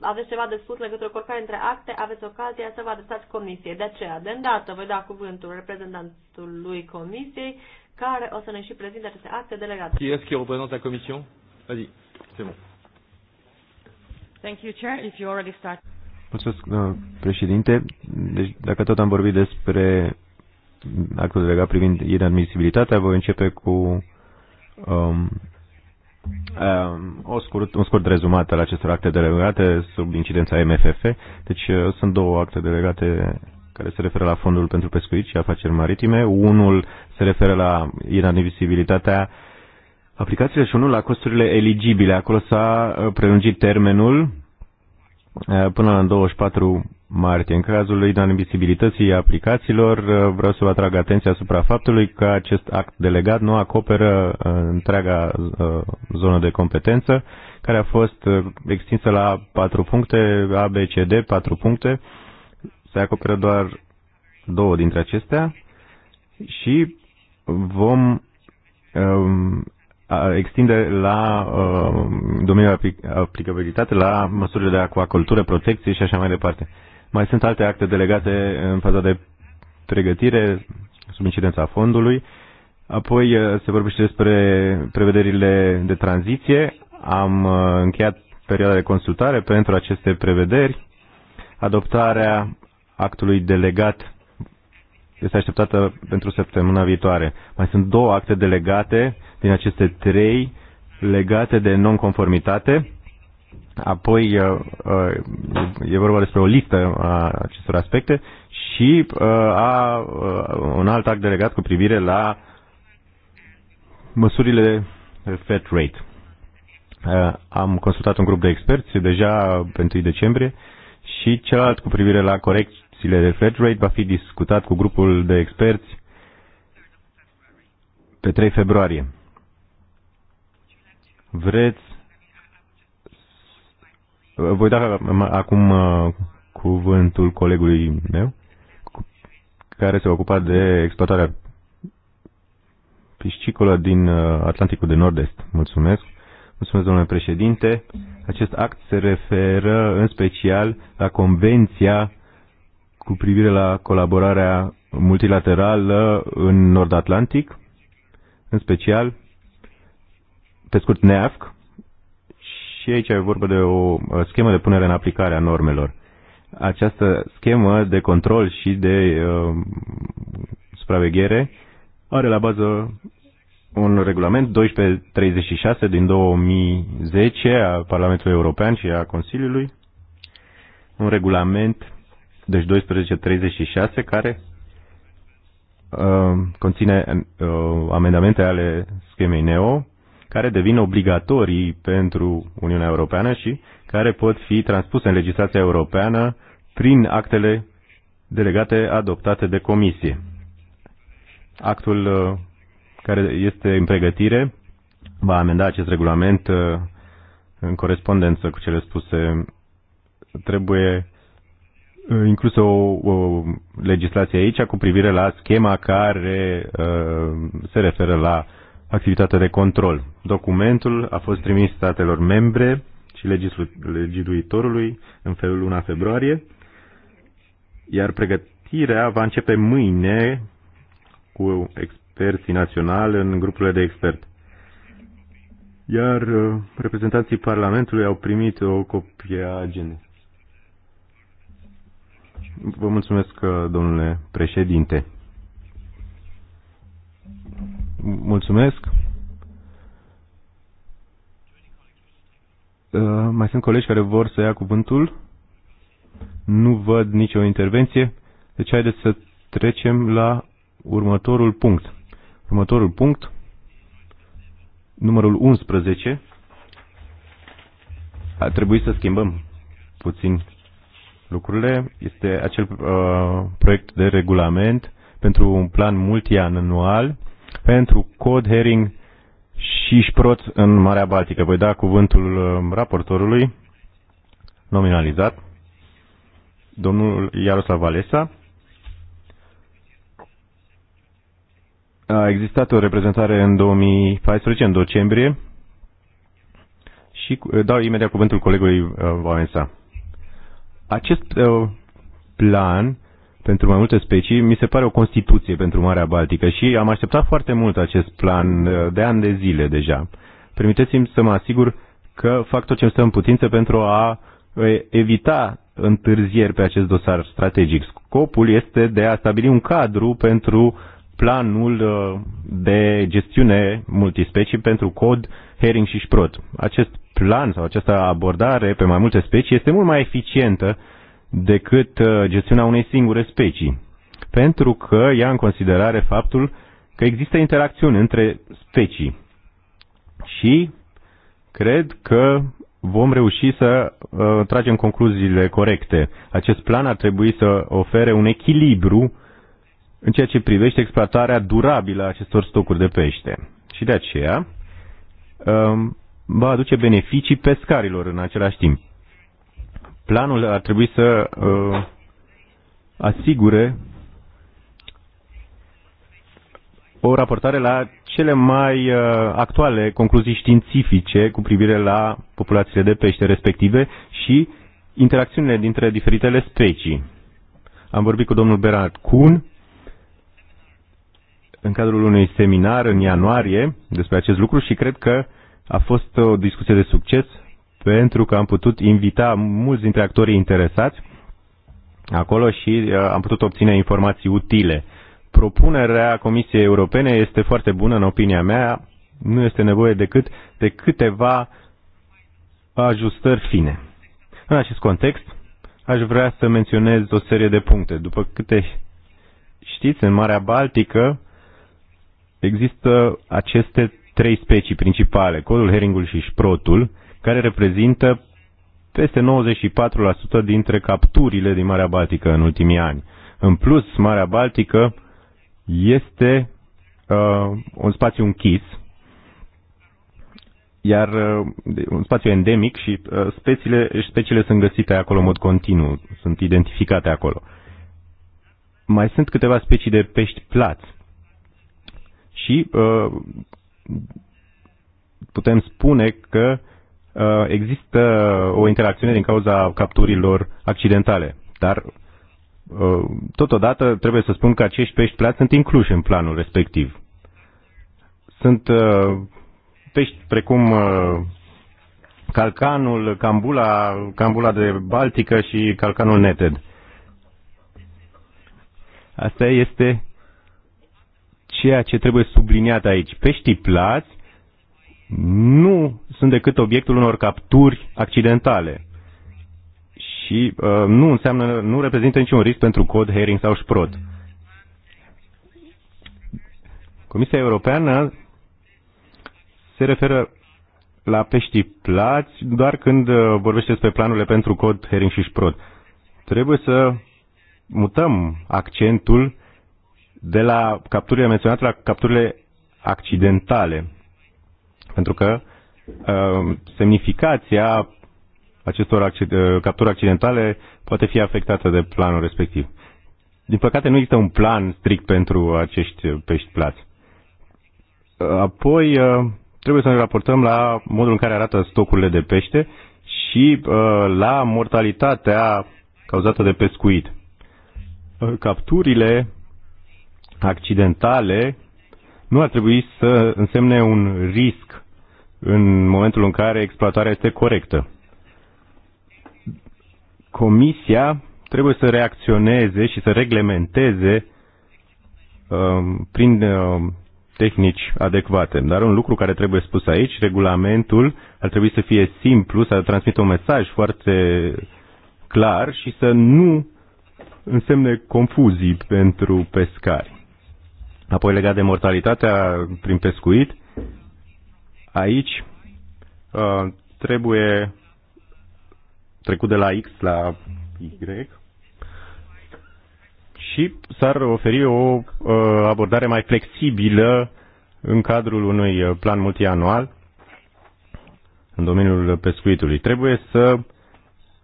aveți ceva de spus legătură cu oricare între acte, aveți ocazia să vă adresați comisiei. De aceea, de îndată, voi da cuvântul reprezentantului comisiei care o să ne și prezinte aceste acte delegate. Qui est-ce qui représente la commission? Vas-y. C'est bon. Thank you, Chair. If you already start... Mulțumesc, președinte. Deci, dacă tot am vorbit despre actul legat privind inadmisibilitatea, voi începe cu um, um, o scurt, un scurt rezumat al acestor acte delegate sub incidența MFF. Deci, uh, sunt două acte delegate care se referă la Fondul pentru Pescuit și Afaceri Maritime. Unul se referă la inadmisibilitatea uh, aplicațiile și unul la costurile eligibile. Acolo s-a uh, prelungit termenul uh, până la 24 martie. În cazul inadmisibilității aplicațiilor, uh, vreau să vă atrag atenția asupra faptului că acest act delegat nu acoperă întreaga zonă de competență, care a fost extinsă la patru puncte, A, B, C, D, 4 puncte. Se acoperă doar două dintre acestea și vom um, extinde la uh, domeniul aplicabilitate, la măsurile de aquacultură, protecție și așa mai departe. Mai sunt alte acte delegate în faza de pregătire, sub incidența fondului. Apoi uh, se vorbește despre prevederile de tranziție. Am uh, încheiat perioada de consultare pentru aceste prevederi. Adoptarea actului delegat este așteptată pentru săptămâna viitoare. Mai sunt două acte delegate din aceste trei legate de nonconformitate. Apoi uh, uh, e vorba despre o listă a acestor aspecte și uh, a, un alt act delegat cu privire la măsurile Fed Rate. Am consultat un grup de experți deja pentru 1 decembrie și celălalt cu privire la corect, discuțiile de flat rate va fi discutat cu grupul de experți pe 3 februarie. Vreți voi da acum uh, cuvântul colegului meu care se ocupa de exploatarea piscicolă din uh, Atlanticul de Nord-Est. Mulțumesc. Mulțumesc, domnule președinte. Acest act se referă în special la Convenția cu privire la colaborarea multilaterală în Nord-Atlantic, în special, pe scurt, NEAFC, și aici e vorba de o schemă de punere în aplicare a normelor. Această schemă de control și de uh, supraveghere are la bază un regulament 1236 din 2010 a Parlamentului European și a Consiliului, un regulament deci 1236, care uh, conține uh, amendamente ale schemei NEO, care devin obligatorii pentru Uniunea Europeană și care pot fi transpuse în legislația europeană prin actele delegate adoptate de comisie. Actul uh, care este în pregătire va amenda acest regulament uh, în corespondență cu cele spuse. Trebuie Uh, inclusă o, o legislație aici cu privire la schema care uh, se referă la activitatea de control. Documentul a fost trimis statelor membre și legiduitorului în felul 1 februarie, iar pregătirea va începe mâine cu experții naționali în grupurile de expert. Iar uh, reprezentanții Parlamentului au primit o copie a agendei. Vă mulțumesc, uh, domnule președinte. Mulțumesc. Uh, mai sunt colegi care vor să ia cuvântul. Nu văd nicio intervenție. Deci haideți să trecem la următorul punct. Următorul punct, numărul 11, a trebuit să schimbăm puțin lucrurile. Este acel uh, proiect de regulament pentru un plan multianual, pentru cod herring și șproț în Marea Baltică. Voi da cuvântul uh, raportorului nominalizat, domnul Iaroslav Valesa. A existat o reprezentare în 2014, în decembrie, și dau imediat cuvântul colegului uh, Valensa. Acest uh, plan pentru mai multe specii mi se pare o constituție pentru Marea Baltică și am așteptat foarte mult acest plan uh, de ani de zile deja. Permiteți-mi să mă asigur că fac tot ce stă în putință pentru a uh, evita întârzieri pe acest dosar strategic. Scopul este de a stabili un cadru pentru planul de gestiune multispecii pentru cod, herring și șprot. Acest plan sau această abordare pe mai multe specii este mult mai eficientă decât uh, gestiunea unei singure specii. Pentru că ia în considerare faptul că există interacțiuni între specii. Și cred că vom reuși să uh, tragem concluziile corecte. Acest plan ar trebui să ofere un echilibru în ceea ce privește exploatarea durabilă a acestor stocuri de pește. Și de aceea, uh, va aduce beneficii pescarilor în același timp. Planul ar trebui să uh, asigure o raportare la cele mai uh, actuale concluzii științifice cu privire la populațiile de pește respective și interacțiunile dintre diferitele specii. Am vorbit cu domnul Bernard Kuhn în cadrul unui seminar în ianuarie despre acest lucru și cred că uh, a fost o discuție de succes pentru că am putut invita mulți dintre actorii interesați acolo și uh, am putut obține informații utile. Propunerea Comisiei Europene este foarte bună în opinia mea, nu este nevoie decât de câteva ajustări fine. În acest context, aș vrea să menționez o serie de puncte. După câte știți, în Marea Baltică există aceste trei specii principale, codul, heringul și șprotul, care reprezintă peste 94% dintre capturile din Marea Baltică în ultimii ani. În plus, Marea Baltică este uh, un spațiu închis, iar uh, un spațiu endemic și uh, speciile, speciile sunt găsite acolo în mod continuu, sunt identificate acolo. Mai sunt câteva specii de pești plați și uh, putem spune că uh, există o interacțiune din cauza capturilor accidentale. Dar uh, totodată trebuie să spun că acești pești plați sunt incluși în planul respectiv. Sunt uh, pești precum calcanul, cambula, cambula de Baltică și calcanul neted. Asta este ceea ce trebuie subliniat aici. Peștii plați nu sunt decât obiectul unor capturi accidentale și uh, nu înseamnă, nu reprezintă niciun risc pentru cod, herring sau șprot. Comisia Europeană se referă la peștii plați doar când uh, vorbește despre planurile pentru cod, herring și șprot. Trebuie să mutăm accentul de la capturile menționate la capturile accidentale. Pentru că uh, semnificația acestor accid uh, capturi accidentale poate fi afectată de planul respectiv. Din păcate nu există un plan strict pentru acești pești plați. Uh, apoi uh, trebuie să ne raportăm la modul în care arată stocurile de pește și la mortalitatea cauzată de pescuit. Capturile accidentale nu ar trebui să însemne un risc în momentul în care exploatarea este corectă. Comisia trebuie să reacționeze și să reglementeze um, prin um, tehnici adecvate. Dar un lucru care trebuie spus aici, regulamentul ar trebui să fie simplu, să transmită un mesaj foarte clar și să nu însemne confuzii pentru pescari. Apoi legat de mortalitatea prin pescuit, aici uh, trebuie trecut de la X la Y și s-ar oferi o uh, abordare mai flexibilă în cadrul unui plan multianual în domeniul pescuitului. Trebuie să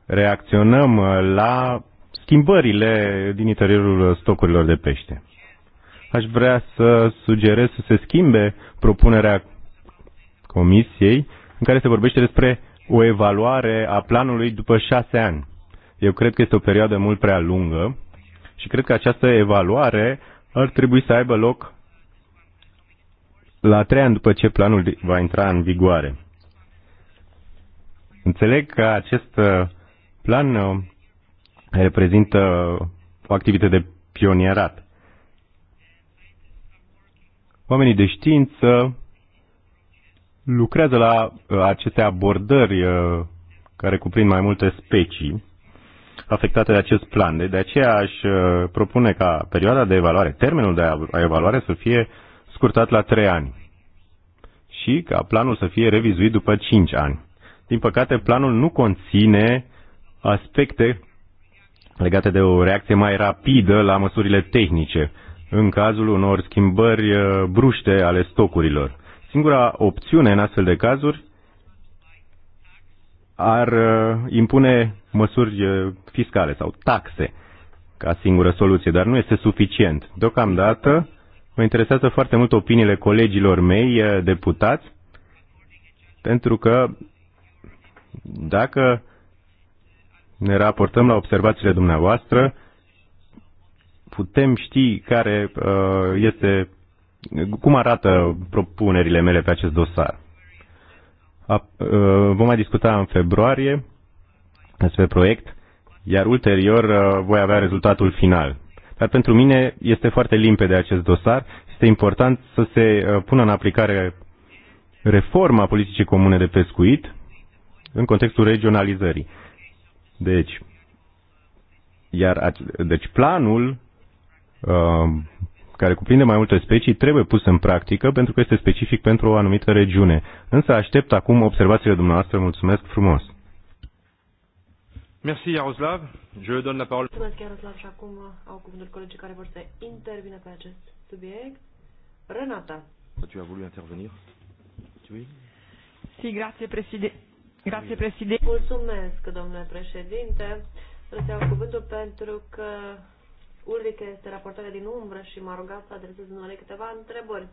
reacționăm la schimbările din interiorul stocurilor de pește aș vrea să sugerez să se schimbe propunerea Comisiei în care se vorbește despre o evaluare a planului după șase ani. Eu cred că este o perioadă mult prea lungă și cred că această evaluare ar trebui să aibă loc la trei ani după ce planul va intra în vigoare. Înțeleg că acest uh, plan uh, reprezintă o activitate de pionierat oamenii de știință lucrează la uh, aceste abordări uh, care cuprind mai multe specii afectate de acest plan. De aceea aș uh, propune ca perioada de evaluare, termenul de evaluare să fie scurtat la 3 ani și ca planul să fie revizuit după 5 ani. Din păcate, planul nu conține aspecte legate de o reacție mai rapidă la măsurile tehnice în cazul unor schimbări uh, bruște ale stocurilor. Singura opțiune în astfel de cazuri ar uh, impune măsuri uh, fiscale sau taxe ca singură soluție, dar nu este suficient. Deocamdată mă interesează foarte mult opiniile colegilor mei deputați, pentru că dacă ne raportăm la observațiile dumneavoastră, putem ști care uh, este, cum arată propunerile mele pe acest dosar. Uh, vom mai discuta în februarie despre proiect, iar ulterior uh, voi avea rezultatul final. Dar pentru mine este foarte limpede acest dosar. Este important să se pună în aplicare reforma politicii comune de pescuit în contextul regionalizării. Deci, iar deci planul Uh, care cuprinde mai multe specii trebuie pus în practică pentru că este specific pentru o anumită regiune. Însă aștept acum observațiile dumneavoastră. Mulțumesc frumos! Merci Iaroslav. Je donne la parole. Mulțumesc Iaroslav și acum uh, au cuvântul colegii care vor să intervină pe acest subiect. Renata. Tu as voulu intervenir? Oui. Si, grazie președinte. Grazie președinte. Mulțumesc, domnule președinte. Vreau să iau cuvântul pentru că Ulrike este raportarea din umbră și m-a rugat să adresez numai câteva întrebări.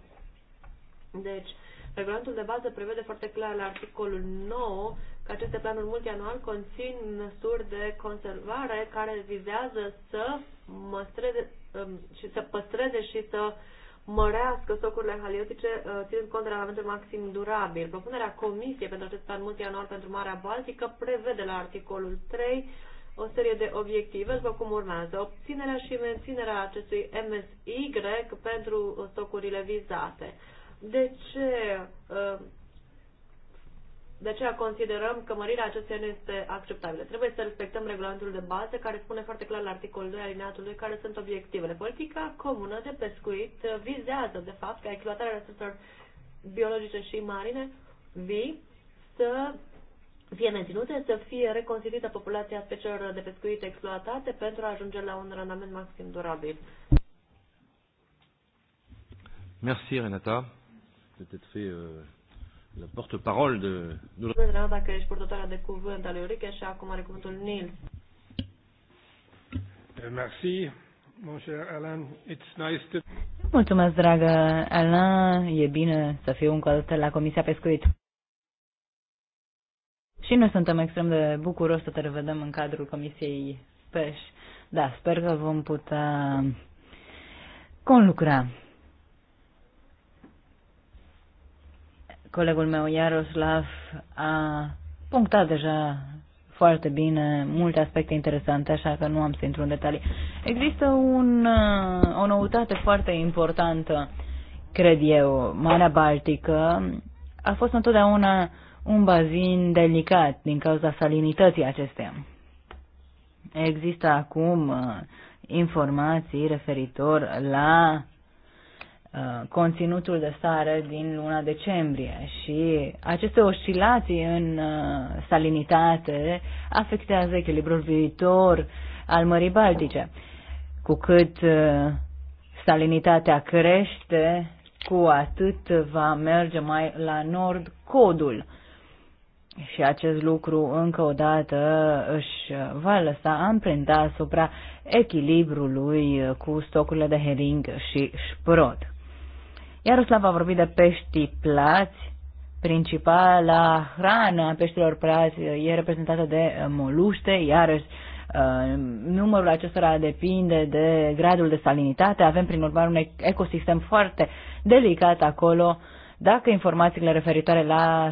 Deci, regulamentul de bază prevede foarte clar la articolul 9 că aceste planuri multianual conțin măsuri de conservare care vizează să măstreze, um, și să păstreze și să mărească stocurile haliotice uh, ținând cont de regulamentul maxim durabil. Propunerea Comisiei pentru acest plan multianual pentru Marea Baltică prevede la articolul 3 o serie de obiective, după cum urmează, obținerea și menținerea acestui MSY pentru stocurile vizate. De ce uh, de ce considerăm că mărirea acesteia nu este acceptabilă. Trebuie să respectăm regulamentul de bază care spune foarte clar la articolul 2 alineatul 2 care sunt obiectivele. Politica comună de pescuit vizează de fapt ca exploatarea resurselor biologice și marine vii să fie menținute, să fie reconstituită populația speciilor de pescuit exploatate pentru a ajunge la un randament maxim durabil. Merci Renata. Peut-être fait euh, la porte-parole de... Mulțumesc, Renata, că ești purtătoarea de cuvânt al lui și acum are cuvântul Nils. Merci, mon cher Alan. It's nice to... Mulțumesc, dragă Alain. E bine să fiu încă la Comisia Pescuit și noi suntem extrem de bucuroși să te revedem în cadrul Comisiei PEș. Da, sper că vom putea conlucra. Colegul meu, Iaroslav, a punctat deja foarte bine, multe aspecte interesante, așa că nu am să intru în detalii. Există un, uh, o noutate foarte importantă, cred eu. Marea Baltică a fost întotdeauna un bazin delicat din cauza salinității acesteia. Există acum uh, informații referitor la uh, conținutul de sare din luna decembrie și aceste oscilații în uh, salinitate afectează echilibrul viitor al Mării Baltice. Cu cât salinitatea crește, cu atât va merge mai la nord codul. Și acest lucru, încă o dată, își va lăsa amprenta asupra echilibrului cu stocurile de hering și șprot. Iaroslav a vorbit de peștii plați. Principala hrană a peștilor plați e reprezentată de moluște, iarăși uh, numărul acestora depinde de gradul de salinitate. Avem, prin urmare, un ecosistem foarte delicat acolo dacă informațiile referitoare la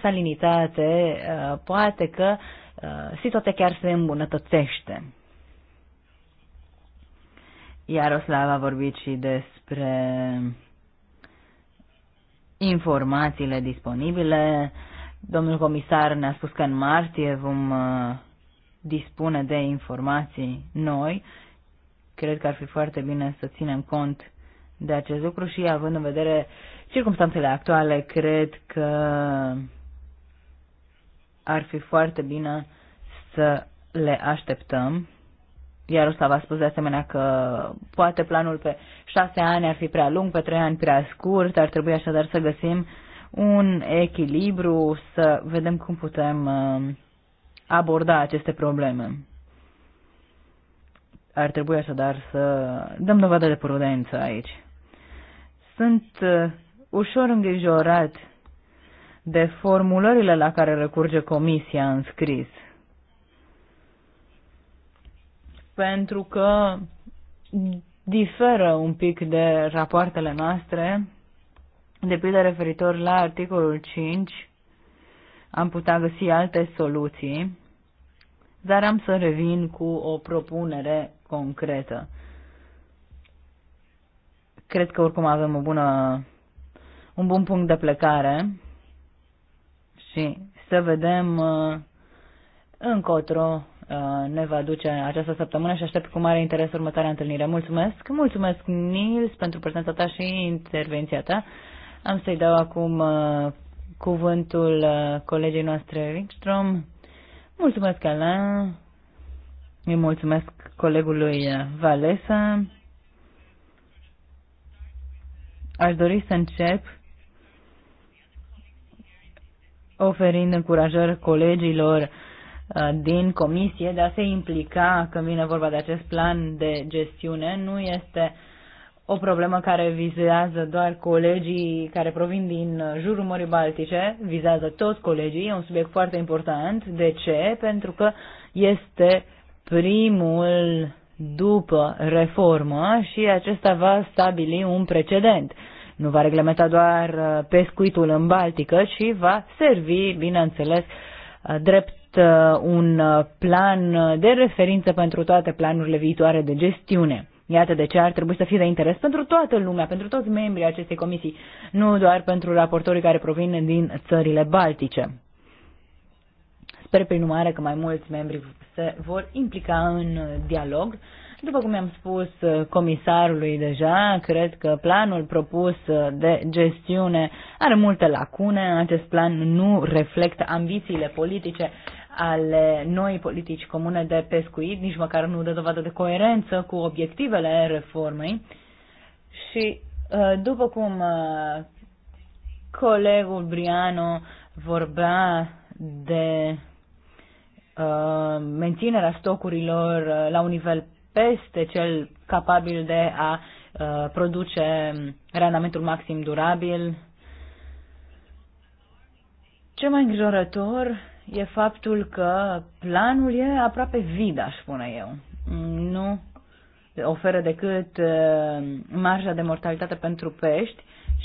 salinitate, uh, poate că uh, situația chiar se îmbunătățește. Iaroslav a vorbit și despre informațiile disponibile. Domnul comisar ne-a spus că în martie vom uh, dispune de informații noi. Cred că ar fi foarte bine să ținem cont de acest lucru și având în vedere circumstanțele actuale, cred că ar fi foarte bine să le așteptăm. Iar ăsta v-a spus de asemenea că poate planul pe șase ani ar fi prea lung, pe trei ani prea scurt, ar trebui așadar să găsim un echilibru, să vedem cum putem uh, aborda aceste probleme. Ar trebui așadar să dăm dovadă de prudență aici. Sunt uh, ușor îngrijorat de formulările la care recurge comisia în scris. Pentru că diferă un pic de rapoartele noastre, de pildă referitor la articolul 5, am putea găsi alte soluții, dar am să revin cu o propunere concretă. Cred că oricum avem o bună, un bun punct de plecare și să vedem uh, încotro uh, ne va duce această săptămână și aștept cu mare interes următoarea întâlnire. Mulțumesc! Mulțumesc, Nils, pentru prezența ta și intervenția ta. Am să-i dau acum uh, cuvântul colegii noastre, Wikström. Mulțumesc, Alain. Îi mulțumesc colegului Valesa. Aș dori să încep oferind încurajări colegilor uh, din comisie de a se implica când vine vorba de acest plan de gestiune. Nu este o problemă care vizează doar colegii care provin din jurul Mării Baltice, vizează toți colegii, e un subiect foarte important. De ce? Pentru că este primul după reformă și acesta va stabili un precedent. Nu va reglementa doar uh, pescuitul în Baltică, ci va servi, bineînțeles, uh, drept uh, un plan de referință pentru toate planurile viitoare de gestiune. Iată de ce ar trebui să fie de interes pentru toată lumea, pentru toți membrii acestei comisii, nu doar pentru raportorii care provin din țările baltice. Sper, prin urmare, că mai mulți membri se vor implica în dialog. După cum i-am spus uh, comisarului deja, cred că planul propus uh, de gestiune are multe lacune. Acest plan nu reflectă ambițiile politice ale noi politici comune de pescuit, nici măcar nu dă dovadă de coerență cu obiectivele reformei. Și uh, după cum colegul Briano vorbea de Uh, menținerea stocurilor uh, la un nivel peste cel capabil de a uh, produce randamentul maxim durabil. Ce mai îngrijorător e faptul că planul e aproape vid, aș spune eu. Nu oferă decât marja de mortalitate pentru pești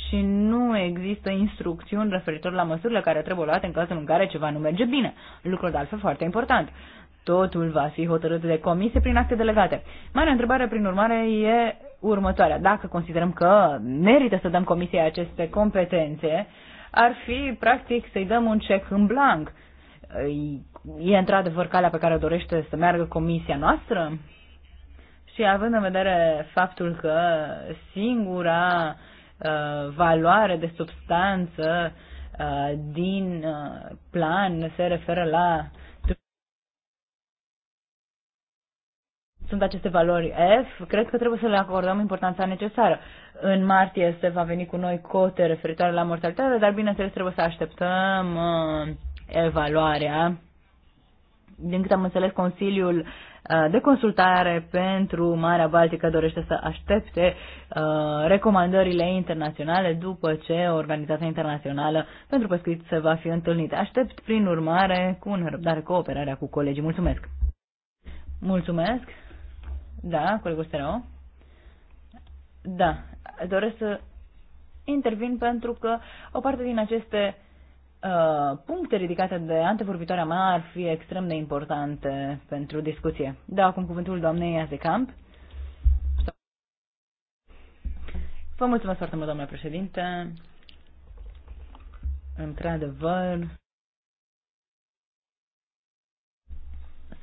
și nu există instrucțiuni referitor la măsurile care trebuie luate în cazul în care ceva nu merge bine. Lucru de altfel foarte important. Totul va fi hotărât de comisie prin acte delegate. Marea întrebare, prin urmare, e următoarea. Dacă considerăm că merită să dăm comisiei aceste competențe, ar fi, practic, să-i dăm un cec în blanc. E într-adevăr calea pe care dorește să meargă comisia noastră? Și având în vedere faptul că singura Uh, valoare de substanță uh, din uh, plan se referă la sunt aceste valori F, cred că trebuie să le acordăm importanța necesară. În martie se va veni cu noi cote referitoare la mortalitate, dar bineînțeles trebuie să așteptăm uh, evaluarea. Din câte am înțeles, Consiliul Uh, de consultare pentru Marea Baltică dorește să aștepte uh, recomandările internaționale după ce Organizația Internațională pentru Pescuit se va fi întâlnită. Aștept, prin urmare, cu nerăbdare cooperarea cu colegii. Mulțumesc! Mulțumesc! Da, colegul Stereo? Da, doresc să intervin pentru că o parte din aceste Uh, puncte ridicate de antevorbitoarea mea ar fi extrem de importante pentru discuție. Da, acum cuvântul doamnei Azecamp. Vă mulțumesc foarte mult, doamna președinte. Într-adevăr,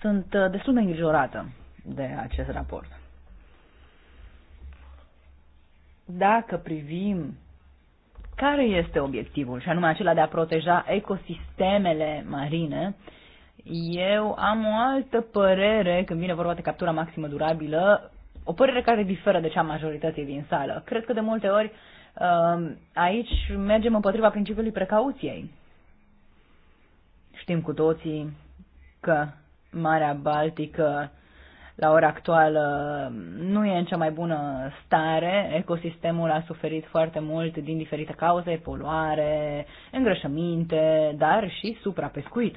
sunt uh, destul de îngrijorată de acest raport. Dacă privim care este obiectivul, și anume acela de a proteja ecosistemele marine, eu am o altă părere când vine vorba de captura maximă durabilă, o părere care diferă de cea majorității din sală. Cred că de multe ori um, aici mergem împotriva principiului precauției. Știm cu toții că Marea Baltică la ora actuală nu e în cea mai bună stare. Ecosistemul a suferit foarte mult din diferite cauze, poluare, îngrășăminte, dar și suprapescuit.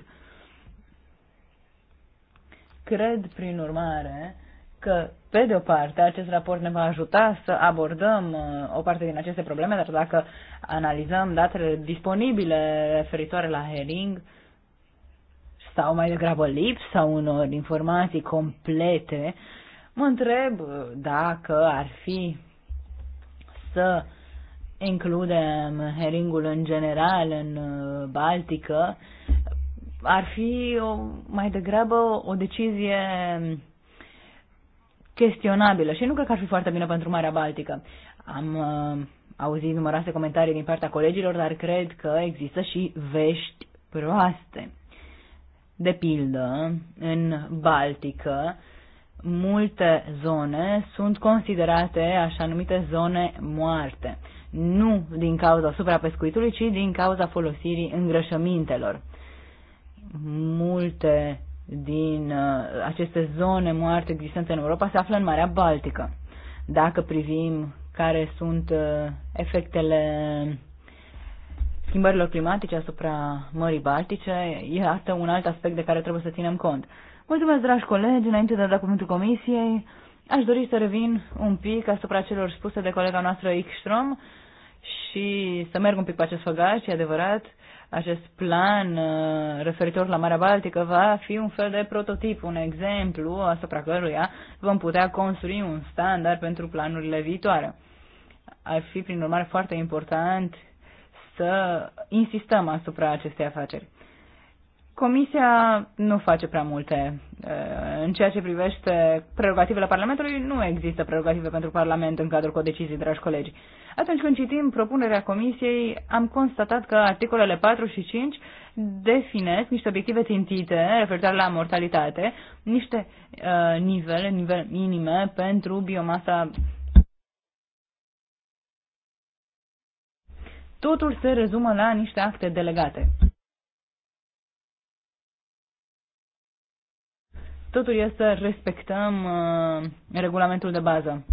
Cred, prin urmare, că, pe de o parte, acest raport ne va ajuta să abordăm uh, o parte din aceste probleme, dar dacă analizăm datele disponibile referitoare la Hering, sau mai degrabă lipsa unor informații complete, mă întreb dacă ar fi să includem heringul în general în uh, Baltică, ar fi o, mai degrabă o decizie chestionabilă și nu cred că ar fi foarte bine pentru Marea Baltică. Am uh, auzit numeroase comentarii din partea colegilor, dar cred că există și vești proaste. De pildă, în Baltică, multe zone sunt considerate așa numite zone moarte. Nu din cauza suprapescuitului, ci din cauza folosirii îngrășămintelor. Multe din uh, aceste zone moarte existente în Europa se află în Marea Baltică. Dacă privim care sunt uh, efectele schimbărilor climatice asupra Mării Baltice, iată un alt aspect de care trebuie să ținem cont. Mulțumesc, dragi colegi, înainte de a da cuvântul comisiei, aș dori să revin un pic asupra celor spuse de colega noastră Ickstrom și să merg un pic pe acest făgaș, e adevărat, acest plan uh, referitor la Marea Baltică va fi un fel de prototip, un exemplu asupra căruia vom putea construi un standard pentru planurile viitoare. Ar fi, prin urmare, foarte important să insistăm asupra acestei afaceri. Comisia nu face prea multe. Eh, în ceea ce privește prerogativele Parlamentului, nu există prerogative pentru Parlament în cadrul codecizii, dragi colegi. Atunci când citim propunerea Comisiei, am constatat că articolele 4 și 5 definesc niște obiective țintite referitoare la mortalitate, niște uh, nivele, nivele minime pentru biomasa totul se rezumă la niște acte delegate. Totul este să respectăm uh, regulamentul de bază.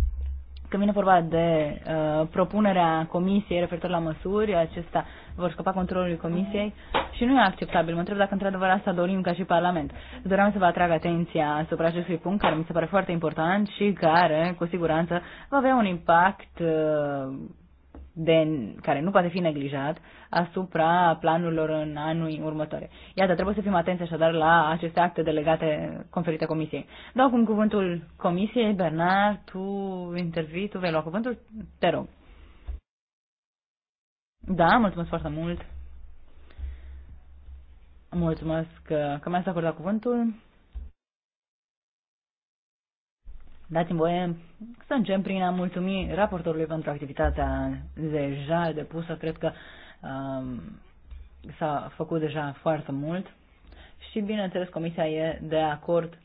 Când vine vorba de uh, propunerea comisiei referitor la măsuri, acesta vor scăpa controlului comisiei și nu e acceptabil. Mă întreb dacă într-adevăr asta dorim ca și Parlament. Doream să vă atrag atenția asupra acestui punct care mi se pare foarte important și care, cu siguranță, va avea un impact uh, de, care nu poate fi neglijat asupra planurilor în anul următoare. Iată, trebuie să fim atenți așadar la aceste acte delegate conferite comisiei. Dau acum cuvântul comisiei. Bernard, tu intervii, tu vei lua cuvântul? Te rog. Da, mulțumesc foarte mult. Mulțumesc că mi-ați acordat cuvântul. Dați-mi voie să încep prin a mulțumi raportorului pentru activitatea deja depusă. Cred că um, s-a făcut deja foarte mult și, bineînțeles, Comisia e de acord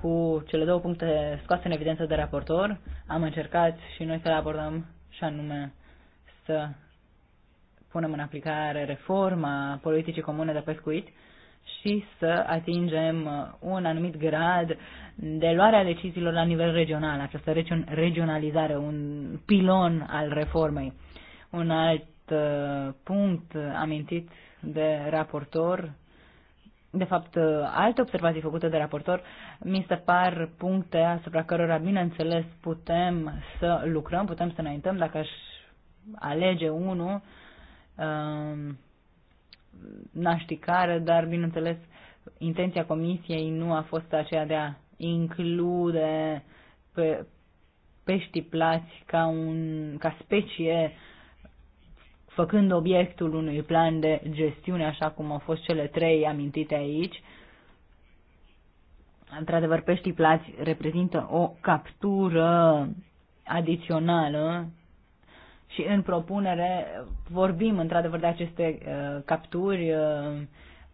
cu cele două puncte scoase în evidență de raportor. Am încercat și noi să le abordăm și anume să punem în aplicare reforma politicii comune de pescuit și să atingem uh, un anumit grad de luare a deciziilor la nivel regional, această regionalizare, un pilon al reformei. Un alt uh, punct amintit de raportor, de fapt, uh, alte observații făcute de raportor, mi se par puncte asupra cărora, bineînțeles, putem să lucrăm, putem să înaintăm. Dacă aș alege unul, um, nașticară, dar, bineînțeles, intenția comisiei nu a fost aceea de a include pe peștii plați ca, un, ca specie făcând obiectul unui plan de gestiune, așa cum au fost cele trei amintite aici. Într-adevăr, peștii plați reprezintă o captură adițională și în propunere vorbim într-adevăr de aceste uh, capturi uh,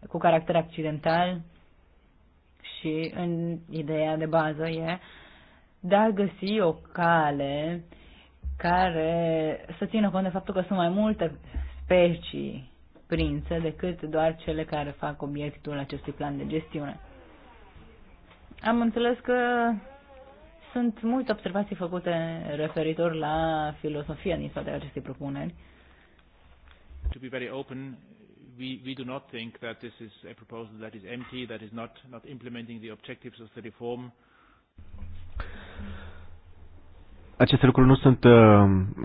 cu caracter accidental și în ideea de bază e de a găsi o cale care să țină cont de faptul că sunt mai multe specii prinse decât doar cele care fac obiectul acestui plan de gestiune. Am înțeles că sunt multe observații făcute referitor la filosofia din spatele acestei propuneri. To be very open, we, we do not think that this is a proposal that is empty, that is not, not implementing the objectives of the reform. Aceste lucruri nu sunt uh,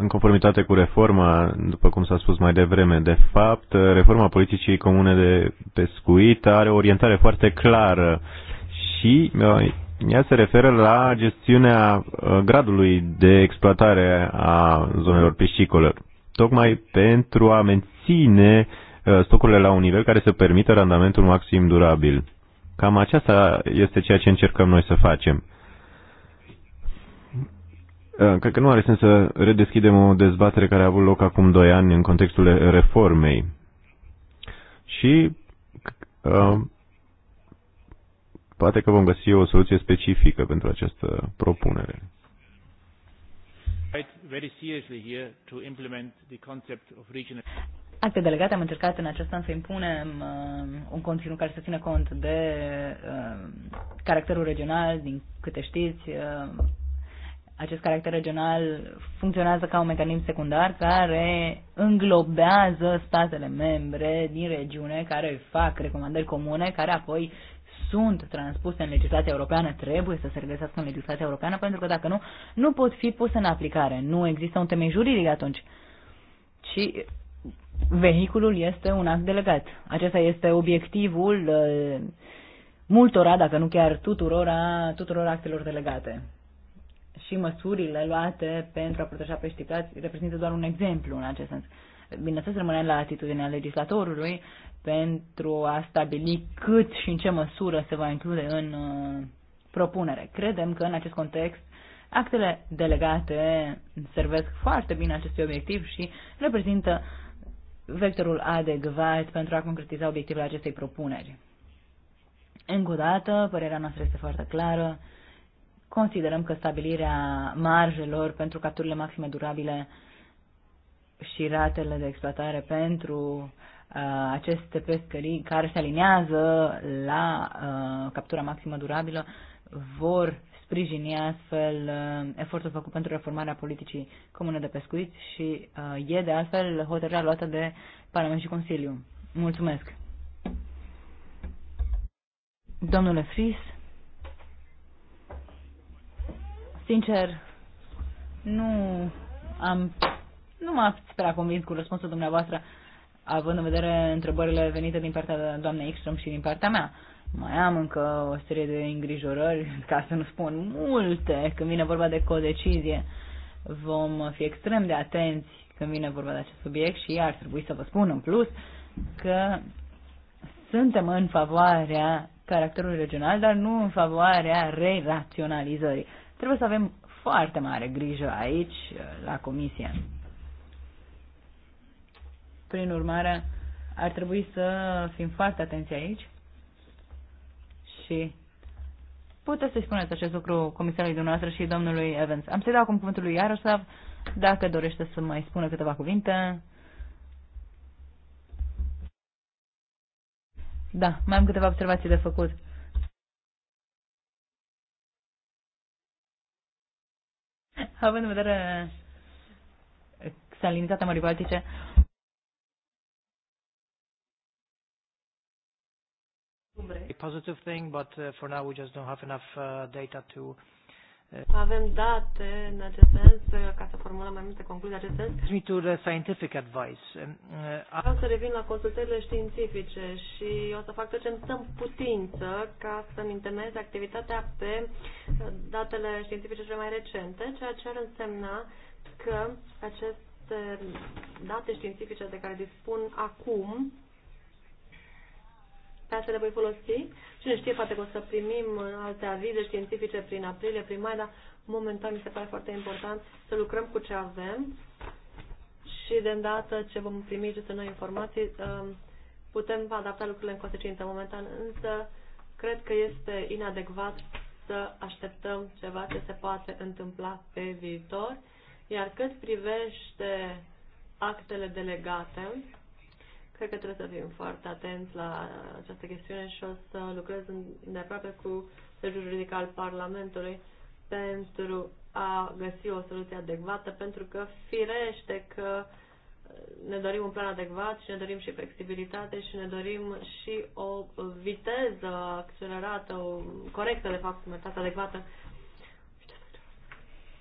în conformitate cu reforma, după cum s-a spus mai devreme. De fapt, uh, reforma politicii comune de pescuit are o orientare foarte clară și uh, ea se referă la gestiunea uh, gradului de exploatare a zonelor piscicole, tocmai pentru a menține uh, stocurile la un nivel care să permită randamentul maxim durabil. Cam aceasta este ceea ce încercăm noi să facem. Uh, cred că nu are sens să redeschidem o dezbatere care a avut loc acum 2 ani în contextul reformei. Și poate că vom găsi o soluție specifică pentru această propunere. Alte delegate am încercat în acest an să impunem uh, un conținut care să țină cont de uh, caracterul regional, din câte știți, uh, acest caracter regional funcționează ca un mecanism secundar care înglobează statele membre din regiune care fac recomandări comune, care apoi sunt transpuse în legislația europeană, trebuie să se regăsească în legislația europeană, pentru că dacă nu, nu pot fi puse în aplicare. Nu există un temei juridic atunci. Și vehiculul este un act delegat. Acesta este obiectivul uh, multora, dacă nu chiar tuturora, tuturor actelor delegate. Și măsurile luate pentru a proteja peșticați reprezintă doar un exemplu în acest sens. Bineînțeles, rămâne la atitudinea legislatorului pentru a stabili cât și în ce măsură se va include în uh, propunere. Credem că în acest context actele delegate servesc foarte bine acestui obiectiv și reprezintă vectorul adecvat pentru a concretiza obiectivele acestei propuneri. Încă o dată, părerea noastră este foarte clară. Considerăm că stabilirea marjelor pentru capturile maxime durabile și ratele de exploatare pentru Uh, aceste pescării care se alinează la uh, captura maximă durabilă vor sprijini astfel uh, efortul făcut pentru reformarea politicii comune de pescuit și e de altfel hotărârea luată de Parlament și Consiliu. Mulțumesc! Domnule Fris, sincer, nu am nu m-ați prea convins cu răspunsul dumneavoastră având în vedere întrebările venite din partea doamnei Ekström și din partea mea. Mai am încă o serie de îngrijorări, ca să nu spun multe, când vine vorba de codecizie. Vom fi extrem de atenți când vine vorba de acest subiect și ar trebui să vă spun în plus că suntem în favoarea caracterului regional, dar nu în favoarea relaționalizării. Trebuie să avem foarte mare grijă aici, la comisie. Prin urmare, ar trebui să fim foarte atenți aici și puteți să-i spuneți acest lucru comisarului dumneavoastră și domnului Evans. Am să-i dau acum cuvântul lui Iaroslav, dacă dorește să mai spună câteva cuvinte. Da, mai am câteva observații de făcut. Având în vedere salinitatea Mării Baltice, positive thing, but uh, for now we just don't have enough uh, data to uh, avem date în acest sens ca să formulăm mai multe concluzii în acest sens. Me to the scientific advice. Um, Vreau să revin la consultările științifice și o să fac tot ce îmi stă putință ca să-mi intenez activitatea pe datele științifice cele mai recente, ceea ce ar însemna că aceste date științifice de care dispun acum pe asta le voi folosi. Cine știe, poate că o să primim uh, alte avize științifice prin aprilie, prin mai, dar momentan mi se pare foarte important să lucrăm cu ce avem și de îndată ce vom primi aceste noi informații, uh, putem adapta lucrurile în consecință. Momentan însă cred că este inadecvat să așteptăm ceva ce se poate întâmpla pe viitor. Iar cât privește actele delegate, Cred că trebuie să fim foarte atenți la această chestiune și o să lucrez de aproape cu Sergiul Juridic al Parlamentului pentru a găsi o soluție adecvată, pentru că firește că ne dorim un plan adecvat și ne dorim și flexibilitate și ne dorim și o viteză accelerată, o corectă, de fapt, metată adecvată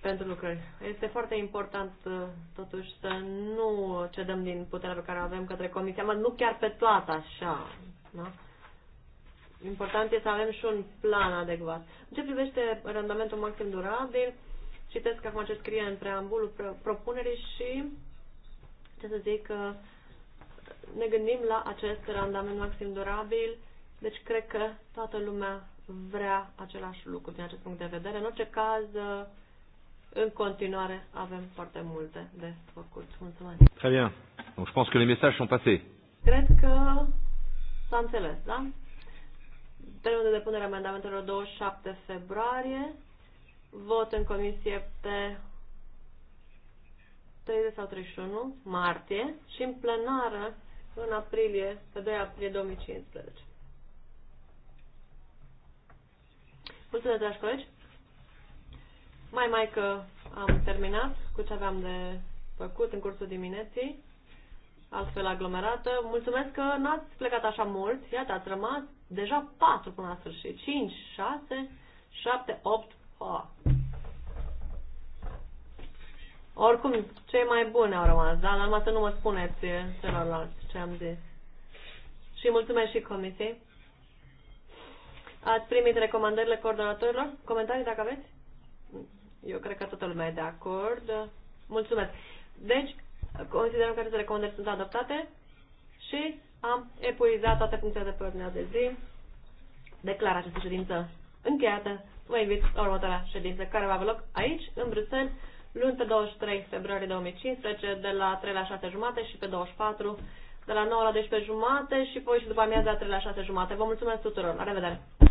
pentru lucrări. Este foarte important uh, totuși să nu cedăm din puterea pe care o avem către Comisia, mă, nu chiar pe toată așa. Da? Important este să avem și un plan adecvat. În ce privește randamentul maxim durabil, citesc acum ce scrie în preambulul propunerii și, ce să zic, că uh, ne gândim la acest randament maxim durabil, deci cred că toată lumea vrea același lucru din acest punct de vedere. În orice caz, uh, în continuare avem foarte multe de făcut. Mulțumesc. Très bien. Donc je pense que les messages sont passés. Cred că s-a înțeles, da? Termenul de depunere amendamentelor 27 februarie, vot în comisie pe 30 sau 31 martie și în plenară în aprilie, pe 2 aprilie 2015. Mulțumesc, dragi colegi! Mai mai că am terminat cu ce aveam de făcut în cursul dimineții, altfel aglomerată. Mulțumesc că n-ați plecat așa mult. Iată, ați rămas deja 4 până la sfârșit. 5, 6, 7, 8. Oh. Oricum, cei mai buni au rămas, dar numai să nu mă spuneți celorlalți ce am zis. Și mulțumesc și comisiei. Ați primit recomandările coordonatorilor? Comentarii dacă aveți? Eu cred că toată lumea e de acord. Mulțumesc. Deci, considerăm că aceste recomandări sunt adoptate și am epuizat toate punctele de pe ordinea de zi. Declar această ședință încheiată. Vă invit la următoarea ședință care va avea loc aici, în Bruxelles, luni pe 23 februarie 2015, de la 3 la 6 jumate și pe 24 de la 9 la 12 jumate și poi și după la 3 la 6 jumate. Vă mulțumesc tuturor. La revedere!